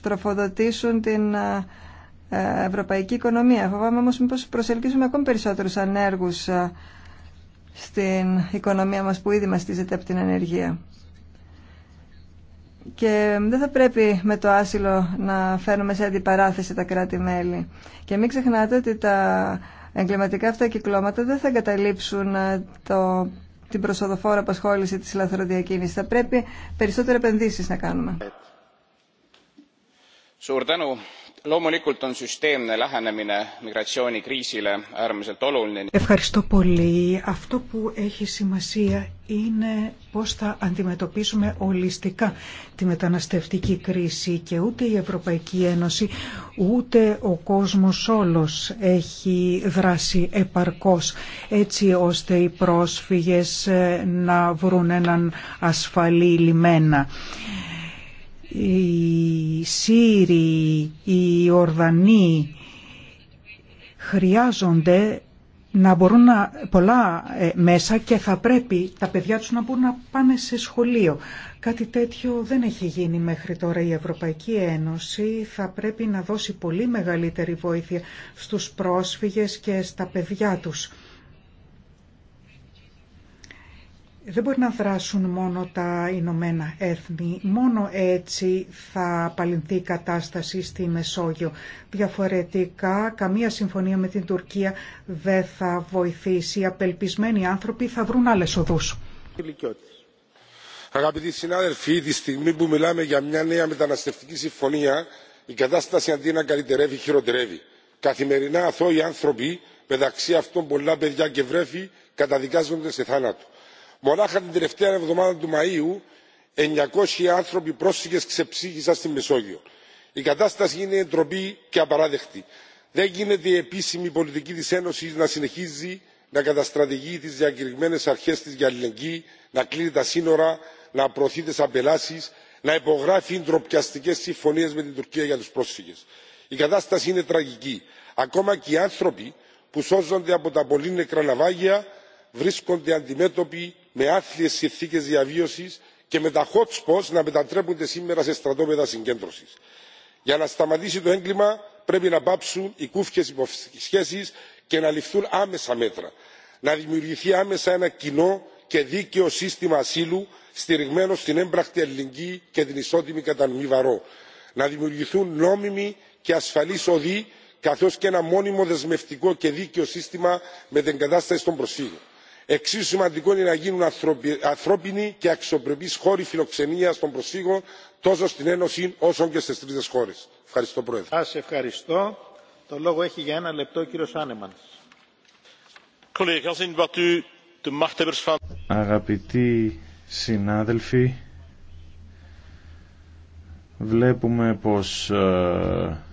τροφοδοτήσουν την ε, ευρωπαϊκή οικονομία. Φοβάμαι όμως μήπως προσελκύσουμε ακόμη περισσότερους ανέργους στην οικονομία μας που ήδη μαστίζεται από την ανεργία. Και δεν θα πρέπει με το άσυλο να φέρνουμε σε αντιπαράθεση τα κράτη-μέλη. Και μην ξεχνάτε ότι τα εγκληματικά αυτά κυκλώματα δεν θα εγκαταλείψουν ε, το, την προσοδοφόρα απασχόληση της λαθροδιακίνησης. Θα πρέπει περισσότερες επενδύσεις να κάνουμε. Ευχαριστώ πολύ. Αυτό που έχει σημασία είναι πώς θα αντιμετωπίσουμε ολιστικά τη μεταναστευτική κρίση και ούτε η Ευρωπαϊκή Ένωση ούτε ο κόσμος όλος έχει δράσει επαρκώς έτσι ώστε οι πρόσφυγες να βρουν έναν ασφαλή λιμένα οι Σύριοι, οι Ορδανοί χρειάζονται να μπορούν να, πολλά ε, μέσα και θα πρέπει τα παιδιά τους να μπορούν να πάνε σε σχολείο. Κάτι τέτοιο δεν έχει γίνει μέχρι τώρα. Η Ευρωπαϊκή Ένωση θα πρέπει να δώσει πολύ μεγαλύτερη βοήθεια στους πρόσφυγες και στα παιδιά τους. δεν μπορεί να δράσουν μόνο τα Ηνωμένα Έθνη. Μόνο έτσι θα απαλληλθεί η κατάσταση στη Μεσόγειο. Διαφορετικά, καμία συμφωνία με την Τουρκία δεν θα βοηθήσει. Οι απελπισμένοι άνθρωποι θα βρουν άλλες οδούς. Αγαπητοί συνάδελφοι, τη στιγμή που μιλάμε για μια νέα μεταναστευτική συμφωνία, η κατάσταση αντί να καλυτερεύει, χειροτερεύει. Καθημερινά αθώοι άνθρωποι, μεταξύ αυτών πολλά παιδιά και βρέφη, καταδικάζονται σε θάνατο μονάχα την τελευταία εβδομάδα του Μαου 900 άνθρωποι πρόσφυγες ξεψύχησαν στη Μεσόγειο. Η κατάσταση είναι ντροπή και απαράδεκτη. Δεν γίνεται η επίσημη πολιτική της Ένωσης να συνεχίζει να καταστρατηγεί τις διακηρυγμένε αρχές της για αλληλεγγύη, να κλείνει τα σύνορα, να προωθεί τις απελάσεις, να υπογράφει ντροπιαστικέ συμφωνίες με την Τουρκία για τους πρόσφυγες. Η κατάσταση είναι τραγική. Ακόμα και οι άνθρωποι που σώζονται από τα πολύ νεκρά ναυάγια βρίσκονται αντιμέτωποι με άθλιες συνθήκες διαβίωσης και με τα hot spots να μετατρέπονται σήμερα σε στρατόπεδα συγκέντρωσης. για να σταματήσει το έγκλημα πρέπει να πάψουν οι κούφιες υποσχέσεις και να ληφθούν άμεσα μέτρα να δημιουργηθεί άμεσα ένα κοινό και δίκαιο σύστημα ασύλου στηριγμένο στην έμπρακτη αλληλεγγύη και την ισότιμη κατανομή βαρό. να δημιουργηθούν νόμιμοι και ασφαλείς οδοί καθώς και ένα μόνιμο δεσμευτικό και δίκαιο σύστημα μετεγκατάστασης των προσφύγων εξίσου σημαντικό είναι να γίνουν ανθρώπινοι και αξιοπρεπείς χώροι φιλοξενίας των προσφύγων τόσο στην ένωση όσο και στις τρίτες χώρες. ευχαριστώ πρόεδρε. Σας ευχαριστώ. Το λόγο έχει για ένα λεπτό ο κύριος Άνεμανς. Αγαπητοί συνάδελφοι, βλέπουμε πως ε,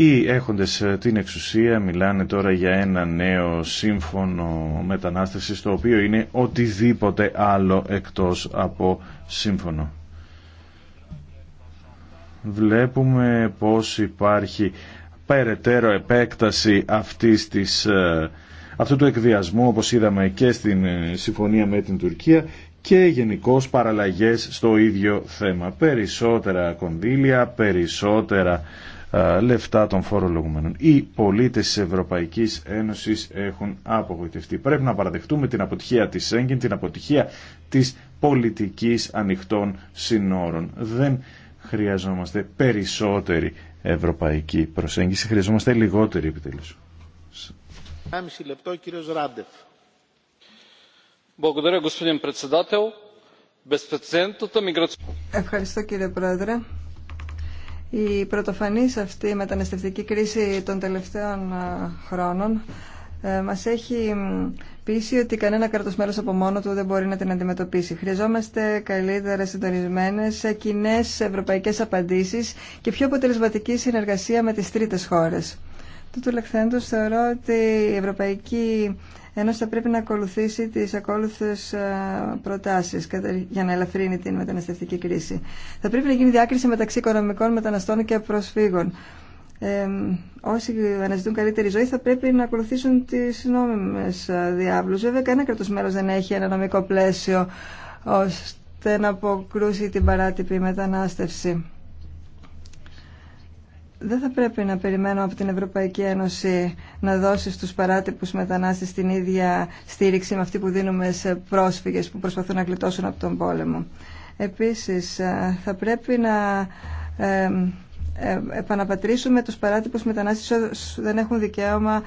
οι έχοντες ε, την εξουσία μιλάνε τώρα για ένα νέο σύμφωνο μετανάστευσης το οποίο είναι οτιδήποτε άλλο εκτός από σύμφωνο. Βλέπουμε πως υπάρχει περαιτέρω επέκταση αυτής της, ε, αυτού του εκβιασμού όπως είδαμε και στην ε, συμφωνία με την Τουρκία και γενικώ παραλλαγές στο ίδιο θέμα. Περισσότερα κονδύλια, περισσότερα λεφτά των φορολογουμένων. Οι πολίτες της Ευρωπαϊκής Ένωσης έχουν απογοητευτεί. Πρέπει να παραδεχτούμε την αποτυχία της Σέγγεν, την αποτυχία της πολιτικής ανοιχτών συνόρων. Δεν χρειαζόμαστε περισσότερη ευρωπαϊκή προσέγγιση, χρειαζόμαστε λιγότερη επιτέλους. 1,5 λεπτό, Ευχαριστώ κύριε Πρόεδρε. Η πρωτοφανής αυτή μεταναστευτική κρίση των τελευταίων χρόνων ε, μας έχει πείσει ότι κανένα κράτος μέλος από μόνο του δεν μπορεί να την αντιμετωπίσει. Χρειαζόμαστε καλύτερα συντονισμένες κοινέ ευρωπαϊκές απαντήσεις και πιο αποτελεσματική συνεργασία με τις τρίτες χώρες. Του λεχθέντω θεωρώ ότι η Ευρωπαϊκή ενώ θα πρέπει να ακολουθήσει τις ακόλουθες ε, προτάσεις για να ελαφρύνει την μεταναστευτική κρίση. Θα πρέπει να γίνει διάκριση μεταξύ οικονομικών μεταναστών και προσφύγων. Ε, όσοι αναζητούν καλύτερη ζωή θα πρέπει να ακολουθήσουν τις νόμιμες ε, διάβλους. Βέβαια, κανένα κρατος δεν έχει ένα νομικό πλαίσιο ώστε να αποκρούσει την παράτυπη μετανάστευση δεν θα πρέπει να περιμένω από την Ευρωπαϊκή Ένωση να δώσει στους παράτυπους μετανάστες την ίδια στήριξη με αυτή που δίνουμε σε πρόσφυγες που προσπαθούν να γλιτώσουν από τον πόλεμο. Επίσης, ε, θα πρέπει να ε, ε, επαναπατρίσουμε τους παράτυπους μετανάστες όσους δεν έχουν δικαίωμα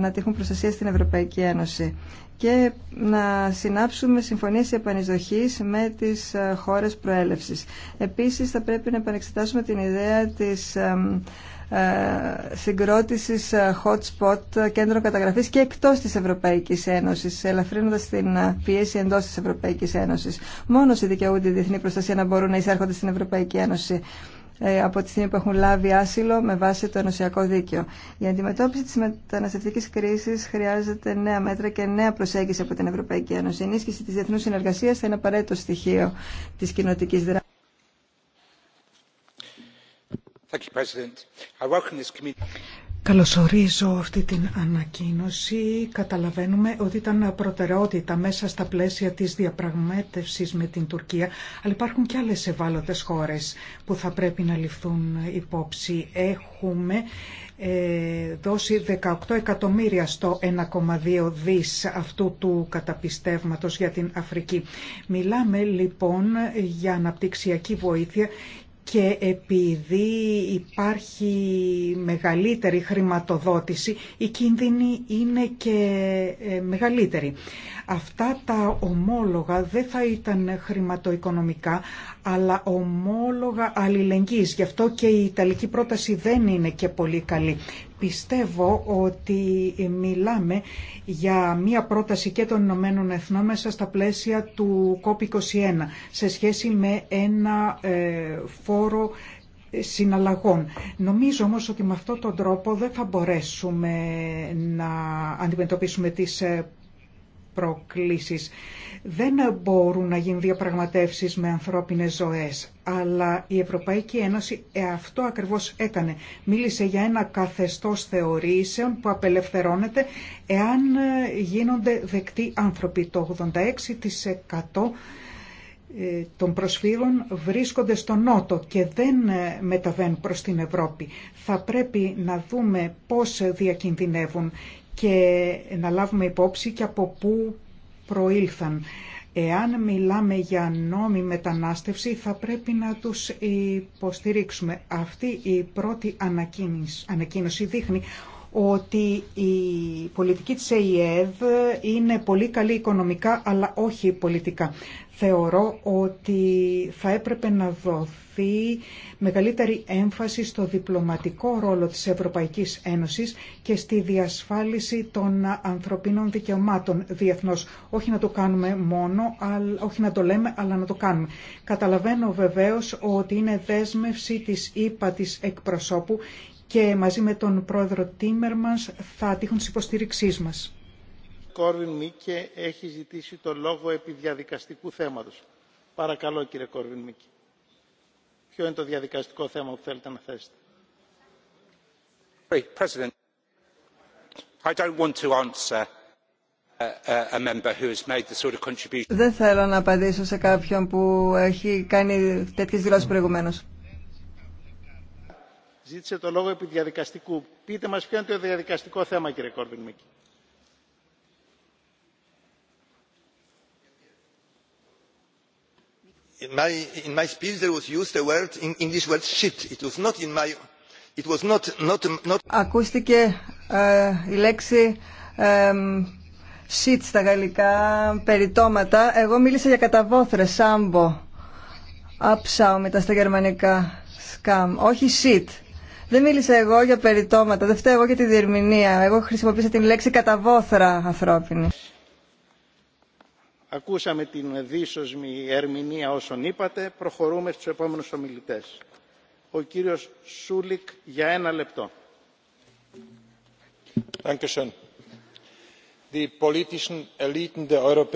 να τύχουν προστασία στην Ευρωπαϊκή Ένωση και να συνάψουμε συμφωνίες επανεισδοχής με τις ε, χώρες προέλευσης. Επίσης θα πρέπει να επανεξετάσουμε την ιδέα της ε, συγκρότησης ε, hot spot κέντρων καταγραφής και εκτός της Ευρωπαϊκής Ένωσης, ελαφρύνοντας την πίεση εντός της Ευρωπαϊκής Ένωσης. Μόνο σε δικαιούνται η διεθνή προστασία να μπορούν να εισέρχονται στην Ευρωπαϊκή Ένωση. Ε, από τη στιγμή που έχουν λάβει άσυλο με βάση το ενωσιακό δίκαιο. Η αντιμετώπιση της μεταναστευτικής κρίσης χρειάζεται νέα μέτρα και νέα προσέγγιση από την Ευρωπαϊκή Ένωση. Η ενίσχυση της διεθνούς συνεργασίας θα είναι απαραίτητο στοιχείο της κοινωτικής δράσης. Καλωσορίζω αυτή την ανακοίνωση. Καταλαβαίνουμε ότι ήταν προτεραιότητα μέσα στα πλαίσια της διαπραγμάτευσης με την Τουρκία, αλλά υπάρχουν και άλλες ευάλωτες χώρες που θα πρέπει να ληφθούν υπόψη. Έχουμε ε, δώσει 18 εκατομμύρια στο 1,2 δις αυτού του καταπιστεύματος για την Αφρική. Μιλάμε λοιπόν για αναπτυξιακή βοήθεια και επειδή υπάρχει μεγαλύτερη χρηματοδότηση, οι κίνδυνοι είναι και ε, μεγαλύτεροι. Αυτά τα ομόλογα δεν θα ήταν χρηματοοικονομικά, αλλά ομόλογα αλληλεγγύης. Γι' αυτό και η Ιταλική πρόταση δεν είναι και πολύ καλή πιστεύω ότι μιλάμε για μία πρόταση και των Ηνωμένων Εθνών μέσα στα πλαίσια του COP21 σε σχέση με ένα ε, φόρο ε, συναλλαγών. Νομίζω όμως ότι με αυτόν τον τρόπο δεν θα μπορέσουμε να αντιμετωπίσουμε τις ε, δεν μπορούν να γίνουν διαπραγματεύσεις με ανθρώπινες ζωές, αλλά η Ευρωπαϊκή Ένωση ε, αυτό ακριβώς έκανε. Μίλησε για ένα καθεστώς θεωρήσεων που απελευθερώνεται εάν ε, γίνονται δεκτοί άνθρωποι. Το 86% ε, των προσφύγων βρίσκονται στο Νότο και δεν μεταβαίνουν προς την Ευρώπη. Θα πρέπει να δούμε πώς διακινδυνεύουν και να λάβουμε υπόψη και από πού προήλθαν. Εάν μιλάμε για νόμιμη μετανάστευση θα πρέπει να τους υποστηρίξουμε. Αυτή η πρώτη ανακοίνωση δείχνει ότι η πολιτική της ΕΙΕΔ είναι πολύ καλή οικονομικά αλλά όχι πολιτικά θεωρώ ότι θα έπρεπε να δοθεί μεγαλύτερη έμφαση στο διπλωματικό ρόλο της Ευρωπαϊκής Ένωσης και στη διασφάλιση των ανθρωπίνων δικαιωμάτων διεθνώς. Όχι να το κάνουμε μόνο, όχι να το λέμε, αλλά να το κάνουμε. Καταλαβαίνω βεβαίως ότι είναι δέσμευση της ΥΠΑ της εκπροσώπου και μαζί με τον πρόεδρο Τίμερμανς θα τύχουν τις υποστήριξής μας. Κόρβιν Μίκε έχει ζητήσει το λόγο επί διαδικαστικού θέματος. Παρακαλώ κύριε Κόρβιν Μίκε. Ποιο είναι το διαδικαστικό θέμα που θέλετε να θέσετε. Δεν θέλω να απαντήσω σε κάποιον που έχει κάνει τέτοιες δηλώσεις προηγουμένως. Ζήτησε το λόγο επί διαδικαστικού. Πείτε μας ποιο είναι το διαδικαστικό θέμα κύριε Κόρβιν Μίκη. in my speech there was used word in word shit. It was not in my it was not not not. Ακούστηκε ε, η λέξη ε, shit στα γαλλικά, περιτόματα. Εγώ μίλησα για καταβόθρες, σάμπο. Αψάω μετά στα γερμανικά. Σκάμ. Όχι shit. Δεν μίλησα εγώ για περιτόματα. δεν φταίω εγώ για τη διερμηνία. Εγώ χρησιμοποίησα την λέξη καταβόθρα ανθρώπινη. Ακούσαμε την δύσοσμη ερμηνεία όσων είπατε. Προχωρούμε στους επόμενους ομιλητές. Ο κύριος Σούλικ για ένα λεπτό.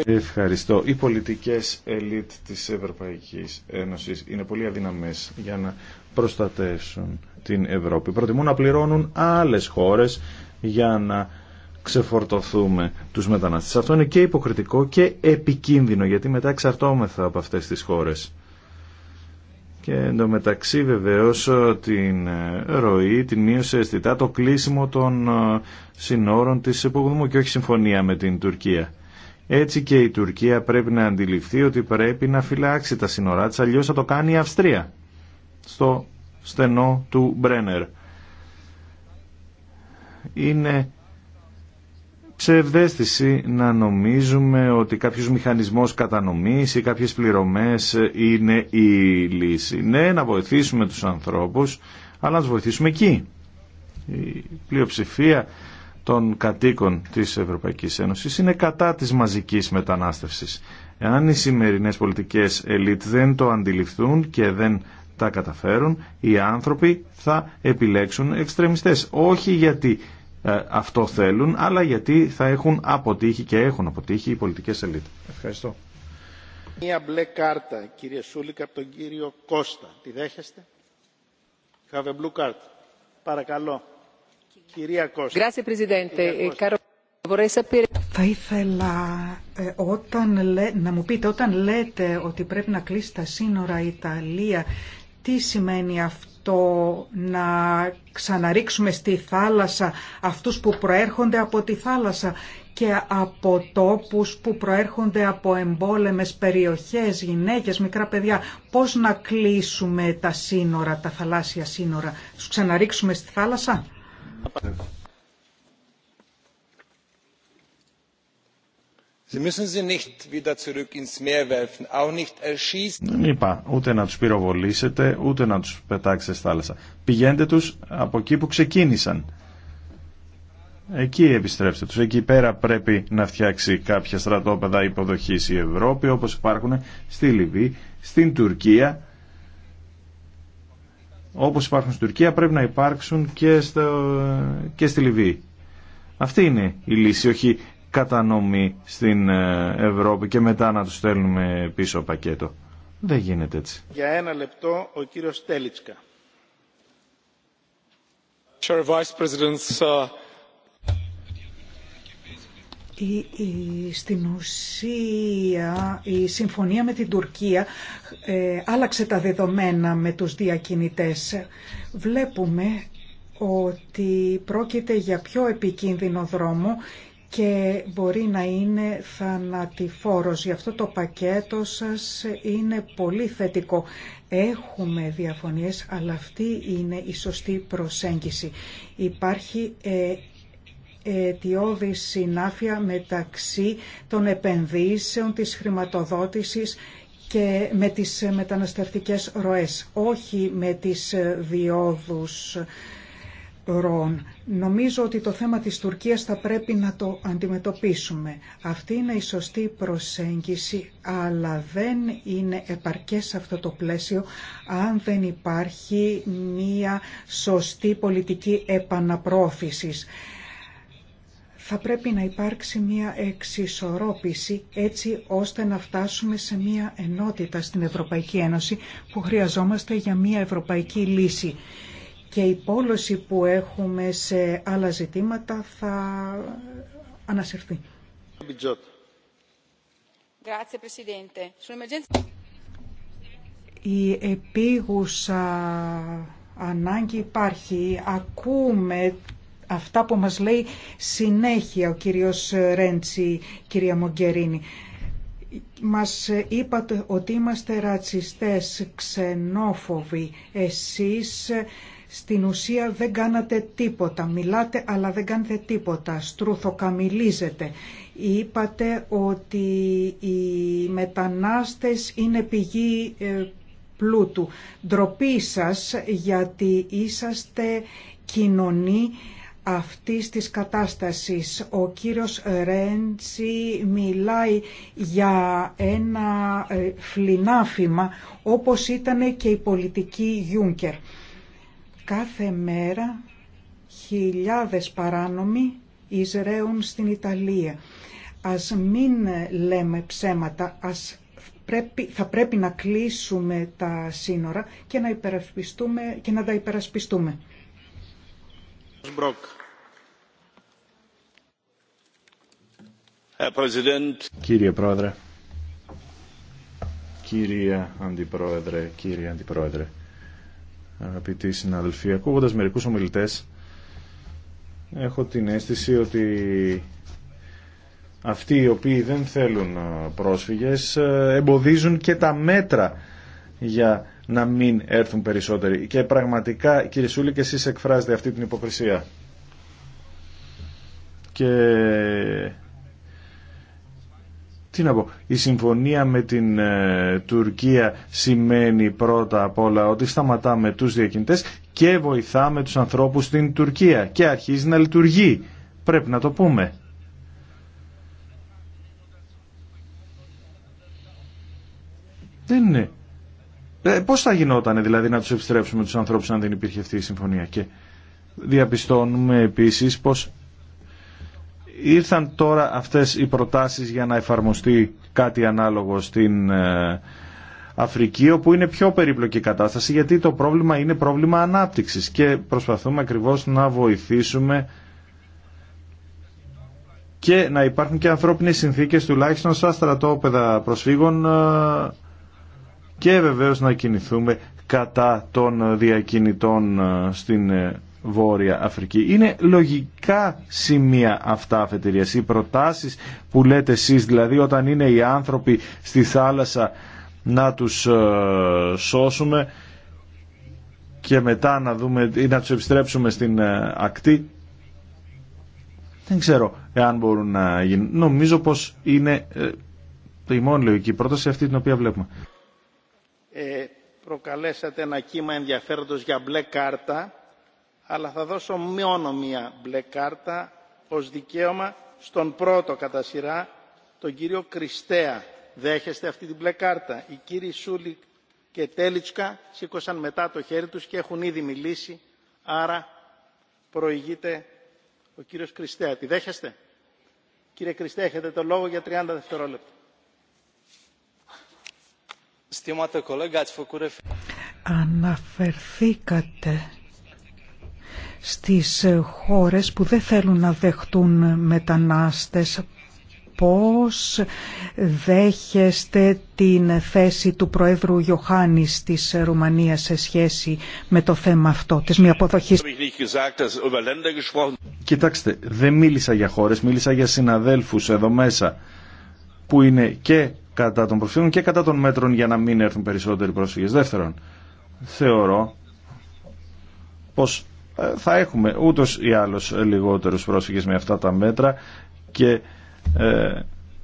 Ευχαριστώ. Οι πολιτικές ελίτ της Ευρωπαϊκής Ένωσης είναι πολύ αδύναμες για να προστατεύσουν την Ευρώπη. Προτιμούν να πληρώνουν άλλες χώρες για να ξεφορτωθούμε τους μετανάστες. Αυτό είναι και υποκριτικό και επικίνδυνο γιατί μετά εξαρτώμεθα από αυτές τις χώρες. Και εντωμεταξύ βεβαίω ε, την ε, ροή την μείωσε αισθητά το κλείσιμο των ε, συνόρων της υπογνωμού και όχι συμφωνία με την Τουρκία. Έτσι και η Τουρκία πρέπει να αντιληφθεί ότι πρέπει να φυλάξει τα σύνορά της, αλλιώς θα το κάνει η Αυστρία στο στενό του Μπρένερ. Είναι ψευδέστηση να νομίζουμε ότι κάποιος μηχανισμός κατανομής ή κάποιες πληρωμές είναι η λύση. Ναι, να βοηθήσουμε τους ανθρώπους, αλλά να τους βοηθήσουμε εκεί. Η πλειοψηφία των κατοίκων της Ευρωπαϊκής Ένωσης είναι κατά της μαζικής μετανάστευσης. Εάν οι σημερινές πολιτικές ελίτ δεν το αντιληφθούν και δεν τα καταφέρουν, οι άνθρωποι θα επιλέξουν εξτρεμιστές. Όχι γιατί ε, αυτό θέλουν, αλλά γιατί θα έχουν αποτύχει και έχουν αποτύχει οι πολιτικές ελίτ. Ευχαριστώ. Μία μπλε κάρτα, κύριε Σούλικα, από τον κύριο Κώστα. Τη δέχεστε? Have a blue card. Παρακαλώ. Κυρία Κώστα. Θα ήθελα ε, όταν λέ, να μου πείτε, όταν λέτε ότι πρέπει να κλείσει τα σύνορα Ιταλία τι σημαίνει αυτό να ξαναρίξουμε στη θάλασσα αυτούς που προέρχονται από τη θάλασσα και από τόπους που προέρχονται από εμπόλεμες περιοχές, γυναίκες, μικρά παιδιά. Πώς να κλείσουμε τα σύνορα, τα θαλάσσια σύνορα. Τους ξαναρίξουμε στη θάλασσα. Sie müssen sie nicht wieder zurück ins Meer werfen, auch nicht erschießen. Είπα, ούτε να τους πυροβολήσετε, ούτε να τους πετάξετε στη θάλασσα. Πηγαίνετε τους από εκεί που ξεκίνησαν. Εκεί επιστρέψτε τους. Εκεί πέρα πρέπει να φτιάξει κάποια στρατόπεδα υποδοχής η Ευρώπη, όπως υπάρχουν στη Λιβύη, στην Τουρκία. Όπως υπάρχουν στην Τουρκία πρέπει να υπάρξουν και, στο... και στη Λιβύη. Αυτή είναι η λύση, κατανομή στην ε, Ευρώπη και μετά να τους στέλνουμε πίσω πακέτο. Δεν γίνεται έτσι. Για ένα λεπτό ο κύριος Τέλιτσκα. Στην ουσία η συμφωνία με την Τουρκία ε, άλλαξε τα δεδομένα με τους διακινητές. Βλέπουμε ότι πρόκειται για πιο επικίνδυνο δρόμο και μπορεί να είναι θανατηφόρος. Γι' αυτό το πακέτο σας είναι πολύ θετικό. Έχουμε διαφωνίες, αλλά αυτή είναι η σωστή προσέγγιση. Υπάρχει ε, αιτιώδη συνάφεια μεταξύ των επενδύσεων, της χρηματοδότησης και με τις μεταναστευτικές ροές, όχι με τις ε, διόδους ροών. Νομίζω ότι το θέμα της Τουρκίας θα πρέπει να το αντιμετωπίσουμε. Αυτή είναι η σωστή προσέγγιση, αλλά δεν είναι επαρκές σε αυτό το πλαίσιο αν δεν υπάρχει μία σωστή πολιτική επαναπρόφησης. Θα πρέπει να υπάρξει μία εξισορρόπηση έτσι ώστε να φτάσουμε σε μία ενότητα στην Ευρωπαϊκή Ένωση που χρειαζόμαστε για μία ευρωπαϊκή λύση και η πόλωση που έχουμε σε άλλα ζητήματα θα ανασυρθεί. Η επίγουσα ανάγκη υπάρχει. Ακούμε αυτά που μας λέει συνέχεια ο κύριος Ρέντσι, κυρία Μογκερίνη. Μας είπατε ότι είμαστε ρατσιστές, ξενόφοβοι. Εσείς στην ουσία δεν κάνατε τίποτα. Μιλάτε αλλά δεν κάνετε τίποτα. Στρουθοκαμιλίζετε. Είπατε ότι οι μετανάστες είναι πηγή ε, πλούτου. Ντροπή σας γιατί είσαστε κοινωνοί αυτής της κατάστασης. Ο κύριος Ρέντσι μιλάει για ένα ε, φλινάφημα όπως ήταν και η πολιτική Γιούνκερ. Κάθε μέρα χιλιάδες παράνομοι εισραίουν στην Ιταλία. Ας μην λέμε ψέματα, ας πρέπει, θα πρέπει να κλείσουμε τα σύνορα και να, υπερασπιστούμε, και να τα υπερασπιστούμε. Κύριε Πρόεδρε, κύριε Αντιπρόεδρε, κύριε Αντιπρόεδρε, αγαπητοί συναδελφοί. Ακούγοντας μερικούς ομιλητές, έχω την αίσθηση ότι αυτοί οι οποίοι δεν θέλουν ε, πρόσφυγες ε, εμποδίζουν και τα μέτρα για να μην έρθουν περισσότεροι. Και πραγματικά, κύριε Σούλη, και εσείς εκφράζετε αυτή την υποκρισία. Και τι η συμφωνία με την ε, Τουρκία σημαίνει πρώτα απ' όλα ότι σταματάμε τους διακινητές και βοηθάμε τους ανθρώπους στην Τουρκία και αρχίζει να λειτουργεί. Πρέπει να το πούμε. Δεν ε, πώς θα γινόταν δηλαδή να τους επιστρέψουμε τους ανθρώπους αν δεν υπήρχε αυτή η συμφωνία και διαπιστώνουμε επίσης πως ήρθαν τώρα αυτές οι προτάσεις για να εφαρμοστεί κάτι ανάλογο στην ε, Αφρική όπου είναι πιο περίπλοκη κατάσταση γιατί το πρόβλημα είναι πρόβλημα ανάπτυξης και προσπαθούμε ακριβώς να βοηθήσουμε και να υπάρχουν και ανθρώπινες συνθήκες τουλάχιστον στα στρατόπεδα προσφύγων ε, και βεβαίως να κινηθούμε κατά των διακινητών ε, στην Βόρεια Αφρική. Είναι λογικά σημεία αυτά αφετηρίας. Οι προτάσεις που λέτε εσείς, δηλαδή όταν είναι οι άνθρωποι στη θάλασσα να τους ε, σώσουμε και μετά να δούμε ή να τους επιστρέψουμε στην ε, ακτή. Δεν ξέρω εάν μπορούν να γίνουν. Νομίζω πως είναι ε, η μόνη λογική πρόταση αυτή την οποία βλέπουμε. προκαλέσατε ένα κύμα ενδιαφέροντος για μπλε κάρτα αλλά θα δώσω μόνο μία μπλε κάρτα ως δικαίωμα στον πρώτο κατά σειρά, τον κύριο Κριστέα. Δέχεστε αυτή την μπλε κάρτα. Οι κύριοι Σούλη και Τέλιτσκα σήκωσαν μετά το χέρι τους και έχουν ήδη μιλήσει, άρα προηγείται ο κύριος Κριστέα. Τη δέχεστε. Κύριε Κριστέα, έχετε το λόγο για 30 δευτερόλεπτα. Αναφερθήκατε στις χώρες που δεν θέλουν να δεχτούν μετανάστες πώς δέχεστε την θέση του Προέδρου Ιωάννη της Ρουμανίας σε σχέση με το θέμα αυτό της μη αποδοχής. Κοιτάξτε, δεν μίλησα για χώρες, μίλησα για συναδέλφους εδώ μέσα που είναι και κατά των προσφύγων και κατά των μέτρων για να μην έρθουν περισσότεροι πρόσφυγες. Δεύτερον, θεωρώ πως θα έχουμε ούτως ή άλλως λιγότερους πρόσφυγες με αυτά τα μέτρα και ε,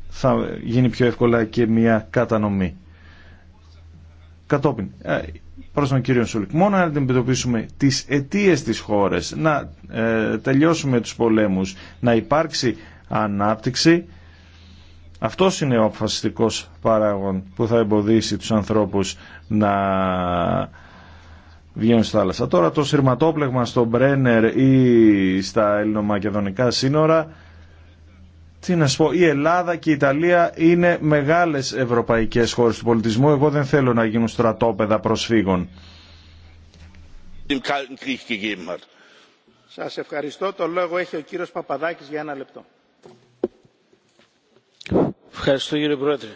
θα γίνει πιο εύκολα και μια κατανομή. Κατόπιν, ε, προς τον κύριο Σούλικ, μόνο να αντιμετωπίσουμε τις αιτίες της χώρας, να ε, τελειώσουμε τους πολέμους, να υπάρξει ανάπτυξη, αυτό είναι ο αποφασιστικός παράγον που θα εμποδίσει τους ανθρώπους να βγαίνουν στη θάλασσα. Τώρα το σειρματόπλεγμα στο Μπρένερ ή στα ελληνομακεδονικά σύνορα τι να σου πω, η Ελλάδα και η Ιταλία είναι μεγάλες ευρωπαϊκές χώρες του πολιτισμού. Εγώ δεν θέλω να γίνουν στρατόπεδα προσφύγων. Σας ευχαριστώ. Το λόγο έχει ο κύριος Παπαδάκης για ένα λεπτό. Ευχαριστώ κύριε Πρόεδρε.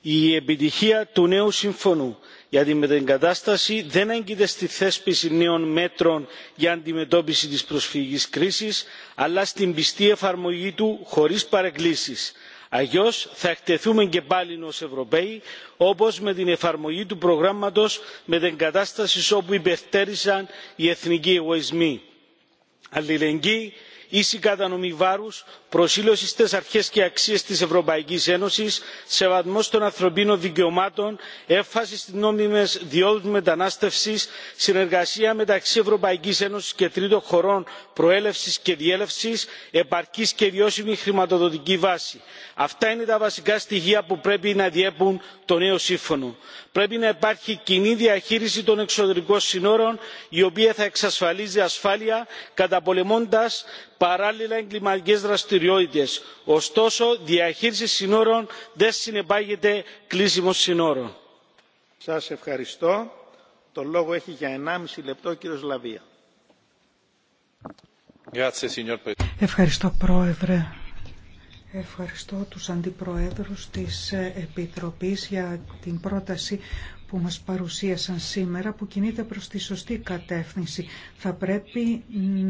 Η επιτυχία του νέου συμφώνου για την μετεγκατάσταση δεν έγκυται στη θέσπιση νέων μέτρων για αντιμετώπιση της προσφυγικής κρίσης αλλά στην πιστή εφαρμογή του χωρίς παρεκκλήσεις. αλλιώς θα εκτεθούμε και πάλι ως ευρωπαίοι όπως με την εφαρμογή του προγράμματος μετεγκατάστασης όπου υπερτέρησαν οι εθνικοί εγωισμοί. αλληλεγγύη ίση κατανομή βάρους προσήλωση στι αρχέ και αξίε τη ευρωπαϊκή ένωση σεβασμό των ανθρωπίνων δικαιωμάτων έμφαση στι νόμιμε διόδου μετανάστευση, συνεργασία μεταξύ Ευρωπαϊκή Ένωση και τρίτων χωρών προέλευση και διέλευση, επαρκή και βιώσιμη χρηματοδοτική βάση. αυτά είναι τα βασικά στοιχεία που πρέπει να διέπουν το νέο σύμφωνο. πρέπει να υπάρχει κοινή διαχείριση των εξωτερικών συνόρων η οποία θα εξασφαλίζει ασφάλεια καταπολεμώντα παράλληλα εγκληματικέ δραστηριότητε δραστηριότητες. ωστόσο διαχείριση συνόρων δεν συνεπάγεται κλείσιμο συνόρων. Σας ευχαριστώ. Το λόγο έχει για 1,5 λεπτό ο κύριος Λαβία. Ευχαριστώ πρόεδρε. Ευχαριστώ τους αντιπροέδρους της Επιτροπής για την πρόταση που μας παρουσίασαν σήμερα που κινείται προς τη σωστή κατεύθυνση. Θα πρέπει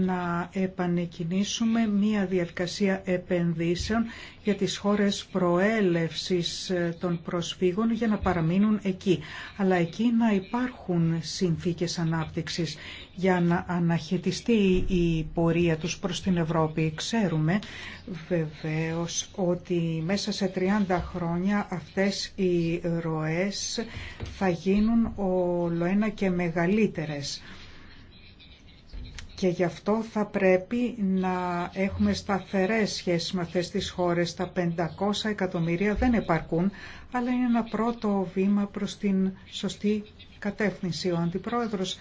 να επανεκκινήσουμε μία διαδικασία επενδύσεων για τις χώρες προέλευσης ε, των προσφύγων για να παραμείνουν εκεί. Αλλά εκεί να υπάρχουν συνθήκες ανάπτυξης για να αναχαιτιστεί η πορεία τους προς την Ευρώπη. Ξέρουμε βεβαίως ότι μέσα σε 30 χρόνια αυτές οι ροές θα γίνουν ολοένα και μεγαλύτερες. Και γι' αυτό θα πρέπει να έχουμε σταθερές σχέσεις με αυτές τις χώρες. Τα 500 εκατομμύρια δεν επαρκούν, αλλά είναι ένα πρώτο βήμα προς την σωστή κατεύθυνση. Ο Αντιπρόεδρος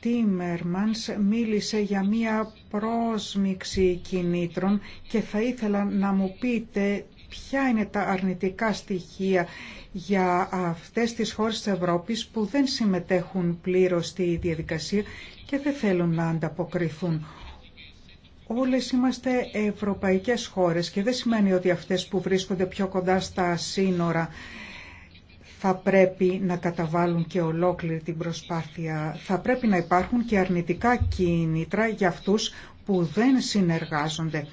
Τίμερμανς μίλησε για μία πρόσμιξη κινήτρων και θα ήθελα να μου πείτε ποια είναι τα αρνητικά στοιχεία για αυτές τις χώρες της Ευρώπης που δεν συμμετέχουν πλήρως στη διαδικασία και δεν θέλουν να ανταποκριθούν. Όλες είμαστε ευρωπαϊκές χώρες και δεν σημαίνει ότι αυτές που βρίσκονται πιο κοντά στα σύνορα θα πρέπει να καταβάλουν και ολόκληρη την προσπάθεια. Θα πρέπει να υπάρχουν και αρνητικά κίνητρα για αυτούς που δεν συνεργάζονται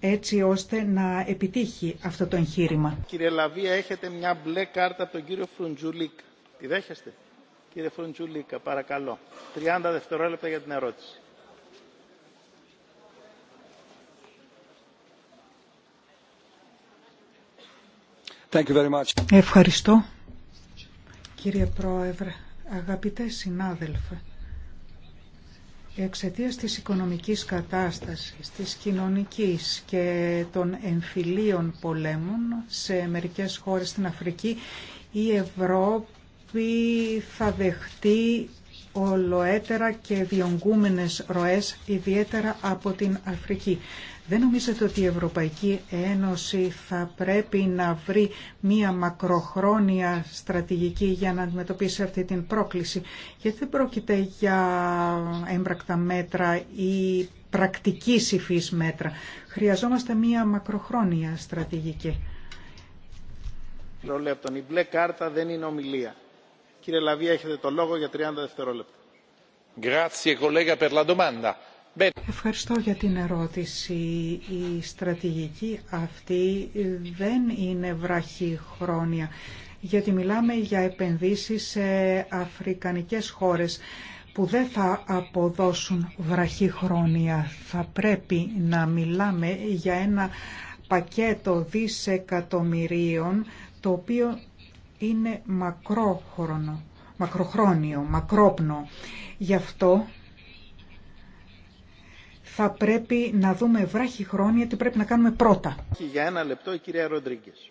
έτσι ώστε να επιτύχει αυτό το εγχείρημα. Κύριε Λαβία, έχετε μια μπλε κάρτα από τον κύριο Φρουντζουλίκ. Τη δέχεστε? Κύριε Φρουντζουλίκ, παρακαλώ. 30 δευτερόλεπτα για την ερώτηση. Ευχαριστώ. Κύριε Πρόεδρε, αγαπητέ συνάδελφε, εξαιτίας της οικονομικής κατάστασης, της κοινωνικής και των εμφυλίων πολέμων σε μερικές χώρες στην Αφρική, η Ευρώπη θα δεχτεί ολοέτερα και διονγκούμενες ροές, ιδιαίτερα από την Αφρική. Δεν νομίζετε ότι η Ευρωπαϊκή Ένωση θα πρέπει να βρει μία μακροχρόνια στρατηγική για να αντιμετωπίσει αυτή την πρόκληση. Γιατί δεν πρόκειται για έμπρακτα μέτρα ή πρακτική υφής μέτρα. Χρειαζόμαστε μία μακροχρόνια στρατηγική. η μπλε κάρτα δεν είναι ομιλία Κύριε Λαβία, έχετε το λόγο για 30 δευτερόλεπτα. Ευχαριστώ για την ερώτηση. Η στρατηγική αυτή δεν είναι βραχυχρόνια, γιατί μιλάμε για επενδύσεις σε αφρικανικές χώρες που δεν θα αποδώσουν βραχυχρόνια. Θα πρέπει να μιλάμε για ένα πακέτο δισεκατομμυρίων το οποίο είναι μακρόχρονο, μακροχρόνιο, μακρόπνο. Γι' αυτό θα πρέπει να δούμε βράχη χρόνια τι πρέπει να κάνουμε πρώτα. Για ένα λεπτό η κυρία Ροντρίγκες.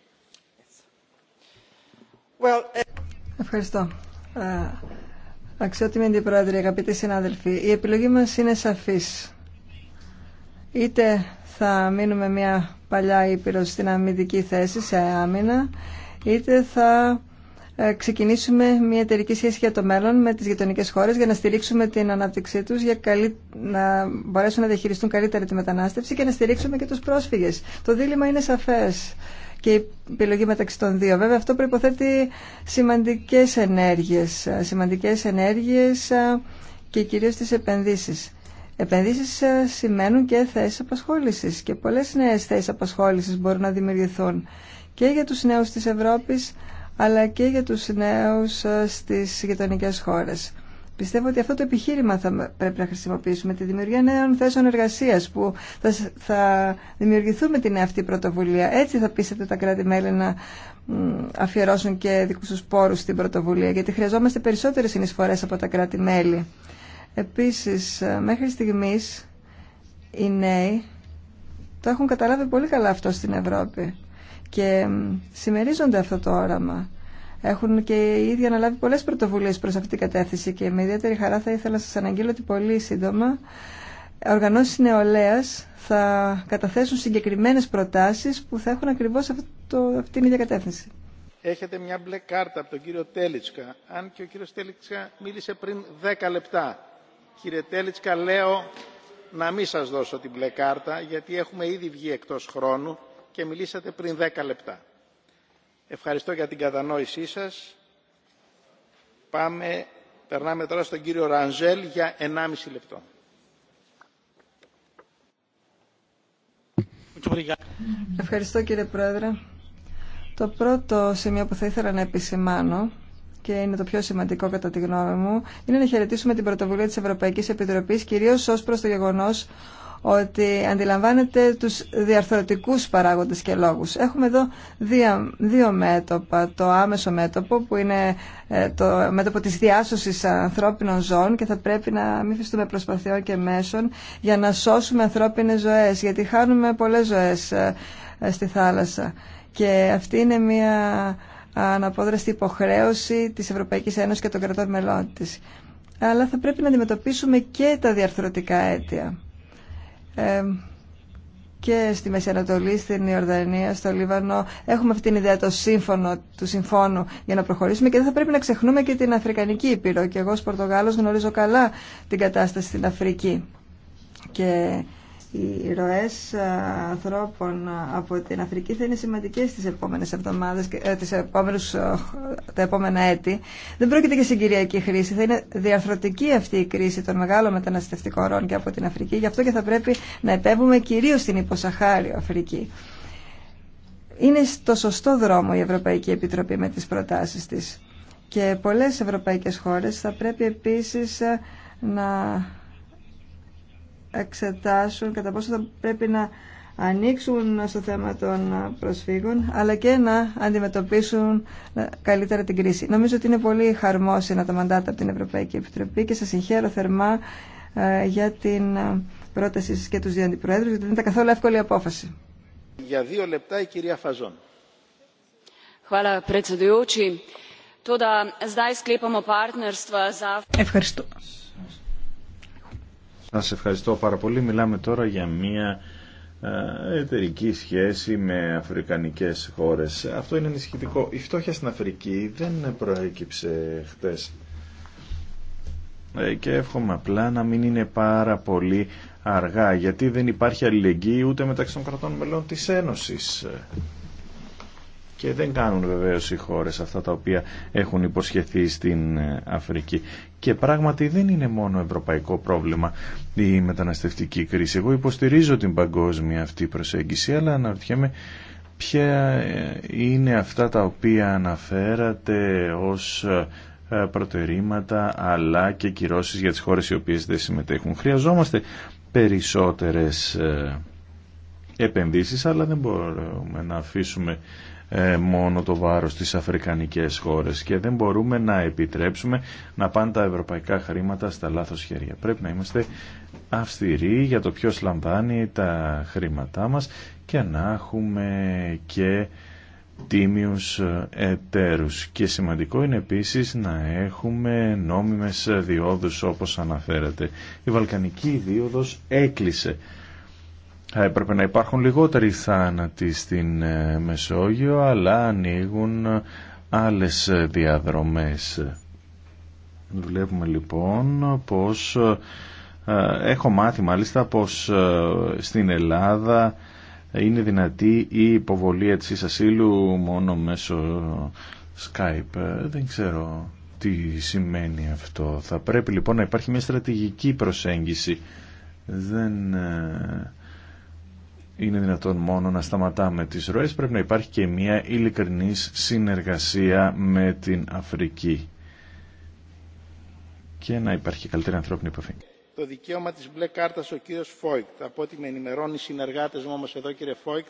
Ε- Ευχαριστώ. Ε, αξιότιμη Αντιπρόεδρε, αγαπητοί συνάδελφοι, η επιλογή μας είναι σαφής. Είτε θα μείνουμε μια παλιά ήπειρο στην αμυντική θέση, σε άμυνα, είτε θα ε, ξεκινήσουμε μια εταιρική σχέση για το μέλλον με τις γειτονικές χώρες για να στηρίξουμε την ανάπτυξή τους, για να μπορέσουν να διαχειριστούν καλύτερα τη μετανάστευση και να στηρίξουμε και τους πρόσφυγες. Το δίλημα είναι σαφές και η επιλογή μεταξύ των δύο. Βέβαια αυτό προϋποθέτει σημαντικές ενέργειες, ε, σημαντικές ενέργειες ε, και κυρίως τις επενδύσεις. Επενδύσεις σημαίνουν και θέσεις απασχόλησης και πολλές νέες θέσεις απασχόλησης μπορούν να δημιουργηθούν και για τους νέους της Ευρώπης αλλά και για τους νέους ε, στις γειτονικέ χώρες. Πιστεύω ότι αυτό το επιχείρημα θα πρέπει να χρησιμοποιήσουμε, τη δημιουργία νέων θέσεων εργασία που θα, θα δημιουργηθούν την αυτή πρωτοβουλία. Έτσι θα πείσετε τα κράτη-μέλη να αφιερώσουν και δικού του πόρου στην πρωτοβουλία, γιατί χρειαζόμαστε περισσότερε συνεισφορέ από τα κράτη-μέλη. Επίση, ε, μέχρι στιγμή οι νέοι το έχουν καταλάβει πολύ καλά αυτό στην Ευρώπη και συμμερίζονται αυτό το όραμα. Έχουν και οι ίδιοι αναλάβει πολλέ πρωτοβουλίε προ αυτή την κατεύθυνση και με ιδιαίτερη χαρά θα ήθελα να σα αναγγείλω ότι πολύ σύντομα οργανώσει νεολαία θα καταθέσουν συγκεκριμένε προτάσει που θα έχουν ακριβώ αυτή την ίδια κατεύθυνση. Έχετε μια μπλε κάρτα από τον κύριο Τέλιτσκα. Αν και ο κύριο Τέλιτσκα μίλησε πριν 10 λεπτά. Κύριε Τέλιτσκα, λέω να μην σα δώσω την μπλε κάρτα, γιατί έχουμε ήδη βγει εκτό χρόνου και μιλήσατε πριν 10 λεπτά. Ευχαριστώ για την κατανόησή σας. Πάμε, περνάμε τώρα στον κύριο Ρανζέλ για 1,5 λεπτό. Ευχαριστώ κύριε Πρόεδρε. Το πρώτο σημείο που θα ήθελα να επισημάνω και είναι το πιο σημαντικό κατά τη γνώμη μου, είναι να χαιρετήσουμε την πρωτοβουλία της Ευρωπαϊκής Επιτροπής, κυρίως ως προς το γεγονός ότι αντιλαμβάνεται τους διαρθρωτικούς παράγοντες και λόγους. Έχουμε εδώ δύο, δύο μέτωπα. Το άμεσο μέτωπο που είναι ε, το μέτωπο της διάσωσης ανθρώπινων ζώων και θα πρέπει να μην φυστούμε προσπαθειών και μέσων για να σώσουμε ανθρώπινες ζωές, γιατί χάνουμε πολλές ζωές ε, στη θάλασσα. Και αυτή είναι μια αναπόδραστη υποχρέωση της Ευρωπαϊκής Ένωσης και των κρατών μελών της. Αλλά θα πρέπει να αντιμετωπίσουμε και τα διαρθρωτικά αίτια. Ε, και στη Μέση Ανατολή, στην Ιορδανία, στο Λίβανο. Έχουμε αυτή την ιδέα το σύμφωνο, του συμφώνου για να προχωρήσουμε και δεν θα πρέπει να ξεχνούμε και την Αφρικανική Ήπειρο. Και εγώ ως Πορτογάλος γνωρίζω καλά την κατάσταση στην Αφρική. Και οι ροές ανθρώπων από την Αφρική θα είναι σημαντικές τις επόμενες εβδομάδες, ε, τις επόμενους, ε, τα επόμενα έτη. Δεν πρόκειται για συγκυριακή χρήση, θα είναι διαρθρωτική αυτή η κρίση των μεγάλων μεταναστευτικών ροών και από την Αφρική, γι' αυτό και θα πρέπει να επέμβουμε κυρίως στην υποσαχάριο Αφρική. Είναι στο σωστό δρόμο η Ευρωπαϊκή Επιτροπή με τις προτάσεις της. Και πολλές ευρωπαϊκές χώρες θα πρέπει επίσης ε, να εξετάσουν κατά πόσο θα πρέπει να ανοίξουν στο θέμα των προσφύγων, αλλά και να αντιμετωπίσουν καλύτερα την κρίση. Νομίζω ότι είναι πολύ να τα μαντάτα από την Ευρωπαϊκή Επιτροπή και σας συγχαίρω θερμά ε, για την ε, πρότασή σας και τους δύο αντιπροέδρους, γιατί δεν ήταν καθόλου εύκολη απόφαση. Για δύο λεπτά η κυρία Φαζόν. Ευχαριστώ σε ευχαριστώ πάρα πολύ. Μιλάμε τώρα για μια ε, εταιρική σχέση με αφρικανικές χώρες. Αυτό είναι ενισχυτικό. Η φτώχεια στην Αφρική δεν προέκυψε χτες. Ε, και εύχομαι απλά να μην είναι πάρα πολύ αργά, γιατί δεν υπάρχει αλληλεγγύη ούτε μεταξύ των κρατών μελών της Ένωσης. Και δεν κάνουν βεβαίως οι χώρες αυτά τα οποία έχουν υποσχεθεί στην Αφρική. Και πράγματι δεν είναι μόνο ευρωπαϊκό πρόβλημα η μεταναστευτική κρίση. Εγώ υποστηρίζω την παγκόσμια αυτή προσέγγιση, αλλά αναρωτιέμαι ποια είναι αυτά τα οποία αναφέρατε ως ε, προτερήματα αλλά και κυρώσεις για τις χώρες οι οποίες δεν συμμετέχουν. Χρειαζόμαστε περισσότερες ε, επενδύσεις αλλά δεν μπορούμε να αφήσουμε ε, μόνο το βάρος στις αφρικανικές χώρες και δεν μπορούμε να επιτρέψουμε να πάνε τα ευρωπαϊκά χρήματα στα λάθος χέρια. Πρέπει να είμαστε αυστηροί για το ποιος λαμβάνει τα χρήματά μας και να έχουμε και τίμιους ε, εταίρους και σημαντικό είναι επίσης να έχουμε νόμιμες διόδους όπως αναφέρατε. Η Βαλκανική δίωδος έκλεισε θα έπρεπε να υπάρχουν λιγότεροι θάνατοι στην ε, Μεσόγειο, αλλά ανοίγουν ε, άλλες ε, διαδρομές. Βλέπουμε λοιπόν πως έχω μάθει μάλιστα πως στην Ελλάδα είναι δυνατή η υποβολή της ασύλου μόνο μέσω Skype. Δεν ξέρω τι σημαίνει αυτό. Θα πρέπει λοιπόν να υπάρχει μια στρατηγική προσέγγιση. Δεν είναι δυνατόν μόνο να σταματάμε τις ροές, πρέπει να υπάρχει και μια ειλικρινής συνεργασία με την Αφρική και να υπάρχει καλύτερη ανθρώπινη επαφή. Το δικαίωμα της μπλε κάρτας ο κύριος Φόικτ, από ό,τι με ενημερώνει οι συνεργάτες μου όμως εδώ κύριε Φόικτ,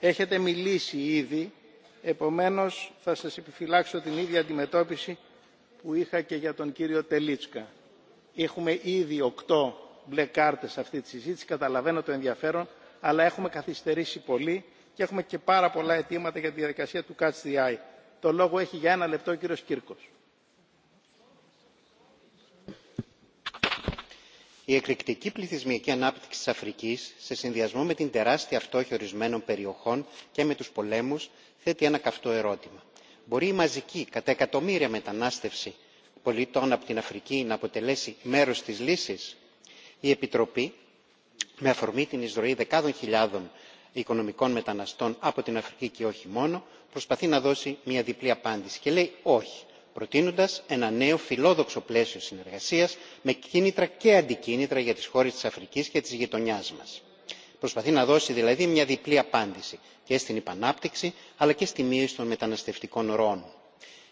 έχετε μιλήσει ήδη, επομένως θα σας επιφυλάξω την ίδια αντιμετώπιση που είχα και για τον κύριο Τελίτσκα. Έχουμε ήδη οκτώ μπλε κάρτες σε αυτή τη συζήτηση, καταλαβαίνω το ενδιαφέρον, αλλά έχουμε καθυστερήσει πολύ και έχουμε και πάρα πολλά αιτήματα για τη διαδικασία του Catch Το λόγο έχει για ένα λεπτό ο κύριος Κύρκος. Η εκρηκτική πληθυσμιακή ανάπτυξη της Αφρικής, σε συνδυασμό με την τεράστια φτώχεια ορισμένων περιοχών και με τους πολέμους, θέτει ένα καυτό ερώτημα. Μπορεί η μαζική, κατά εκατομμύρια μετανάστευση πολιτών από την Αφρική να αποτελέσει μέρος της λύσης. Η Επιτροπή με αφορμή την εισρωή δεκάδων χιλιάδων οικονομικών μεταναστών από την αφρική και όχι μόνο προσπαθεί να δώσει μια διπλή απάντηση και λέει όχι προτείνοντας ένα νέο φιλόδοξο πλαίσιο συνεργασία με κίνητρα και αντικίνητρα για τι χώρε τη Αφρική και τη γειτονιά μα. προσπαθεί να δώσει δηλαδή μια διπλή απάντηση και στην υπανάπτυξη αλλά και στη μείωση των μεταναστευτικών ροών.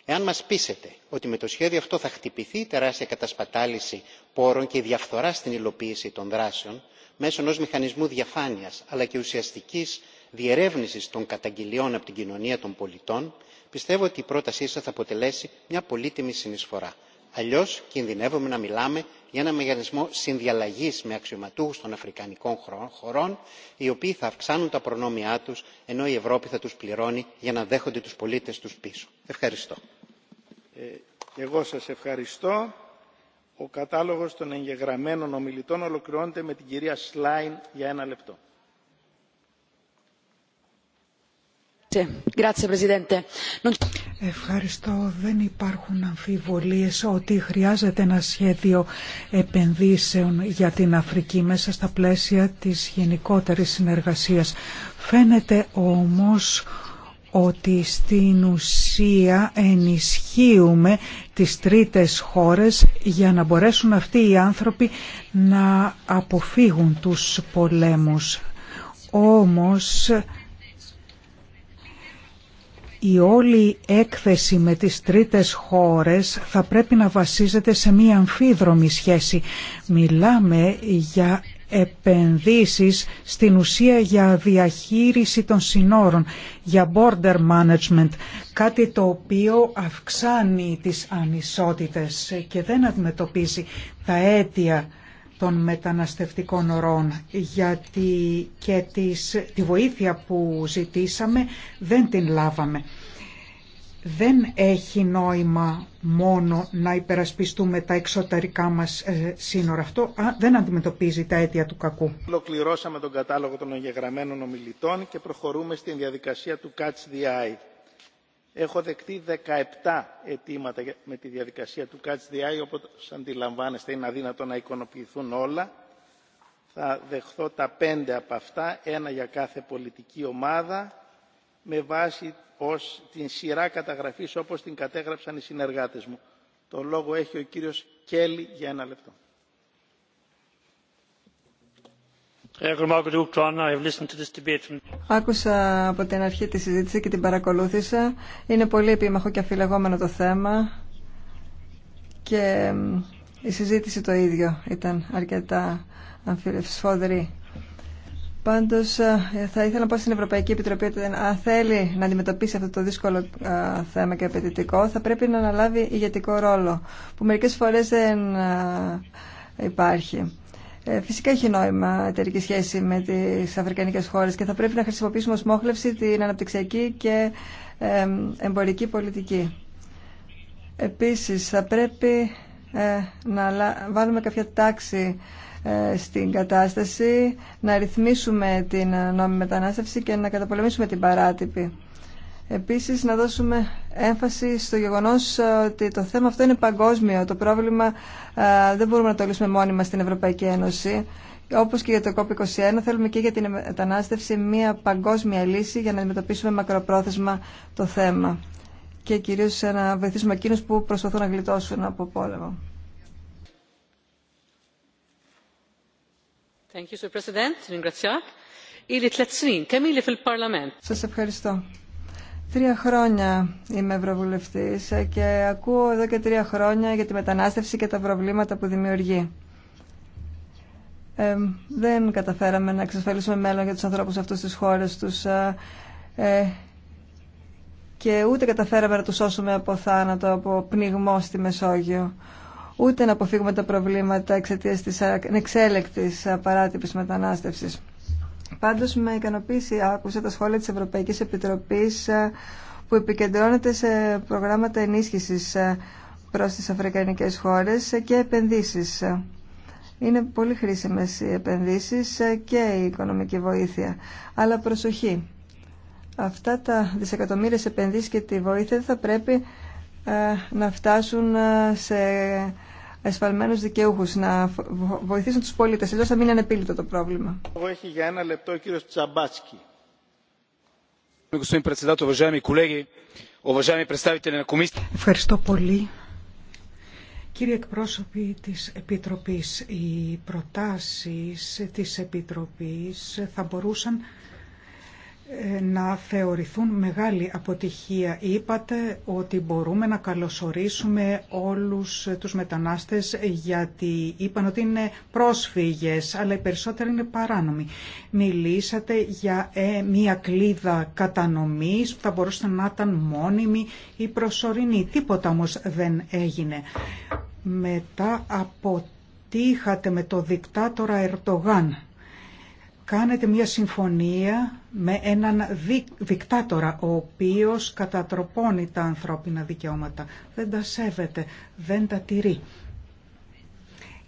εάν μα πείσετε ότι με το σχέδιο αυτό θα χτυπηθεί η τεράστια κατασπατάληση πόρων και διαφθορά στην υλοποίηση των δράσεων μέσω ενός μηχανισμού διαφάνειας αλλά και ουσιαστικής διερεύνησης των καταγγελιών από την κοινωνία των πολιτών πιστεύω ότι η πρότασή σας θα αποτελέσει μια πολύτιμη συνεισφορά. αλλιώς κινδυνεύουμε να μιλάμε για ένα μηχανισμό συνδιαλλαγής με αξιωματούχους των αφρικανικών χωρών οι οποίοι θα αυξάνουν τα προνόμια τους ενώ η ευρώπη θα τους πληρώνει για να δέχονται τους πολίτες τους πίσω. ευχαριστώ. Ε, εγώ ευχαριστώ. Ο κατάλογος των εγγεγραμμένων ομιλητών ολοκληρώνεται με την κυρία Σλάιν για ένα λεπτό. Ευχαριστώ. Δεν υπάρχουν αμφιβολίες ότι χρειάζεται ένα σχέδιο επενδύσεων για την Αφρική μέσα στα πλαίσια της γενικότερης συνεργασίας. Φαίνεται όμως ότι στην ουσία ενισχύουμε τις τρίτες χώρες για να μπορέσουν αυτοί οι άνθρωποι να αποφύγουν τους πολέμους. Όμως η όλη έκθεση με τις τρίτες χώρες θα πρέπει να βασίζεται σε μία αμφίδρομη σχέση. Μιλάμε για επενδύσεις στην ουσία για διαχείριση των συνόρων, για border management, κάτι το οποίο αυξάνει τις ανισότητες και δεν αντιμετωπίζει τα αίτια των μεταναστευτικών ορών, γιατί και τις, τη βοήθεια που ζητήσαμε δεν την λάβαμε δεν έχει νόημα μόνο να υπερασπιστούμε τα εξωτερικά μας ε, σύνορα. Αυτό δεν αντιμετωπίζει τα αίτια του κακού. Ολοκληρώσαμε τον κατάλογο των εγγεγραμμένων ομιλητών και προχωρούμε στην διαδικασία του Catch the Eye. Έχω δεχτεί 17 αιτήματα με τη διαδικασία του Catch the Eye, όπως αντιλαμβάνεστε είναι αδύνατο να εικονοποιηθούν όλα. Θα δεχθώ τα πέντε από αυτά, ένα για κάθε πολιτική ομάδα, με βάση ως την σειρά καταγραφής όπως την κατέγραψαν οι συνεργάτες μου. Το λόγο έχει ο κύριος Κέλλη για ένα λεπτό. Άκουσα από την αρχή τη συζήτηση και την παρακολούθησα. Είναι πολύ επίμαχο και αφιλεγόμενο το θέμα και η συζήτηση το ίδιο ήταν αρκετά αμφισφόδρη. Πάντως ε, θα ήθελα να πω στην Ευρωπαϊκή Επιτροπή ότι αν θέλει να αντιμετωπίσει αυτό το δύσκολο ε, θέμα και απαιτητικό θα πρέπει να αναλάβει ηγετικό ρόλο που μερικές φορές δεν ε, υπάρχει. Φυσικά έχει νόημα εταιρική σχέση με τι αφρικανικέ χώρε και θα πρέπει να χρησιμοποιήσουμε ως μόχλευση την αναπτυξιακή και εμπορική πολιτική. Επίση, θα πρέπει να βάλουμε κάποια τάξη ε, στην κατάσταση, να ρυθμίσουμε την νόμιμη μετανάστευση και να καταπολεμήσουμε την παράτυπη. Επίσης να δώσουμε έμφαση στο γεγονός ότι το θέμα αυτό είναι παγκόσμιο. Το πρόβλημα ε, δεν μπορούμε να το λύσουμε μόνοι μας στην Ευρωπαϊκή Ένωση. Όπως και για το COP21 θέλουμε και για την μετανάστευση μια παγκόσμια λύση για να αντιμετωπίσουμε μακροπρόθεσμα το θέμα και κυρίως να βοηθήσουμε εκείνους που προσπαθούν να γλιτώσουν από πόλεμο. Σα ευχαριστώ. Τρία χρόνια είμαι Ευρωβουλευτής και ακούω εδώ και τρία χρόνια για τη μετανάστευση και τα προβλήματα που δημιουργεί. Ε, δεν καταφέραμε να εξασφαλίσουμε μέλλον για τους ανθρώπους αυτούς στις χώρες τους ε, ε, και ούτε καταφέραμε να τους σώσουμε από θάνατο, από πνιγμό στη Μεσόγειο ούτε να αποφύγουμε τα προβλήματα εξαιτία τη ανεξέλεκτη παράτυπη μετανάστευση. Πάντως με ικανοποίηση άκουσα τα σχόλια της Ευρωπαϊκής Επιτροπής που επικεντρώνεται σε προγράμματα ενίσχυσης προ τι αφρικανικές χώρες και επενδύσεις. Είναι πολύ χρήσιμες οι επενδύσεις και η οικονομική βοήθεια. Αλλά προσοχή, αυτά τα δισεκατομμύρια επενδύσεις και τη βοήθεια θα πρέπει να φτάσουν σε εσφαλμένους δικαιούχους, να βοηθήσουν τους πολίτες. Αλλιώς θα είναι ανεπίλητο το πρόβλημα. Έχει για ένα λεπτό ο κύριος Ευχαριστώ πολύ. Κύριε εκπρόσωποι της Επιτροπής, οι προτάσεις της Επιτροπής θα μπορούσαν ε, να θεωρηθούν μεγάλη αποτυχία. Είπατε ότι μπορούμε να καλωσορίσουμε όλους τους μετανάστες γιατί είπαν ότι είναι πρόσφυγες, αλλά οι περισσότεροι είναι παράνομοι. Μιλήσατε για ε, μια κλίδα κατανομής που θα μπορούσαν να ήταν μόνιμη ή προσωρινή. Τίποτα όμως δεν έγινε. Μετά αποτύχατε με το δικτάτορα Ερτογάν κάνετε μια συμφωνία με έναν δικτάτορα ο οποίος κατατροπώνει τα ανθρώπινα δικαιώματα. Δεν τα σέβεται, δεν τα τηρεί.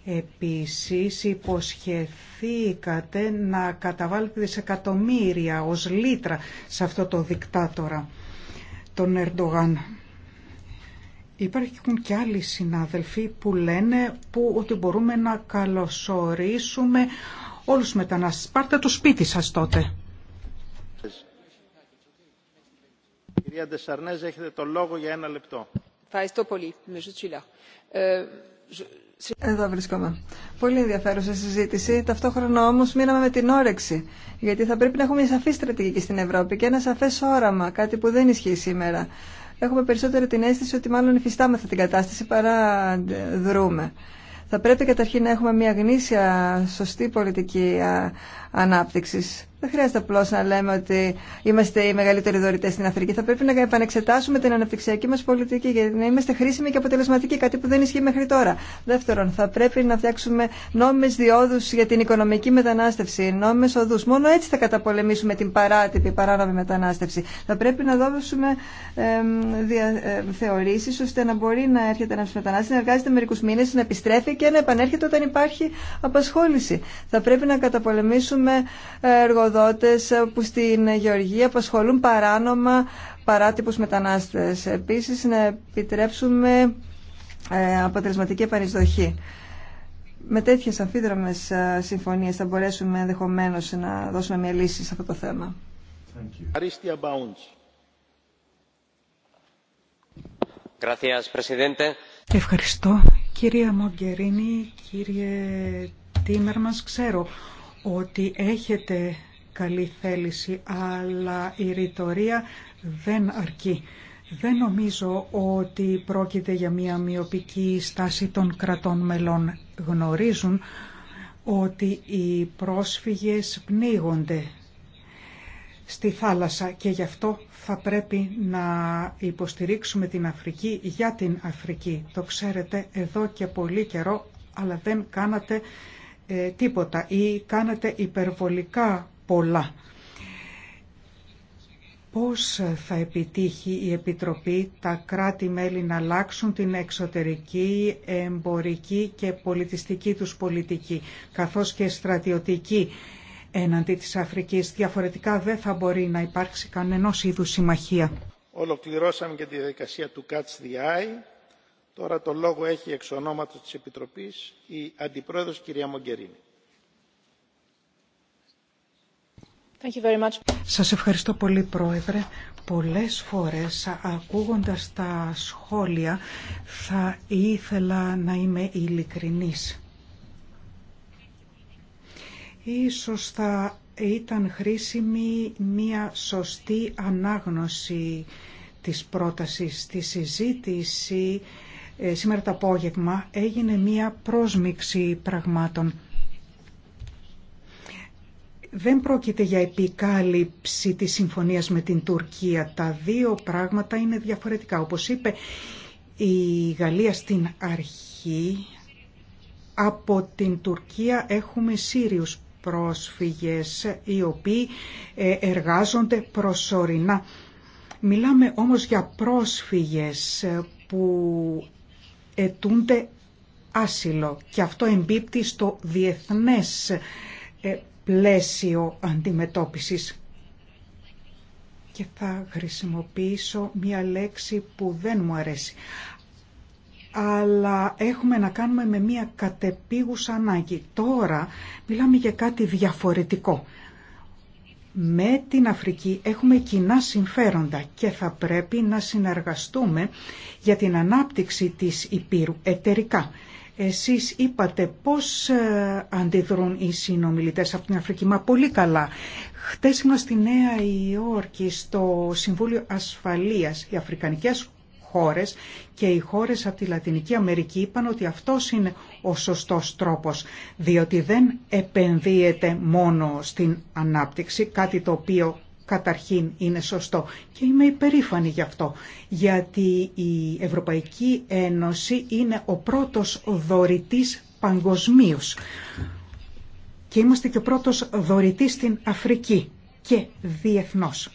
Επίσης υποσχεθήκατε να καταβάλλετε δισεκατομμύρια ως λίτρα σε αυτό το δικτάτορα, τον Ερντογάν. Υπάρχουν και άλλοι συνάδελφοι που λένε που, ότι μπορούμε να καλωσορίσουμε όλους τους μετανάστες. Πάρτε το σπίτι σας τότε. Κυρία Ντεσσαρνέζ, έχετε το λόγο για ένα λεπτό. Ευχαριστώ πολύ. Ε, Εδώ βρισκόμαι. Πολύ ενδιαφέρουσα συζήτηση. Ταυτόχρονα όμω μείναμε με την όρεξη. Γιατί θα πρέπει να έχουμε μια σαφή στρατηγική στην Ευρώπη και ένα σαφέ όραμα, κάτι που δεν ισχύει σήμερα. Έχουμε περισσότερο την αίσθηση ότι μάλλον υφιστάμεθα την κατάσταση παρά δρούμε. Θα πρέπει καταρχήν να έχουμε μια γνήσια σωστή πολιτική ανάπτυξης δεν χρειάζεται απλώ να λέμε ότι είμαστε οι μεγαλύτεροι δωρητέ στην Αφρική. Θα πρέπει να επανεξετάσουμε την αναπτυξιακή μα πολιτική, γιατί να είμαστε χρήσιμοι και αποτελεσματικοί, κάτι που δεν ισχύει μέχρι τώρα. Δεύτερον, θα πρέπει να φτιάξουμε νόμιμε διόδου για την οικονομική μετανάστευση, νόμιμε οδού. Μόνο έτσι θα καταπολεμήσουμε την παράτυπη, παράνομη μετανάστευση. Θα πρέπει να δώσουμε ε, θεωρήσει ώστε να μπορεί να έρχεται ένα μετανάστη, να εργάζεται μερικού μήνε, να επιστρέφει και να επανέρχεται όταν υπάρχει απασχόληση. Θα πρέπει να καταπολεμήσουμε ε, εργοδότες που στην Γεωργία απασχολούν παράνομα παράτυπους μετανάστες. Επίσης να επιτρέψουμε ε, αποτελεσματική επανεισδοχή. Με τέτοιες αμφίδρομες ε, συμφωνίες θα μπορέσουμε ενδεχομένω να δώσουμε μια λύση σε αυτό το θέμα. Ευχαριστώ. Κυρία Μογκερίνη, κύριε Τίμερμας, ξέρω ότι έχετε καλή θέληση, αλλά η ρητορία δεν αρκεί. Δεν νομίζω ότι πρόκειται για μια μειοπική στάση των κρατών μελών. Γνωρίζουν ότι οι πρόσφυγες πνίγονται στη θάλασσα και γι' αυτό θα πρέπει να υποστηρίξουμε την Αφρική για την Αφρική. Το ξέρετε εδώ και πολύ καιρό, αλλά δεν κάνατε ε, τίποτα ή κάνατε υπερβολικά πολλά. Πώς θα επιτύχει η Επιτροπή τα κράτη-μέλη να αλλάξουν την εξωτερική, εμπορική και πολιτιστική τους πολιτική, καθώς και στρατιωτική έναντι της Αφρικής. Διαφορετικά δεν θα μπορεί να υπάρξει κανένας είδου συμμαχία. Ολοκληρώσαμε και τη διαδικασία του Catch the Τώρα το λόγο έχει εξ ονόματος της Επιτροπής η Αντιπρόεδρος κυρία Μογκερίνη. Thank Σας ευχαριστώ πολύ Πρόεδρε. Πολλές φορές ακούγοντας τα σχόλια θα ήθελα να είμαι ειλικρινής. Ίσως θα ήταν χρήσιμη μία σωστή ανάγνωση της πρότασης στη συζήτηση. Ε, σήμερα το απόγευμα έγινε μία πρόσμιξη πραγμάτων. Δεν πρόκειται για επικάλυψη της συμφωνίας με την Τουρκία. Τα δύο πράγματα είναι διαφορετικά. Όπως είπε η Γαλλία στην αρχή, από την Τουρκία έχουμε Σύριους πρόσφυγες οι οποίοι ε, εργάζονται προσωρινά. Μιλάμε όμως για πρόσφυγες ε, που ετούνται άσυλο και αυτό εμπίπτει στο διεθνές ε, πλαίσιο αντιμετώπισης. Και θα χρησιμοποιήσω μία λέξη που δεν μου αρέσει. Αλλά έχουμε να κάνουμε με μία κατεπίγουσα ανάγκη. Τώρα μιλάμε για κάτι διαφορετικό. Με την Αφρική έχουμε κοινά συμφέροντα και θα πρέπει να συνεργαστούμε για την ανάπτυξη της Υπήρου εταιρικά. Εσείς είπατε πώς ε, αντιδρούν οι συνομιλητές από την Αφρική. Μα πολύ καλά. Χτες ήμουν στη Νέα Υόρκη στο Συμβούλιο Ασφαλείας. Οι αφρικανικές χώρες και οι χώρες από τη Λατινική Αμερική είπαν ότι αυτός είναι ο σωστός τρόπος, διότι δεν επενδύεται μόνο στην ανάπτυξη, κάτι το οποίο καταρχήν είναι σωστό και είμαι υπερήφανη γι' αυτό γιατί η Ευρωπαϊκή Ένωση είναι ο πρώτος δωρητής παγκοσμίω. και είμαστε και ο πρώτος δωρητής στην Αφρική και διεθνώς.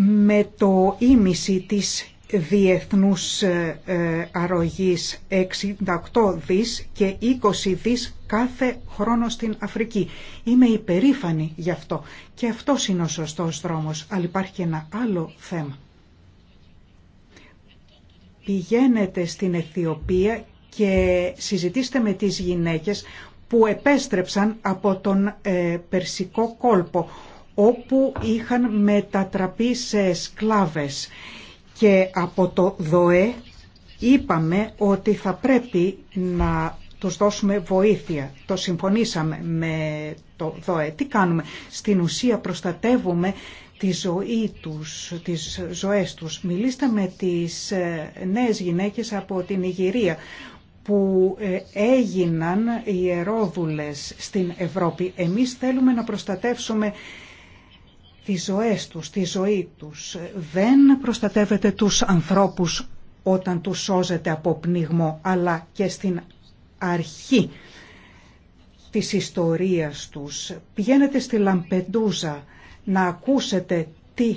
Με το ίμιση της διεθνούς ε, ε, αρρωγής 68 δις και 20 δις κάθε χρόνο στην Αφρική. Είμαι υπερήφανη γι' αυτό και αυτό είναι ο σωστός δρόμος, αλλά υπάρχει και ένα άλλο θέμα. Πηγαίνετε στην Αιθιοπία και συζητήστε με τις γυναίκες που επέστρεψαν από τον ε, Περσικό κόλπο όπου είχαν μετατραπεί σε σκλάβες και από το ΔΟΕ είπαμε ότι θα πρέπει να τους δώσουμε βοήθεια. Το συμφωνήσαμε με το ΔΟΕ. Τι κάνουμε. Στην ουσία προστατεύουμε τη ζωή τους, τις ζωές τους. Μιλήστε με τις ε, νέες γυναίκες από την Ιγυρία που ε, έγιναν ιερόδουλες στην Ευρώπη. Εμείς θέλουμε να προστατεύσουμε τις ζωές τους, τη ζωή τους. Δεν προστατεύετε τους ανθρώπους όταν τους σώζετε από πνιγμό, αλλά και στην αρχή της ιστορίας τους. Πηγαίνετε στη Λαμπεντούζα να ακούσετε τι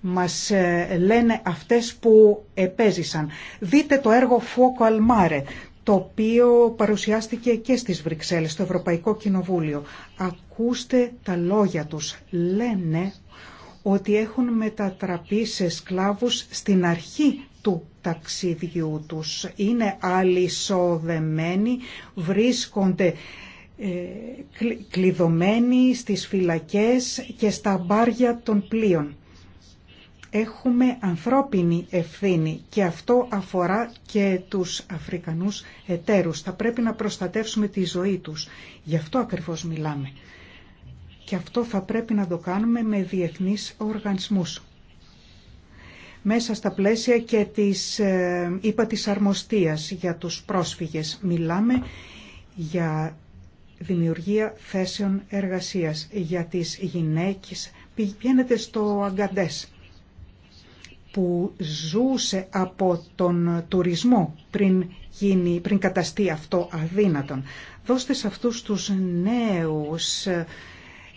μας ε, λένε αυτές που επέζησαν. Δείτε το έργο Φόκο Αλμάρε, το οποίο παρουσιάστηκε και στις Βρυξέλλες, στο Ευρωπαϊκό Κοινοβούλιο. Ακούστε τα λόγια τους. Λένε ότι έχουν μετατραπεί σε σκλάβους στην αρχή του ταξιδιού τους. Είναι αλυσοδεμένοι, βρίσκονται ε, κλειδωμένοι στις φυλακές και στα μπάρια των πλοίων. Έχουμε ανθρώπινη ευθύνη και αυτό αφορά και τους Αφρικανούς εταίρους. Θα πρέπει να προστατεύσουμε τη ζωή τους. Γι' αυτό ακριβώς μιλάμε. Και αυτό θα πρέπει να το κάνουμε με διεθνείς οργανισμούς. Μέσα στα πλαίσια και της ε, είπα αρμοστίας για τους πρόσφυγες. Μιλάμε για δημιουργία θέσεων εργασίας για τις γυναίκες. Πηγαίνετε στο Αγκαντές που ζούσε από τον τουρισμό πριν, γίνει, πριν καταστεί αυτό αδύνατον. Δώστε σε αυτούς τους νέους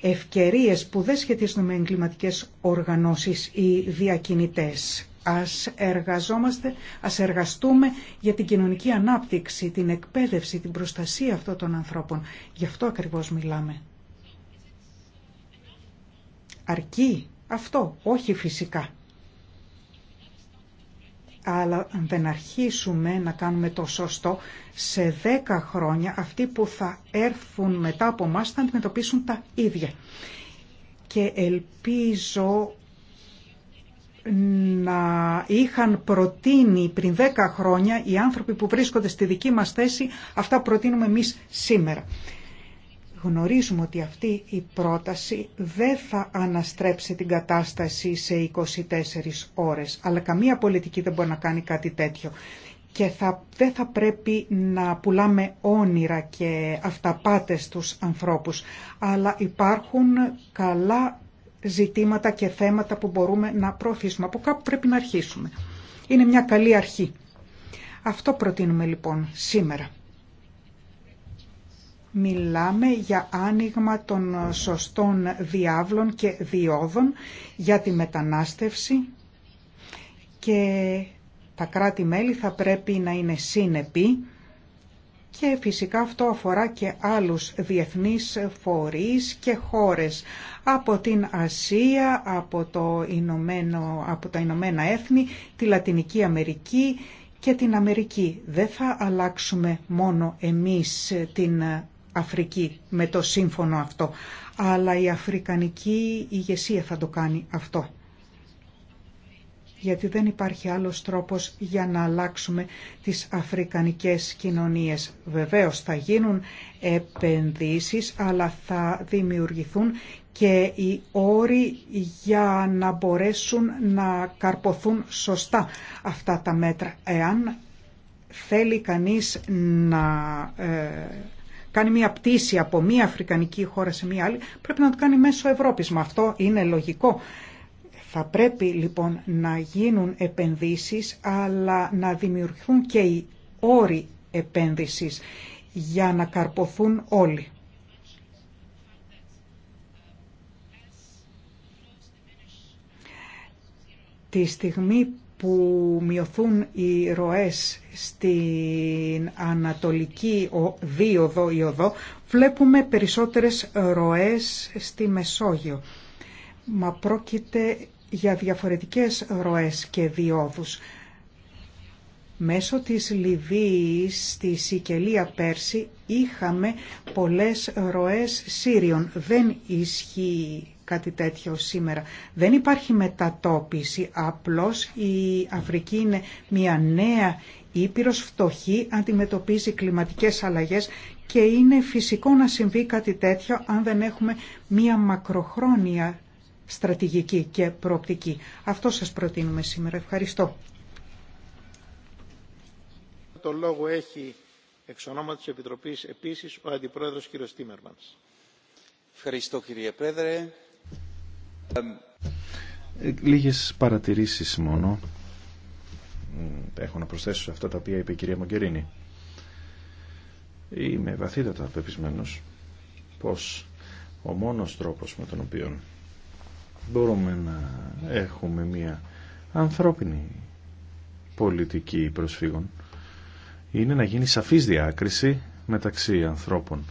ευκαιρίες που δεν σχετίζονται με εγκληματικές οργανώσεις ή διακινητές. Ας εργαζόμαστε, ας εργαστούμε για την κοινωνική ανάπτυξη, την εκπαίδευση, την προστασία αυτών των ανθρώπων. Γι' αυτό ακριβώς μιλάμε. Αρκεί αυτό, όχι φυσικά αλλά αν δεν αρχίσουμε να κάνουμε το σωστό, σε δέκα χρόνια αυτοί που θα έρθουν μετά από μας θα αντιμετωπίσουν τα ίδια. Και ελπίζω να είχαν προτείνει πριν δέκα χρόνια οι άνθρωποι που βρίσκονται στη δική μας θέση, αυτά προτείνουμε εμείς σήμερα γνωρίζουμε ότι αυτή η πρόταση δεν θα αναστρέψει την κατάσταση σε 24 ώρες, αλλά καμία πολιτική δεν μπορεί να κάνει κάτι τέτοιο. Και θα, δεν θα πρέπει να πουλάμε όνειρα και αυταπάτες τους ανθρώπους, αλλά υπάρχουν καλά ζητήματα και θέματα που μπορούμε να προωθήσουμε. Από κάπου πρέπει να αρχίσουμε. Είναι μια καλή αρχή. Αυτό προτείνουμε λοιπόν σήμερα. Μιλάμε για άνοιγμα των σωστών διάβλων και διόδων για τη μετανάστευση και τα κράτη-μέλη θα πρέπει να είναι σύνεποι και φυσικά αυτό αφορά και άλλους διεθνείς φορείς και χώρες από την Ασία, από, το Ηνωμένο, από τα Ηνωμένα Έθνη, τη Λατινική Αμερική και την Αμερική. Δεν θα αλλάξουμε μόνο εμείς την Αφρική με το σύμφωνο αυτό, αλλά η αφρικανική ηγεσία θα το κάνει αυτό. Γιατί δεν υπάρχει άλλος τρόπος για να αλλάξουμε τις αφρικανικές κοινωνίες. Βεβαίως θα γίνουν επενδύσεις, αλλά θα δημιουργηθούν και οι όροι για να μπορέσουν να καρποθούν σωστά αυτά τα μέτρα. Εάν θέλει κανείς να ε, κάνει μια πτήση από μια αφρικανική χώρα σε μια άλλη, πρέπει να το κάνει μέσω Ευρώπης. Με αυτό είναι λογικό. Θα πρέπει λοιπόν να γίνουν επενδύσεις, αλλά να δημιουργηθούν και οι όροι επένδυσης για να καρποθούν όλοι. Τη στιγμή που μειωθούν οι ροές στην ανατολική δίωδο ή οδό, βλέπουμε περισσότερες ροές στη Μεσόγειο. Μα πρόκειται για διαφορετικές ροές και διόδους. Μέσω της Λιβύης στη Σικελία πέρσι είχαμε πολλές ροές Σύριων. Δεν ισχύει κάτι τέτοιο σήμερα. Δεν υπάρχει μετατόπιση, απλώς η Αφρική είναι μια νέα ήπειρος φτωχή, αντιμετωπίζει κλιματικές αλλαγές και είναι φυσικό να συμβεί κάτι τέτοιο αν δεν έχουμε μια μακροχρόνια στρατηγική και προοπτική. Αυτό σας προτείνουμε σήμερα. Ευχαριστώ. Το λόγο έχει εξ ονόματος Επιτροπής επίσης ο Αντιπρόεδρος κ. Τίμερμανς. Ευχαριστώ κύριε Πρόεδρε. Ε, λίγες παρατηρήσεις μόνο έχω να προσθέσω σε αυτά τα οποία είπε η κυρία Μογκερίνη. Είμαι βαθύτατα πεπισμένος πως ο μόνος τρόπος με τον οποίο μπορούμε να έχουμε μια ανθρώπινη πολιτική προσφύγων είναι να γίνει σαφής διάκριση μεταξύ ανθρώπων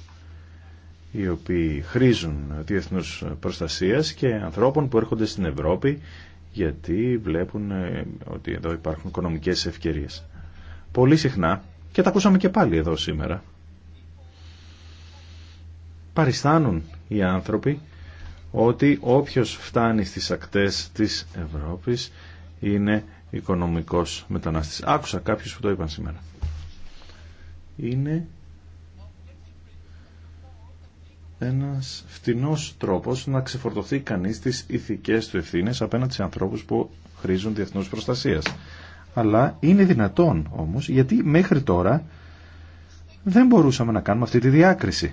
οι οποίοι χρήζουν διεθνούς προστασίας και ανθρώπων που έρχονται στην Ευρώπη γιατί βλέπουν ε, ότι εδώ υπάρχουν οικονομικές ευκαιρίες. Πολύ συχνά, και τα ακούσαμε και πάλι εδώ σήμερα, παριστάνουν οι άνθρωποι ότι όποιος φτάνει στις ακτές της Ευρώπης είναι οικονομικός μετανάστης. Άκουσα κάποιους που το είπαν σήμερα. Είναι ένας φτηνός τρόπος να ξεφορτωθεί κανείς τις ηθικές του ευθύνες απέναντι σε ανθρώπους που χρήζουν διεθνούς προστασίας. Αλλά είναι δυνατόν όμως γιατί μέχρι τώρα δεν μπορούσαμε να κάνουμε αυτή τη διάκριση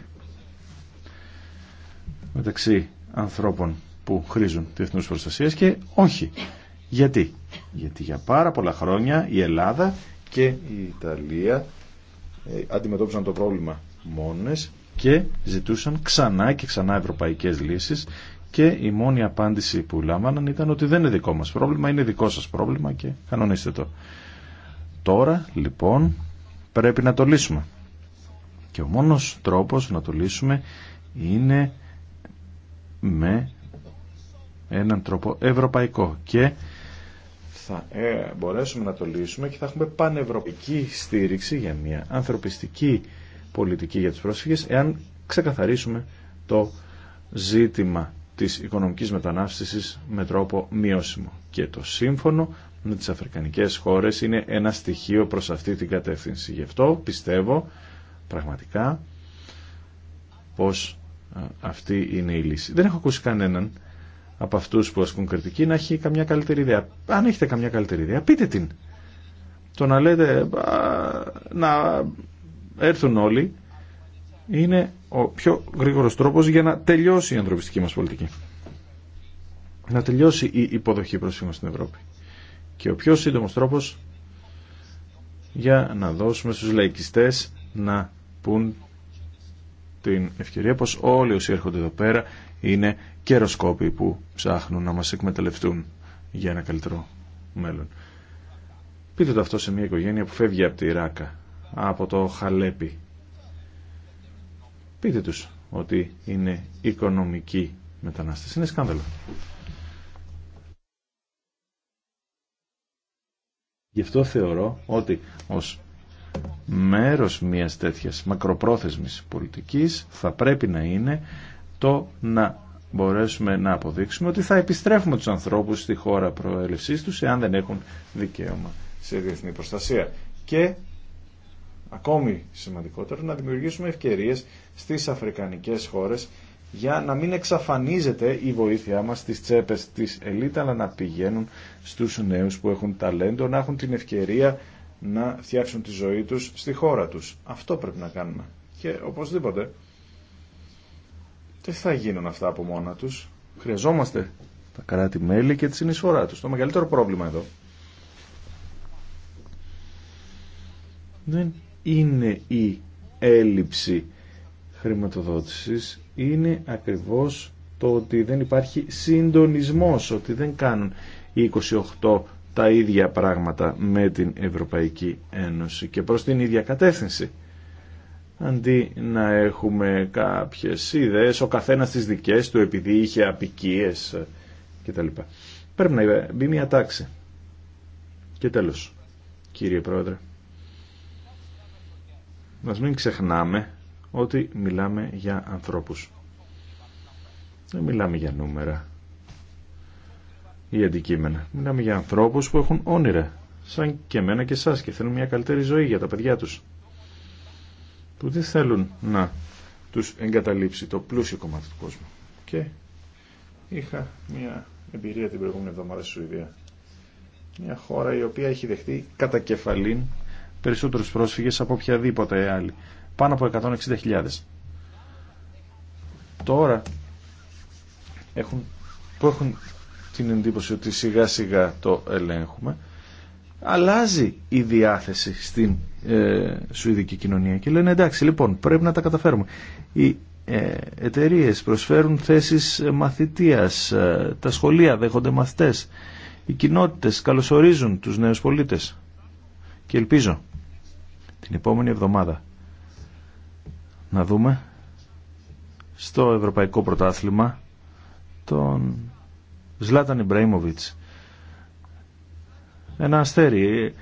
μεταξύ ανθρώπων που χρήζουν διεθνούς προστασίας και όχι. Γιατί? Γιατί για πάρα πολλά χρόνια η Ελλάδα και η Ιταλία ε, αντιμετώπισαν το πρόβλημα μόνες και ζητούσαν ξανά και ξανά ευρωπαϊκές λύσεις και η μόνη απάντηση που λάμβαναν ήταν ότι δεν είναι δικό μας πρόβλημα, είναι δικό σας πρόβλημα και κανονίστε το. Τώρα λοιπόν πρέπει να το λύσουμε. Και ο μόνος τρόπος να το λύσουμε είναι με έναν τρόπο ευρωπαϊκό και θα ε, μπορέσουμε να το λύσουμε και θα έχουμε πανευρωπαϊκή στήριξη για μια ανθρωπιστική πολιτική για τους πρόσφυγες εάν ξεκαθαρίσουμε το ζήτημα της οικονομικής μετανάστευσης με τρόπο μειώσιμο. Και το σύμφωνο με τις αφρικανικές χώρες είναι ένα στοιχείο προς αυτή την κατεύθυνση. Γι' αυτό πιστεύω πραγματικά πως ε, αυτή είναι η λύση. Δεν έχω ακούσει κανέναν από αυτούς που ασκούν κριτική να έχει καμιά καλύτερη ιδέα. Αν έχετε καμιά καλύτερη ιδέα, πείτε την. Το να λέτε να έρθουν όλοι είναι ο πιο γρήγορος τρόπος για να τελειώσει η ανθρωπιστική μας πολιτική. Να τελειώσει η υποδοχή προσφύγων στην Ευρώπη. Και ο πιο σύντομος τρόπος για να δώσουμε στους λαϊκιστές να πούν την ευκαιρία πως όλοι όσοι έρχονται εδώ πέρα είναι καιροσκόποι που ψάχνουν να μας εκμεταλλευτούν για ένα καλύτερο μέλλον. Πείτε το αυτό σε μια οικογένεια που φεύγει από τη Ράκα από το Χαλέπι. Πείτε τους ότι είναι οικονομική μετανάστες. Είναι σκάνδαλο. Γι' αυτό θεωρώ ότι ως μέρος μιας τέτοιας μακροπρόθεσμης πολιτικής θα πρέπει να είναι το να μπορέσουμε να αποδείξουμε ότι θα επιστρέφουμε τους ανθρώπους στη χώρα προέλευσής τους εάν δεν έχουν δικαίωμα σε διεθνή προστασία. Και ακόμη σημαντικότερο, να δημιουργήσουμε ευκαιρίες στις αφρικανικές χώρες για να μην εξαφανίζεται η βοήθειά μας στις τσέπες της ελίτ, αλλά να πηγαίνουν στους νέους που έχουν ταλέντο, να έχουν την ευκαιρία να φτιάξουν τη ζωή τους στη χώρα τους. Αυτό πρέπει να κάνουμε. Και οπωσδήποτε δεν θα γίνουν αυτά από μόνα τους. Χρειαζόμαστε τα κράτη-μέλη και τη συνεισφορά τους. Το μεγαλύτερο πρόβλημα εδώ δεν είναι η έλλειψη χρηματοδότησης είναι ακριβώς το ότι δεν υπάρχει συντονισμός, ότι δεν κάνουν οι 28 τα ίδια πράγματα με την Ευρωπαϊκή Ένωση και προς την ίδια κατεύθυνση. Αντί να έχουμε κάποιες ιδέες, ο καθένας τις δικές του επειδή είχε απικίες κτλ. Πρέπει να μπει μια τάξη. Και τέλος, κύριε Πρόεδρε να μην ξεχνάμε ότι μιλάμε για ανθρώπους. Δεν μιλάμε για νούμερα ή αντικείμενα. Μιλάμε για ανθρώπους που έχουν όνειρα, σαν και εμένα και εσάς, και θέλουν μια καλύτερη ζωή για τα παιδιά τους. Που δεν θέλουν να τους εγκαταλείψει το πλούσιο κομμάτι του κόσμου. Και είχα μια εμπειρία την προηγούμενη εβδομάδα στη Σουηδία. Μια χώρα η οποία έχει δεχτεί κατά περισσότερους πρόσφυγες από οποιαδήποτε άλλη. Πάνω από 160.000. Τώρα έχουν, που έχουν την εντύπωση ότι σιγά σιγά το ελέγχουμε αλλάζει η διάθεση στην ε, Σουηδική κοινωνία και λένε εντάξει λοιπόν πρέπει να τα καταφέρουμε. Οι ε, εταιρείε προσφέρουν θέσεις μαθητείας, ε, τα σχολεία δέχονται μαθητές, οι κοινότητες καλωσορίζουν τους νέους πολίτες και ελπίζω την επόμενη εβδομάδα να δούμε στο Ευρωπαϊκό Πρωτάθλημα τον Ζλάταν Ιμπραήμωβιτς ένα αστέρι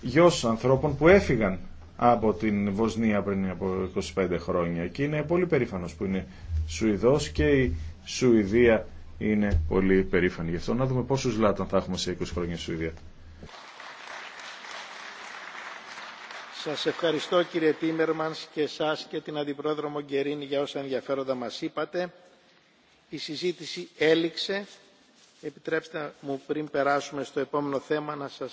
γιος ανθρώπων που έφυγαν από την Βοσνία πριν από 25 χρόνια και είναι πολύ περήφανος που είναι Σουηδός και η Σουηδία είναι πολύ περήφανη γι' αυτό να δούμε πόσους Ζλάταν θα έχουμε σε 20 χρόνια Σουηδία Σας ευχαριστώ κύριε Τίμερμανς και εσάς και την Αντιπρόεδρο Μογκερίνη για όσα ενδιαφέροντα μας είπατε. Η συζήτηση έληξε. Επιτρέψτε μου πριν περάσουμε στο επόμενο θέμα να σας